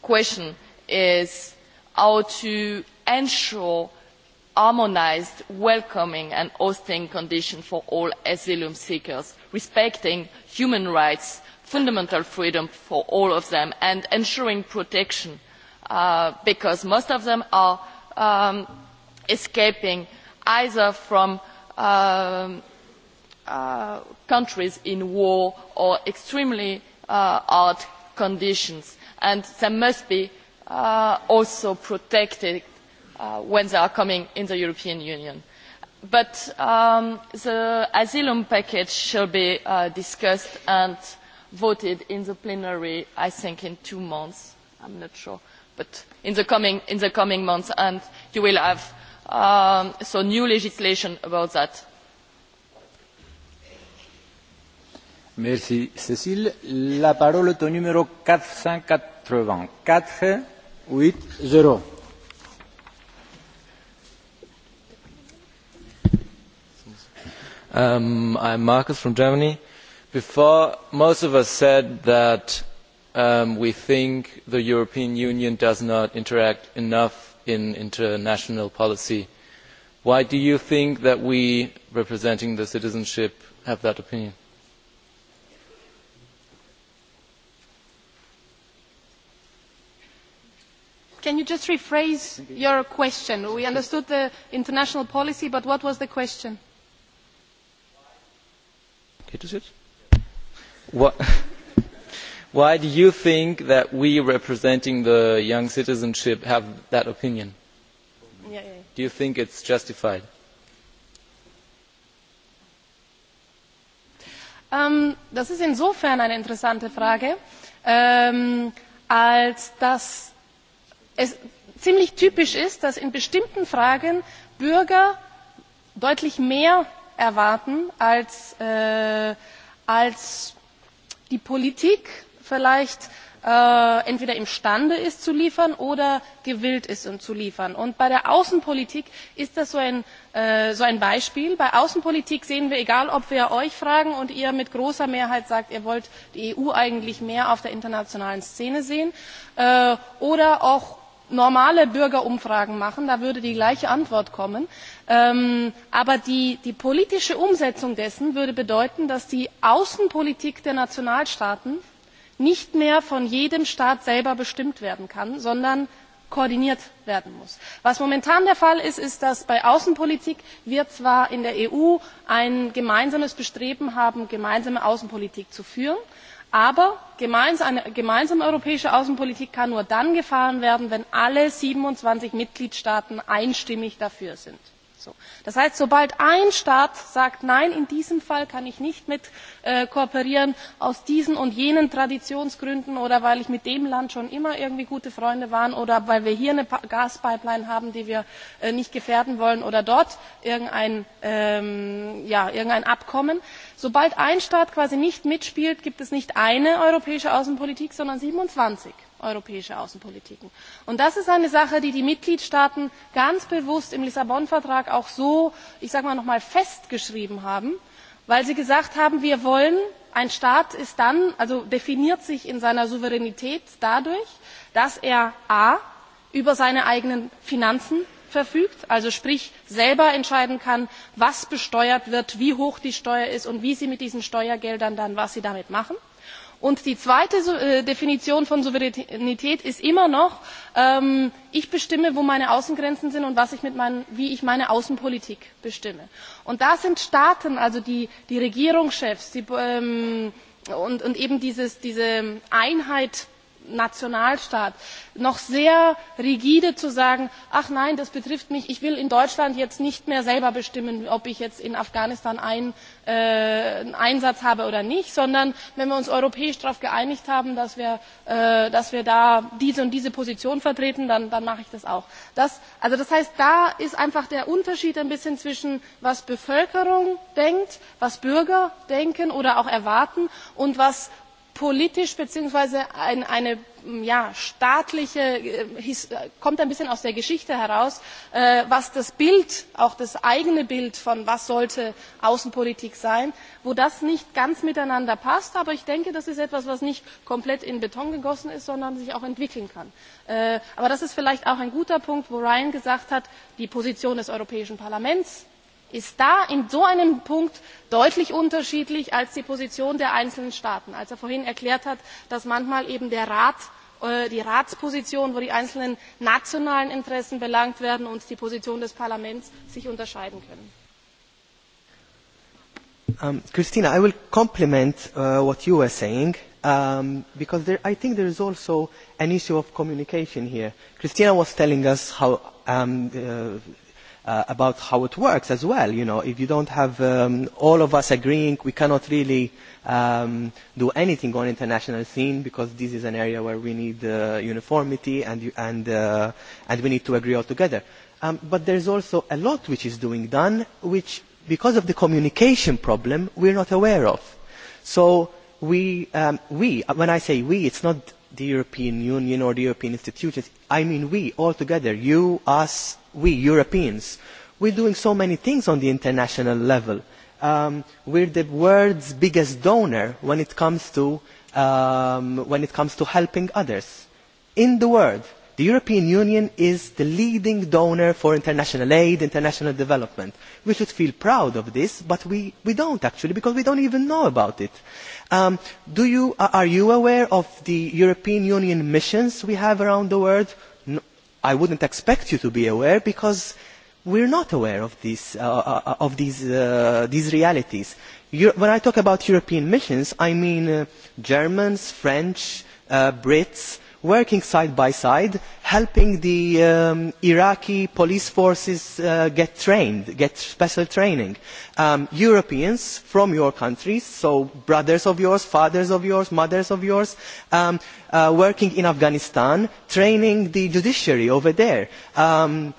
question is how to ensure harmonized welcoming and hosting conditions for all asylum seekers, respecting human rights, fundamental freedom for all of them and ensuring protection uh, because most of them are um, escaping either from uh, Uh, uh, countries in war or extremely uh, hard conditions and they must be also protected when they are coming into the european union. but um, the asylum package shall be discussed and voted in the plenary i think in two months i am not sure but in the coming months and you will have Um, so new legislation about that. Merci Cécile. La parole est au numéro 480. Um, I'm Marcus from Germany. Before, most of us said that um, we think the European Union does not interact enough in international policy why do you think that we representing the citizenship have that opinion? Can you just rephrase your question? We understood the international policy, but what was the question? Okay, does it? What? why do you think that we representing the young citizenship have that opinion? Do you think it's justified? Um, das ist insofern eine interessante Frage, ähm, als dass es ziemlich typisch ist, dass in bestimmten Fragen Bürger deutlich mehr erwarten als, äh, als die Politik vielleicht äh, entweder imstande ist zu liefern oder gewillt ist um zu liefern. bei der außenpolitik ist das äh, so ein beispiel bei außenpolitik sehen wir egal ob wir euch fragen und ihr mit großer mehrheit sagt ihr wollt die eu eigentlich mehr auf der internationalen szene sehen äh, oder auch normale bürgerumfragen machen da würde die gleiche antwort kommen ähm, aber die politische umsetzung dessen würde bedeuten dass die außenpolitik der nationalstaaten nicht mehr von jedem staat selber bestimmt werden kann sondern koordiniert werden muss. was momentan der fall ist ist dass bei außenpolitik wir zwar in der eu ein gemeinsames bestreben haben gemeinsame außenpolitik zu führen aber eine gemeinsame europäische außenpolitik kann nur dann gefahren werden wenn alle siebenundzwanzig mitgliedstaaten einstimmig dafür unterstützung. das heißt sobald ein staat sagt nein in diesem fall kann ich nicht mit äh, kooperieren aus diesen und jenen traditionsgründen oder weil ich mit dem land schon immer irgendwie gute freunde war oder weil wir hier eine gaspipeline haben die wir äh, nicht gefährden wollen oder dort irgendein, ähm, ja, irgendein abkommen sobald ein staat quasi nicht mitspielt gibt es nicht eine europäische außenpolitik sondern siebenundzwanzig europäische außenpolitiken. und das ist eine sache die die mitgliedstaaten ganz bewusst im lissabon vertrag auch so ich sage mal noch einmal festgeschrieben haben weil sie gesagt haben wir wollen ein staat ist dann also definiert sich in seiner souveränität dadurch dass er a über seine eigenen finanzen verfügt also sprich selber entscheiden kann was besteuert wird wie hoch die steuer ist und wie sie mit diesen steuergeldern dann was sie damit machen und die zweite äh, definition von souveränität ist immer noch ähm, ich bestimme wo meine außengrenzen sind und wie ich meine außenpolitik bestimme. da sind staaten also die regierungschefs ähm, und eben diese einheit Nationalstaat noch sehr rigide zu sagen, ach nein, das betrifft mich, ich will in Deutschland jetzt nicht mehr selber bestimmen, ob ich jetzt in Afghanistan einen, äh, einen Einsatz habe oder nicht, sondern wenn wir uns europäisch darauf geeinigt haben, dass wir, äh, dass wir da diese und diese Position vertreten, dann, dann mache ich das auch. Das, also das heißt, da ist einfach der Unterschied ein bisschen zwischen, was Bevölkerung denkt, was Bürger denken oder auch erwarten und was politisch bzw. eine ja, staatliche äh, kommt ein bisschen aus der Geschichte heraus, äh, was das Bild, auch das eigene Bild von was sollte Außenpolitik sein, wo das nicht ganz miteinander passt. Aber ich denke, das ist etwas, was nicht komplett in Beton gegossen ist, sondern sich auch entwickeln kann. Äh, aber das ist vielleicht auch ein guter Punkt, wo Ryan gesagt hat, die Position des Europäischen Parlaments ist da in so einem punkt deutlich unterschiedlich zu den positionen der einzelnen staaten. als er vorhin erklärt hat dass manchmal eben äh, die ratsposition wo die einzelnen nationalen interessen belangt werden und die position des parlaments sich unterscheiden können. Um, Christina, I will compliment uh, what you were saying um, because there, I think there is also an issue of communication here. Christina was telling us how um, uh, uh, about how it works as well. You know, if you don't have um, all of us agreeing, we cannot really um, do anything on international scene because this is an area where we need uh, uniformity and, and, uh, and we need to agree all together. Um, but there's also a lot which is doing done, which because of the communication problem, we're not aware of. So we, um, we, uh, when I say we, it's not the European Union or the European institutions. I mean we, all together, you, us, we Europeans. We're doing so many things on the international level. Um, we're the world's biggest donor when it comes to um, when it comes to helping others in the world. The European Union is the leading donor for international aid, international development. We should feel proud of this, but we, we don't actually, because we don't even know about it. Um, do you, are you aware of the European Union missions we have around the world? I wouldn't expect you to be aware because we're not aware of, this, uh, uh, uh, of these, uh, these realities. Euro- when I talk about European missions, I mean uh, Germans, French, uh, Brits, working side by side, helping the um, Iraqi police forces uh, get trained, get special training. Um, Europeans from your countries, so brothers of yours, fathers of yours, mothers of yours, um, uh, working in Afghanistan, training the judiciary over there. Um,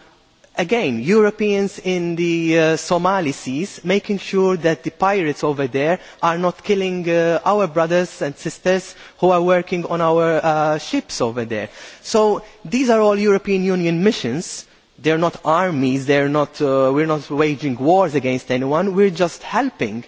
again europeans in the uh, somali seas making sure that the pirates over there are not killing uh, our brothers and sisters who are working on our uh, ships over there. so these are all european union missions they are not armies we are not waging wars against anyone we are just helping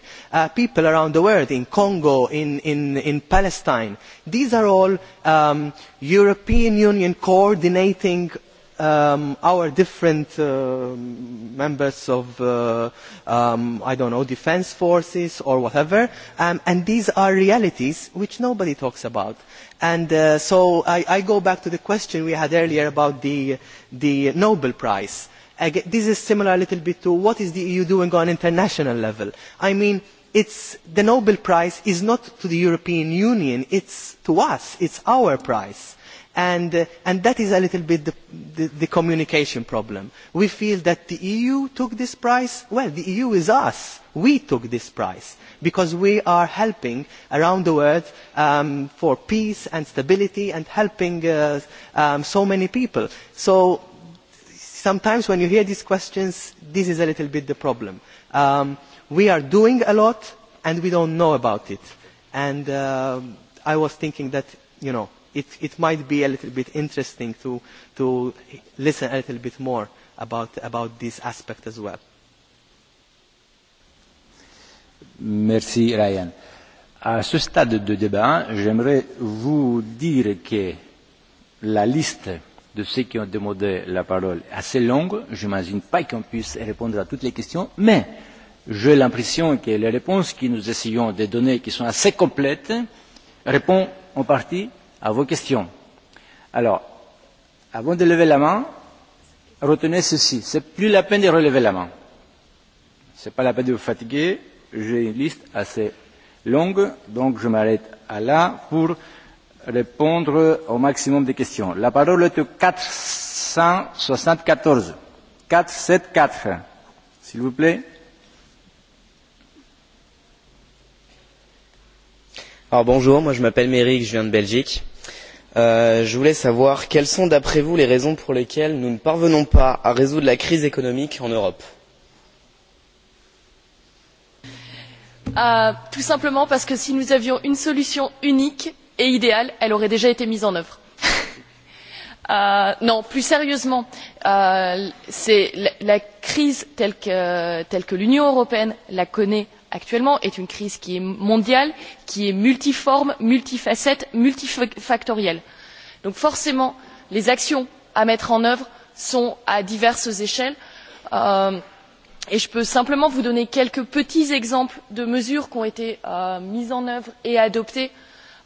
people around the world in congo in palestine. these are all um, european union coordinating um, our different uh, members of, uh, um, I don't know, defense forces or whatever. Um, and these are realities which nobody talks about. And uh, so I, I go back to the question we had earlier about the, the Nobel Prize. I get, this is similar a little bit to what is the EU doing on an international level. I mean, it's, the Nobel Prize is not to the European Union, it's to us, it's our prize. Uh, and that is a little bit the, the, the communication problem. We feel that the EU took this prize. Well, the EU is us. We took this prize because we are helping around the world um, for peace and stability and helping uh, um, so many people. So sometimes when you hear these questions, this is a little bit the problem. Um, we are doing a lot and we don't know about it. And uh, I was thinking that, you know, it, it might be a little bit interesting to, to listen a little bit more about, about this aspect as well. Merci Ryan. À ce stade de débat, j'aimerais vous dire que la liste de ceux qui ont demandé la parole est assez longue. Je n'imagine pas qu'on puisse répondre à toutes les questions, mais j'ai l'impression que les réponses que nous essayons de donner, qui sont assez complètes, répondent en partie à vos questions. Alors, avant de lever la main, retenez ceci. C'est plus la peine de relever la main. C'est pas la peine de vous fatiguer. J'ai une liste assez longue, donc je m'arrête à là pour répondre au maximum des questions. La parole est au 474. 474. S'il vous plaît. Bonjour, moi je m'appelle Méric, je viens de Belgique. Euh, je voulais savoir quelles sont d'après vous les raisons pour lesquelles nous ne parvenons pas à résoudre la crise économique en Europe euh, Tout simplement parce que si nous avions une solution unique et idéale, elle aurait déjà été mise en œuvre. Euh, non, plus sérieusement, euh, c'est la, la crise telle que, telle que l'Union européenne la connaît actuellement est une crise qui est mondiale qui est multiforme multifacette multifactorielle. donc forcément les actions à mettre en œuvre sont à diverses échelles euh, et je peux simplement vous donner quelques petits exemples de mesures qui ont été euh, mises en œuvre et adoptées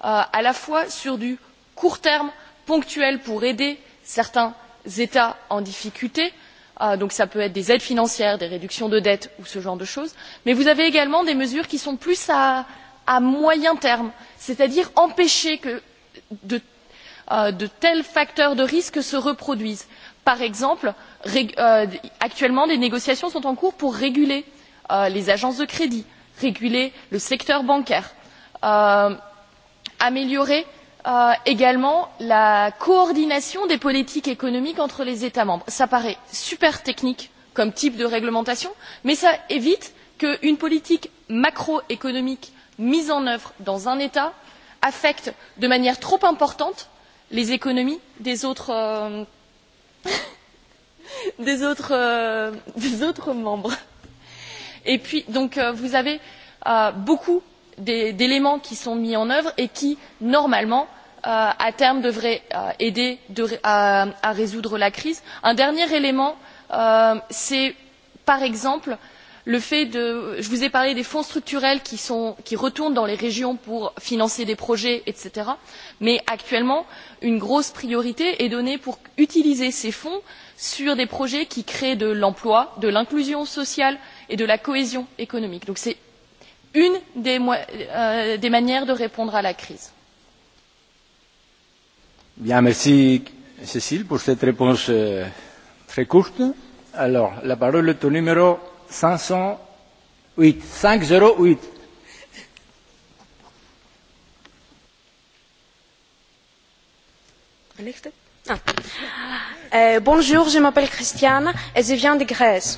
euh, à la fois sur du court terme ponctuel pour aider certains états en difficulté Euh, donc ça peut être des aides financières des réductions de dette ou ce genre de choses mais vous avez également des mesures qui sont plus à, à moyen terme c'est à dire empêcher que de, euh, de tels facteurs de risque se reproduisent. par exemple euh, actuellement des négociations sont en cours pour réguler euh, les agences de crédit réguler le secteur bancaire euh, améliorer Euh, également la coordination des politiques économiques entre les états membres. cela paraît super technique comme type de réglementation mais cela évite qu'une politique macroéconomique mise en œuvre dans un état affecte de manière trop importante les économies des autres euh, euh, membres. vous avez beaucoup d'éléments qui sont mis en œuvre et qui normalement euh, à terme devraient euh, aider à résoudre la crise. un dernier élément euh, c'est par exemple le fait que je vous ai parlé des fonds structurels qui retournent dans les régions pour financer des projets etc. mais actuellement une grosse priorité est donnée à utiliser ces fonds sur des projets qui créent de l'emploi de l'inclusion sociale et de la cohésion économique. donc c'est une euh, des manières de répondre à la crise. merci cécile pour cette réponse euh, très courte. la parole est au numéro cinq cent huit cinq zéro huit. Ah. Euh, bonjour, je m'appelle Christiane et je viens de Grèce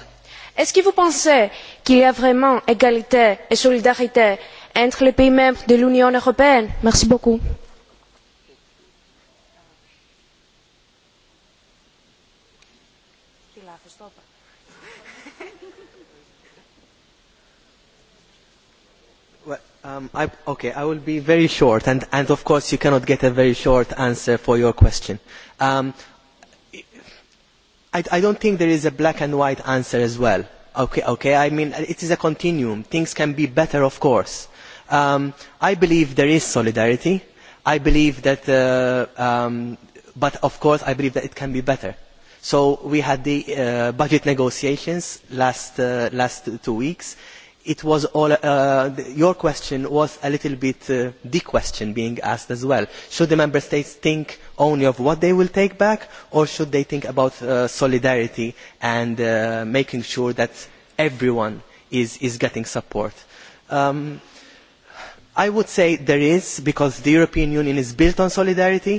est ce que vous pensez qu'il y a vraiment égalité et solidarité entre les pays membres de l'union européenne? merci beaucoup. Um, I, okay, I will be very short, and, and of course, you cannot get a very short answer for your question. Um, I, I don't think there is a black and white answer as well. Okay, okay. I mean, it is a continuum. Things can be better, of course. Um, I believe there is solidarity. I believe that, uh, um, but of course, I believe that it can be better. So we had the uh, budget negotiations last uh, last two weeks. Uh, your question was a little bit uh, the question being asked as well should the member states think only of what they will take back or should they think about uh, solidarity and making sure that everyone is getting support? Um, i would say there is because the european union is built on solidarity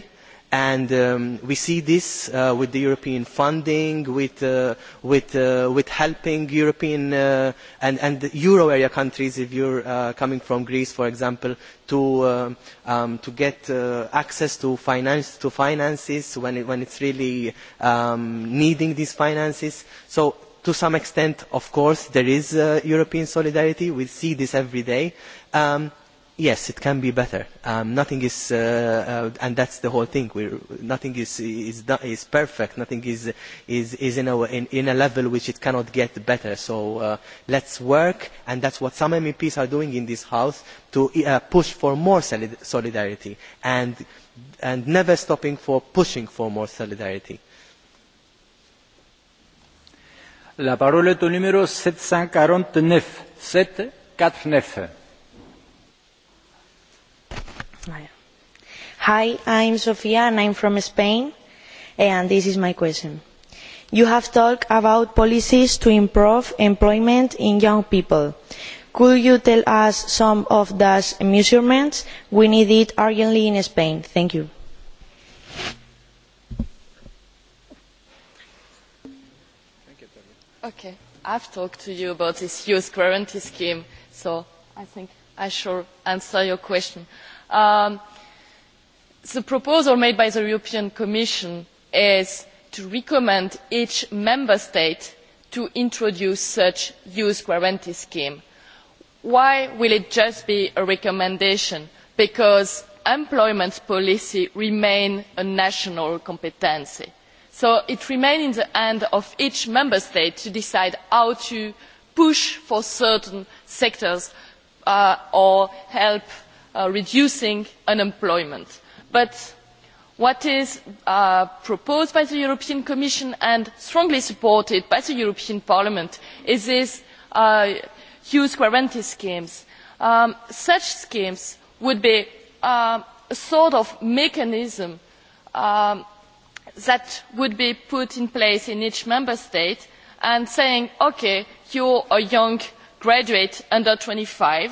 and um, we see this uh, with the European funding, with, uh, with, uh, with helping European uh, and, and Euro area countries, if you're uh, coming from Greece, for example, to, uh, um, to get uh, access to, finance, to finances when, it, when it's really um, needing these finances. So to some extent, of course, there is uh, European solidarity. We see this every day. Um, Yes, it can be better. Um, nothing is, uh, uh, and that's the whole thing. We're, nothing is, is, is perfect. Nothing is, is, is in, a, in, in a level which it cannot get better. So uh, let's work, and that's what some MEPs are doing in this House, to uh, push for more solid- solidarity and, and never stopping for pushing for more solidarity. La parole est au numéro 749. 749. Hi, I'm Sofia and I'm from Spain and this is my question. You have talked about policies to improve employment in young people. Could you tell us some of those measurements? We need it urgently in Spain. Thank you. Okay, I've talked to you about this youth guarantee scheme, so I think I shall answer your question. Um, the proposal made by the european commission is to recommend each member state to introduce such a youth guarantee scheme. why will it just be a recommendation? because employment policy remains a national competence so it remains in the hands of each member state to decide how to push for certain sectors uh, or help uh, reduce unemployment but what is uh, proposed by the european commission and strongly supported by the european parliament is this youth guarantee scheme. Um, such schemes would be um, a sort of mechanism um, that would be put in place in each member state and saying ok you are a young graduate under twenty five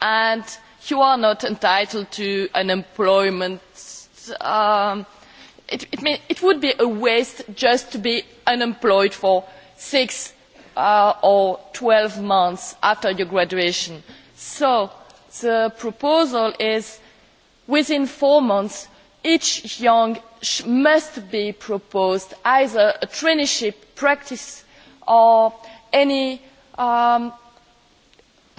and you are not entitled to unemployment. Um, it, it, mean, it would be a waste just to be unemployed for six uh, or 12 months after your graduation. So the proposal is within four months, each young sh must be proposed either a traineeship practice or any um,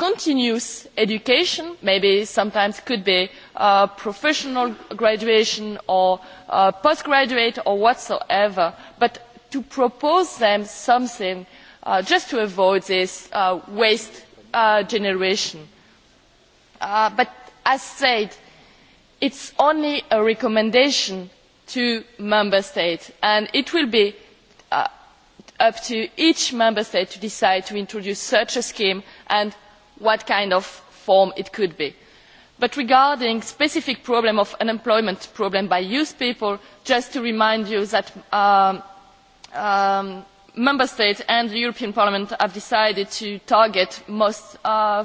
continuous education maybe sometimes it could be uh, professional graduation or uh, postgraduate or whatsoever but to propose them something uh, just to avoid this uh, waste uh, generation. Uh, but as said, it's only a recommendation to member states and it will be uh, up to each member state to decide to introduce such a scheme and what kind of form it could be. but regarding the specific problem of unemployment by young people just to remind you that um, um, member states and the european parliament have decided to target most uh,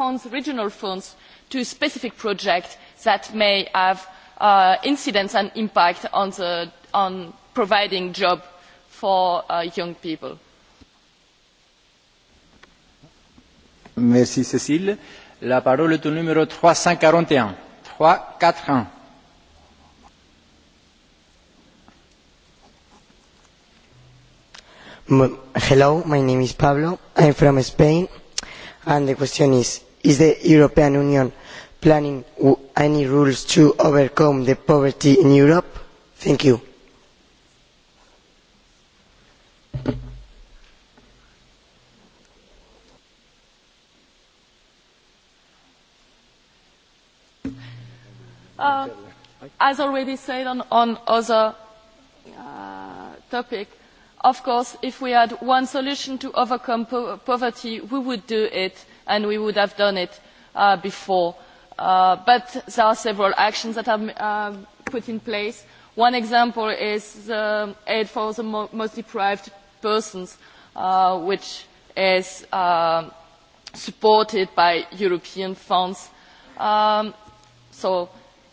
funds regional funds to specific projects that may have uh, incidence and impact on providing jobs for uh, young people. merci cécile la parole est au numéro trois cent quarante et un trois quatre un hello my name is pablo i'm from spain and the question is is the european union planning any rules to overcome the poverty in europe thank you Uh, as already said on other uh, topics of course if we had one solution to overcome poverty we would do it and we would have done it uh, before but there are several actions that are um, put in place. one example is aid for the most deprived persons which is um, supported by european funds. Um,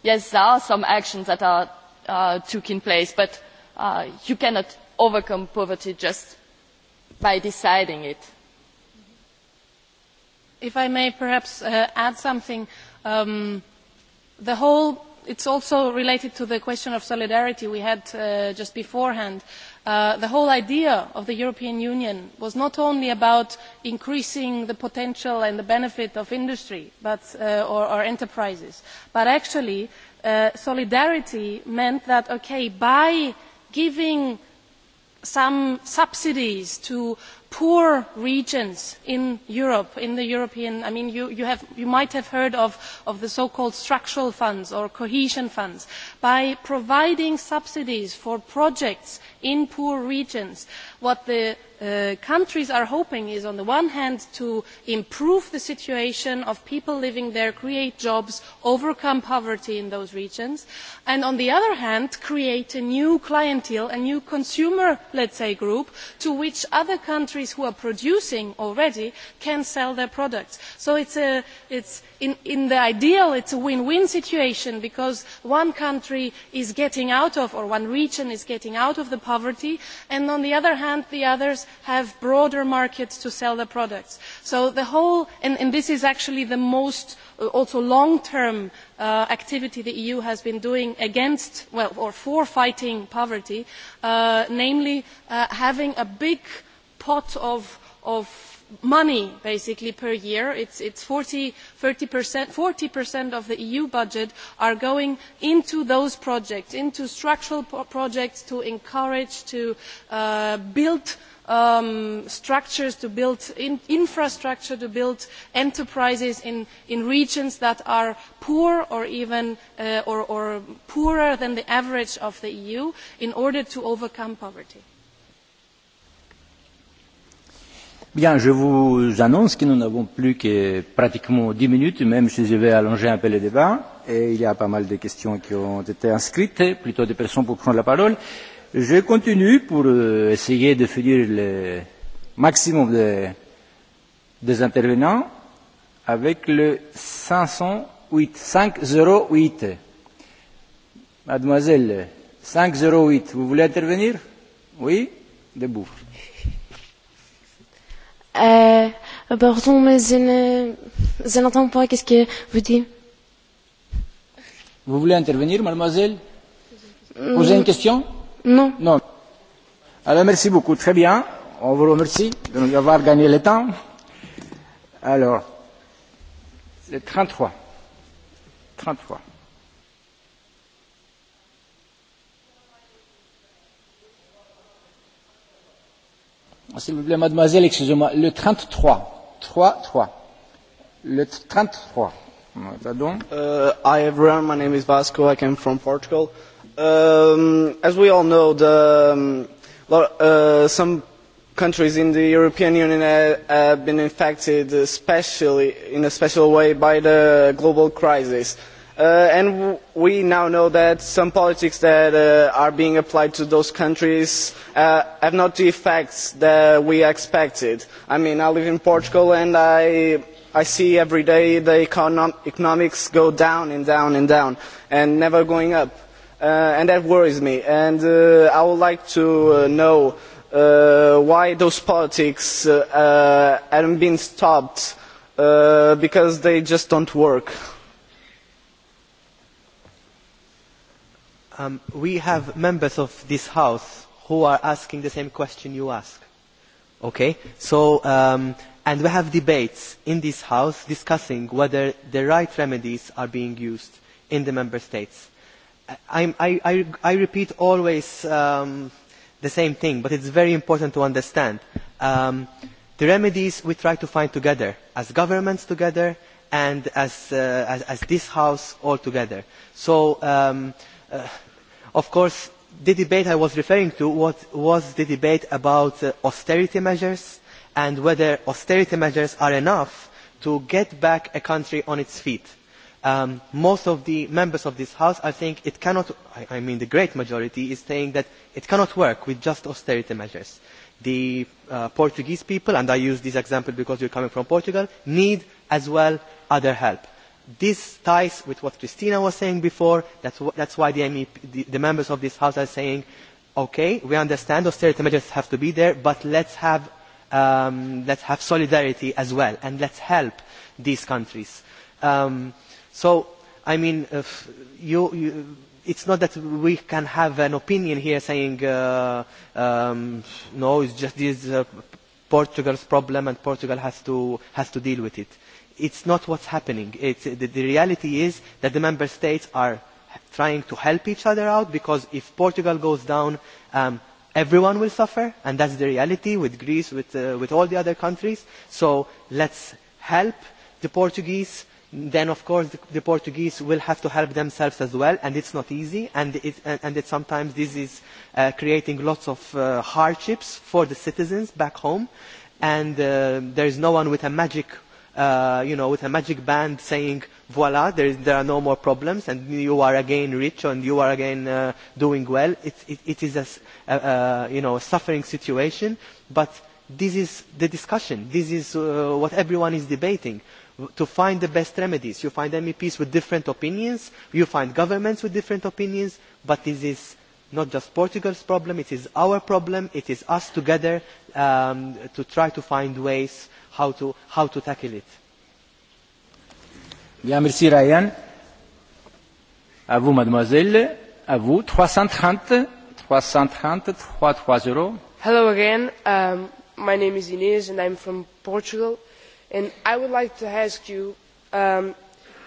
yes there are some actions that are uh, taking place but uh, you cannot overcome poverty just by deciding it. if i may perhaps uh, add something um, it is also related to the question of solidarity we had just beforehand. Uh, the whole idea of the european union was not only about increasing the potential and the benefit of industry uh, or enterprises but actually uh, solidarity meant that by giving some subsidies to poor regions in europe in the european i mean you have you might have heard of of the so called structural funds or cohesion funds by providing subsidies for projects in poor regions we what the uh, countries are hoping is on the one hand to improve the situation of people living there, create jobs, overcome poverty in those regions, and on the other hand create a new clientele, a new consumer, let's say, group to which other countries who are producing already can sell their products. So it's a, it's in, in the ideal it's a win-win situation because one country is getting out of, or one region is getting out of the poverty, and on the other hand hand, the others have broader markets to sell their products. So the whole, and, and this is actually the most uh, also long-term uh, activity the EU has been doing against, well, or for fighting poverty, uh, namely uh, having a big pot of, of money basically per year. It is 40 percent of the EU budget are going into those projects, into structural projects to encourage, to uh, build um, structures, to build in infrastructure, to build enterprises in, in regions that are poor or even uh, or, or poorer than the average of the EU in order to overcome poverty. Bien, je vous annonce que nous n'avons plus que pratiquement dix minutes, même si je vais allonger un peu le débat. Et il y a pas mal de questions qui ont été inscrites, plutôt des personnes pour prendre la parole. Je continue pour euh, essayer de finir le maximum de, des intervenants avec le 508. 508. Mademoiselle, 508, vous voulez intervenir Oui Debout. Euh, pardon, mais je, ne, je n'entends pas qu'est-ce que vous dites. Vous voulez intervenir, mademoiselle Poser mm. une question Non. Non. Alors, merci beaucoup. Très bien. On vous remercie de nous avoir gagné le temps. Alors, le 33. 33. Ah, s'il vous plaît, mademoiselle, excusez-moi, le 33. 3, 3. Le 33. Pardon. Uh, hi everyone, my name is Vasco, I came from Portugal. Um, as we all know, the, um, uh, some countries in the European Union have, have been affected, especially in a special way, by the global crisis. Uh, uh, and w- we now know that some politics that uh, are being applied to those countries uh, have not the effects that we expected. I mean, I live in Portugal and I, I see every day the econo- economics go down and down and down and never going up. Uh, and that worries me. And uh, I would like to uh, know uh, why those politics uh, uh, haven't been stopped uh, because they just don't work. Um, we have members of this house who are asking the same question you ask. Okay? So, um, and we have debates in this house discussing whether the right remedies are being used in the member states. I, I, I, I repeat always um, the same thing, but it's very important to understand. Um, the remedies we try to find together, as governments together, and as, uh, as, as this house all together. So, um, uh, of course the debate i was referring to was the debate about uh, austerity measures and whether austerity measures are enough to get back a country on its feet. Um, most of the members of this house i think i mean the great majority are saying that it cannot work with just austerity measures. the uh, portuguese people and i use this example because you are coming from portugal need as well other help this ties with what Christina was saying before. That's, wh- that's why the, MEP, the, the members of this House are saying, OK, we understand austerity measures have to be there, but let's have, um, let's have solidarity as well, and let's help these countries. Um, so, I mean, if uh, you, you, it's not that we can have an opinion here saying, uh, um, no, it's just this uh, Portugal's problem and Portugal has to, has to deal with it it is not what is happening. It's, the, the reality is that the member states are trying to help each other out because if Portugal goes down, um, everyone will suffer, and that is the reality with Greece, with, uh, with all the other countries. So let's help the Portuguese. Then, of course, the, the Portuguese will have to help themselves as well, and it's not easy. And, it, and, and it sometimes this is uh, creating lots of uh, hardships for the citizens back home. And uh, there is no one with a magic Uh, you know, with a magic band saying, voila, there, is, there are no more problems and you are again rich and you are again uh, doing well. It, it, it is a, a, a, you know, a suffering situation, but this is the discussion. This is uh, what everyone is debating to find the best remedies. You find MEPs with different opinions, you find governments with different opinions, but this is not just Portugal's problem, it is our problem, it is us together um, to try to find ways uh, how to how to tackle it. Bien, merci Ryan. À vous, mademoiselle. À vous, 330-330-330. Hello again. Um, my name is Inês and I'm from Portugal. And I would like to ask you um,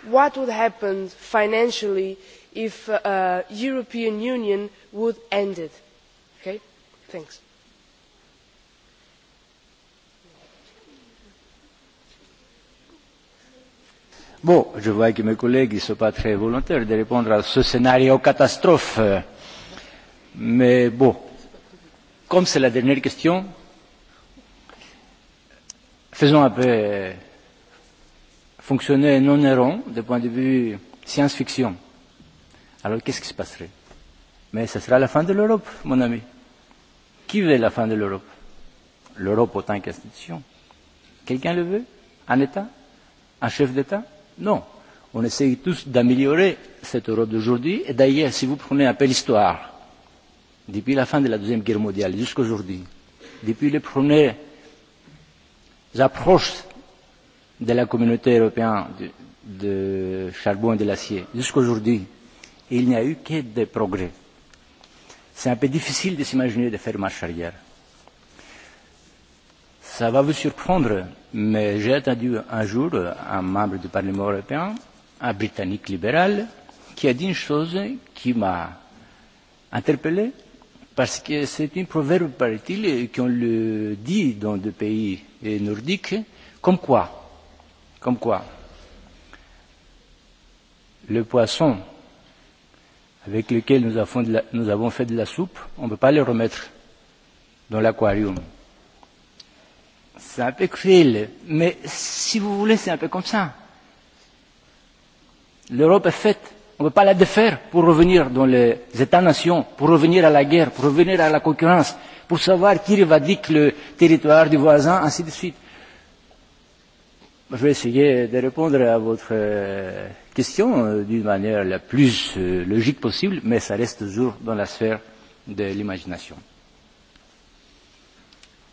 what would happen financially if the uh, European Union would end it? Okay? Thanks. Bon, je vois que mes collègues ne sont pas très volontaires de répondre à ce scénario catastrophe. Mais bon, comme c'est la dernière question, faisons un peu fonctionner non errant du point de vue science-fiction. Alors, qu'est-ce qui se passerait Mais ce sera la fin de l'Europe, mon ami. Qui veut la fin de l'Europe L'Europe autant qu'institution. Quelqu'un le veut Un État Un chef d'État Non. On essaye tous d'améliorer cette Europe d'aujourd'hui. Et d'ailleurs, si vous prenez un peu l'histoire, depuis la fin de la Deuxième Guerre mondiale jusqu'à aujourd'hui, depuis les premières approches de la communauté européenne de, de charbon et de l'acier, jusqu'à aujourd'hui, il n'y a eu que des progrès. C'est un peu difficile de s'imaginer de faire marche arrière. Ça va vous surprendre, mais j'ai entendu un jour un membre du Parlement européen, un Britannique libéral, qui a dit une chose qui m'a interpellé, parce que c'est un proverbe, paraît-il, qu'on le dit dans des pays nordiques, comme quoi, comme quoi, le poisson avec lequel nous avons fait de la soupe, on ne peut pas le remettre dans l'aquarium. C'est un peu cruel, mais si vous voulez, c'est un peu comme ça. L'Europe est faite. On ne peut pas la défaire pour revenir dans les États-nations, pour revenir à la guerre, pour revenir à la concurrence, pour savoir qui revendique le territoire du voisin, ainsi de suite. Je vais essayer de répondre à votre euh, question euh, d'une manière la plus euh, logique possible, mais ça reste toujours dans la sphère de l'imagination.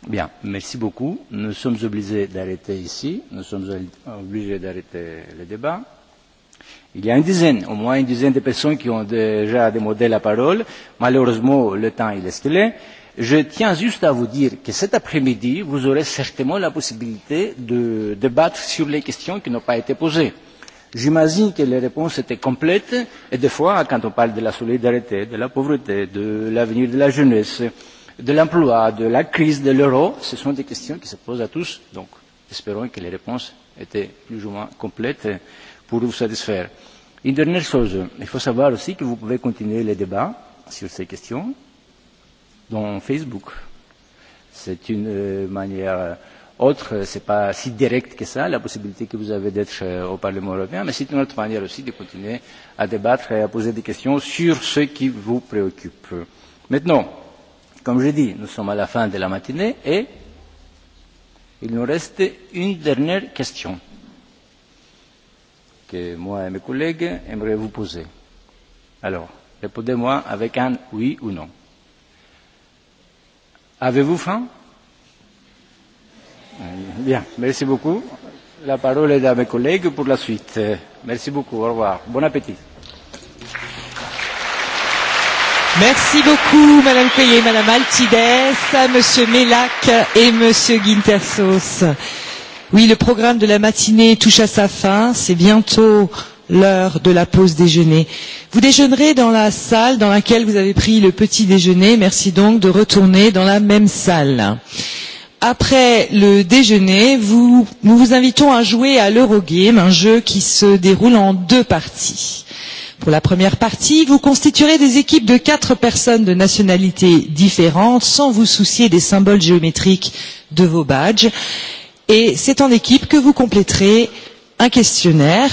Bien, merci beaucoup. Nous sommes obligés d'arrêter ici. Nous sommes obligés d'arrêter le débat. Il y a une dizaine, au moins une dizaine de personnes qui ont déjà demandé la parole. Malheureusement, le temps est stylé. Je tiens juste à vous dire que cet après-midi, vous aurez certainement la possibilité de débattre sur les questions qui n'ont pas été posées. J'imagine que les réponses étaient complètes et des fois, quand on parle de la solidarité, de la pauvreté, de l'avenir de la jeunesse, euh, de l'emploi, de la crise de l'euro, ce sont des questions qui se posent à tous. Donc, espérons que les réponses étaient plus ou moins complètes pour vous satisfaire. Une dernière chose, il faut savoir aussi que vous pouvez continuer les débats sur ces questions dans Facebook. C'est une euh, manière euh, autre, ce n'est pas si direct que ça, la possibilité que vous avez d'être euh, au Parlement européen, mais c'est une autre manière aussi de continuer à débattre et à poser des questions sur ce qui vous préoccupe. Maintenant, comme je dis, nous sommes à la fin de la matinée et il nous reste une dernière question que moi et mes collègues aimeraient vous poser. Alors, répondez-moi avec un oui ou non. Avez-vous faim Bien, merci beaucoup. La parole est à mes collègues pour la suite. Merci beaucoup. Au revoir. Bon appétit. Merci beaucoup, Madame Payet, Madame Altides, Monsieur Mélac et Monsieur Guintersos. Oui, le programme de la matinée touche à sa fin. C'est bientôt l'heure de la pause déjeuner. Vous déjeunerez dans la salle dans laquelle vous avez pris le petit déjeuner. Merci donc de retourner dans la même salle. Après le déjeuner, vous, nous vous invitons à jouer à l'Eurogame, un jeu qui se déroule en deux parties. Pour la première partie, vous constituerez des équipes de quatre personnes de nationalités différentes sans vous soucier des symboles géométriques de vos badges. Et c'est en équipe que vous compléterez un questionnaire,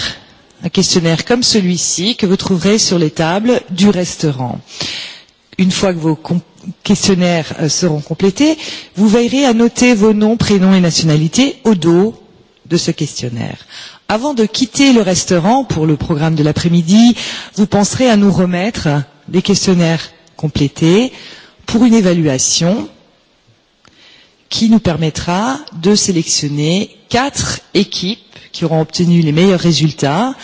un questionnaire comme celui-ci que vous trouverez sur les tables du restaurant. Une fois que vos questionnaires euh, seront complétés, vous veillerez à noter vos noms, prénoms et nationalités au dos de ce questionnaire. Avant de quitter le restaurant pour le programme de l'après-midi, vous penserez à nous remettre des questionnaires complétés pour une évaluation qui nous permettra de sélectionner quatre équipes qui auront obtenu les meilleurs résultats,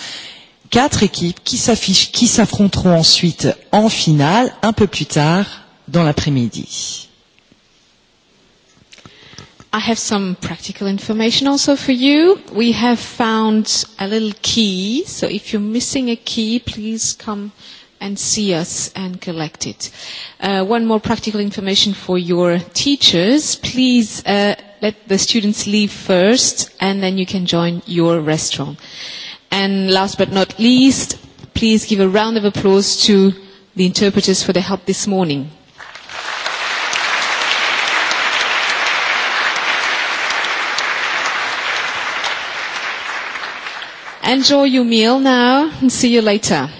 quatre équipes qui s'affichent, qui s'affronteront ensuite en finale un peu plus tard dans l'après-midi. I have some practical information also for you. We have found a little key, so if you're missing a key, please come and see us and collect it. Uh, one more practical information for your teachers. Please uh, let the students leave first, and then you can join your restaurant. And last but not least, please give a round of applause to the interpreters for their help this morning. enjoy your meal now and see you later.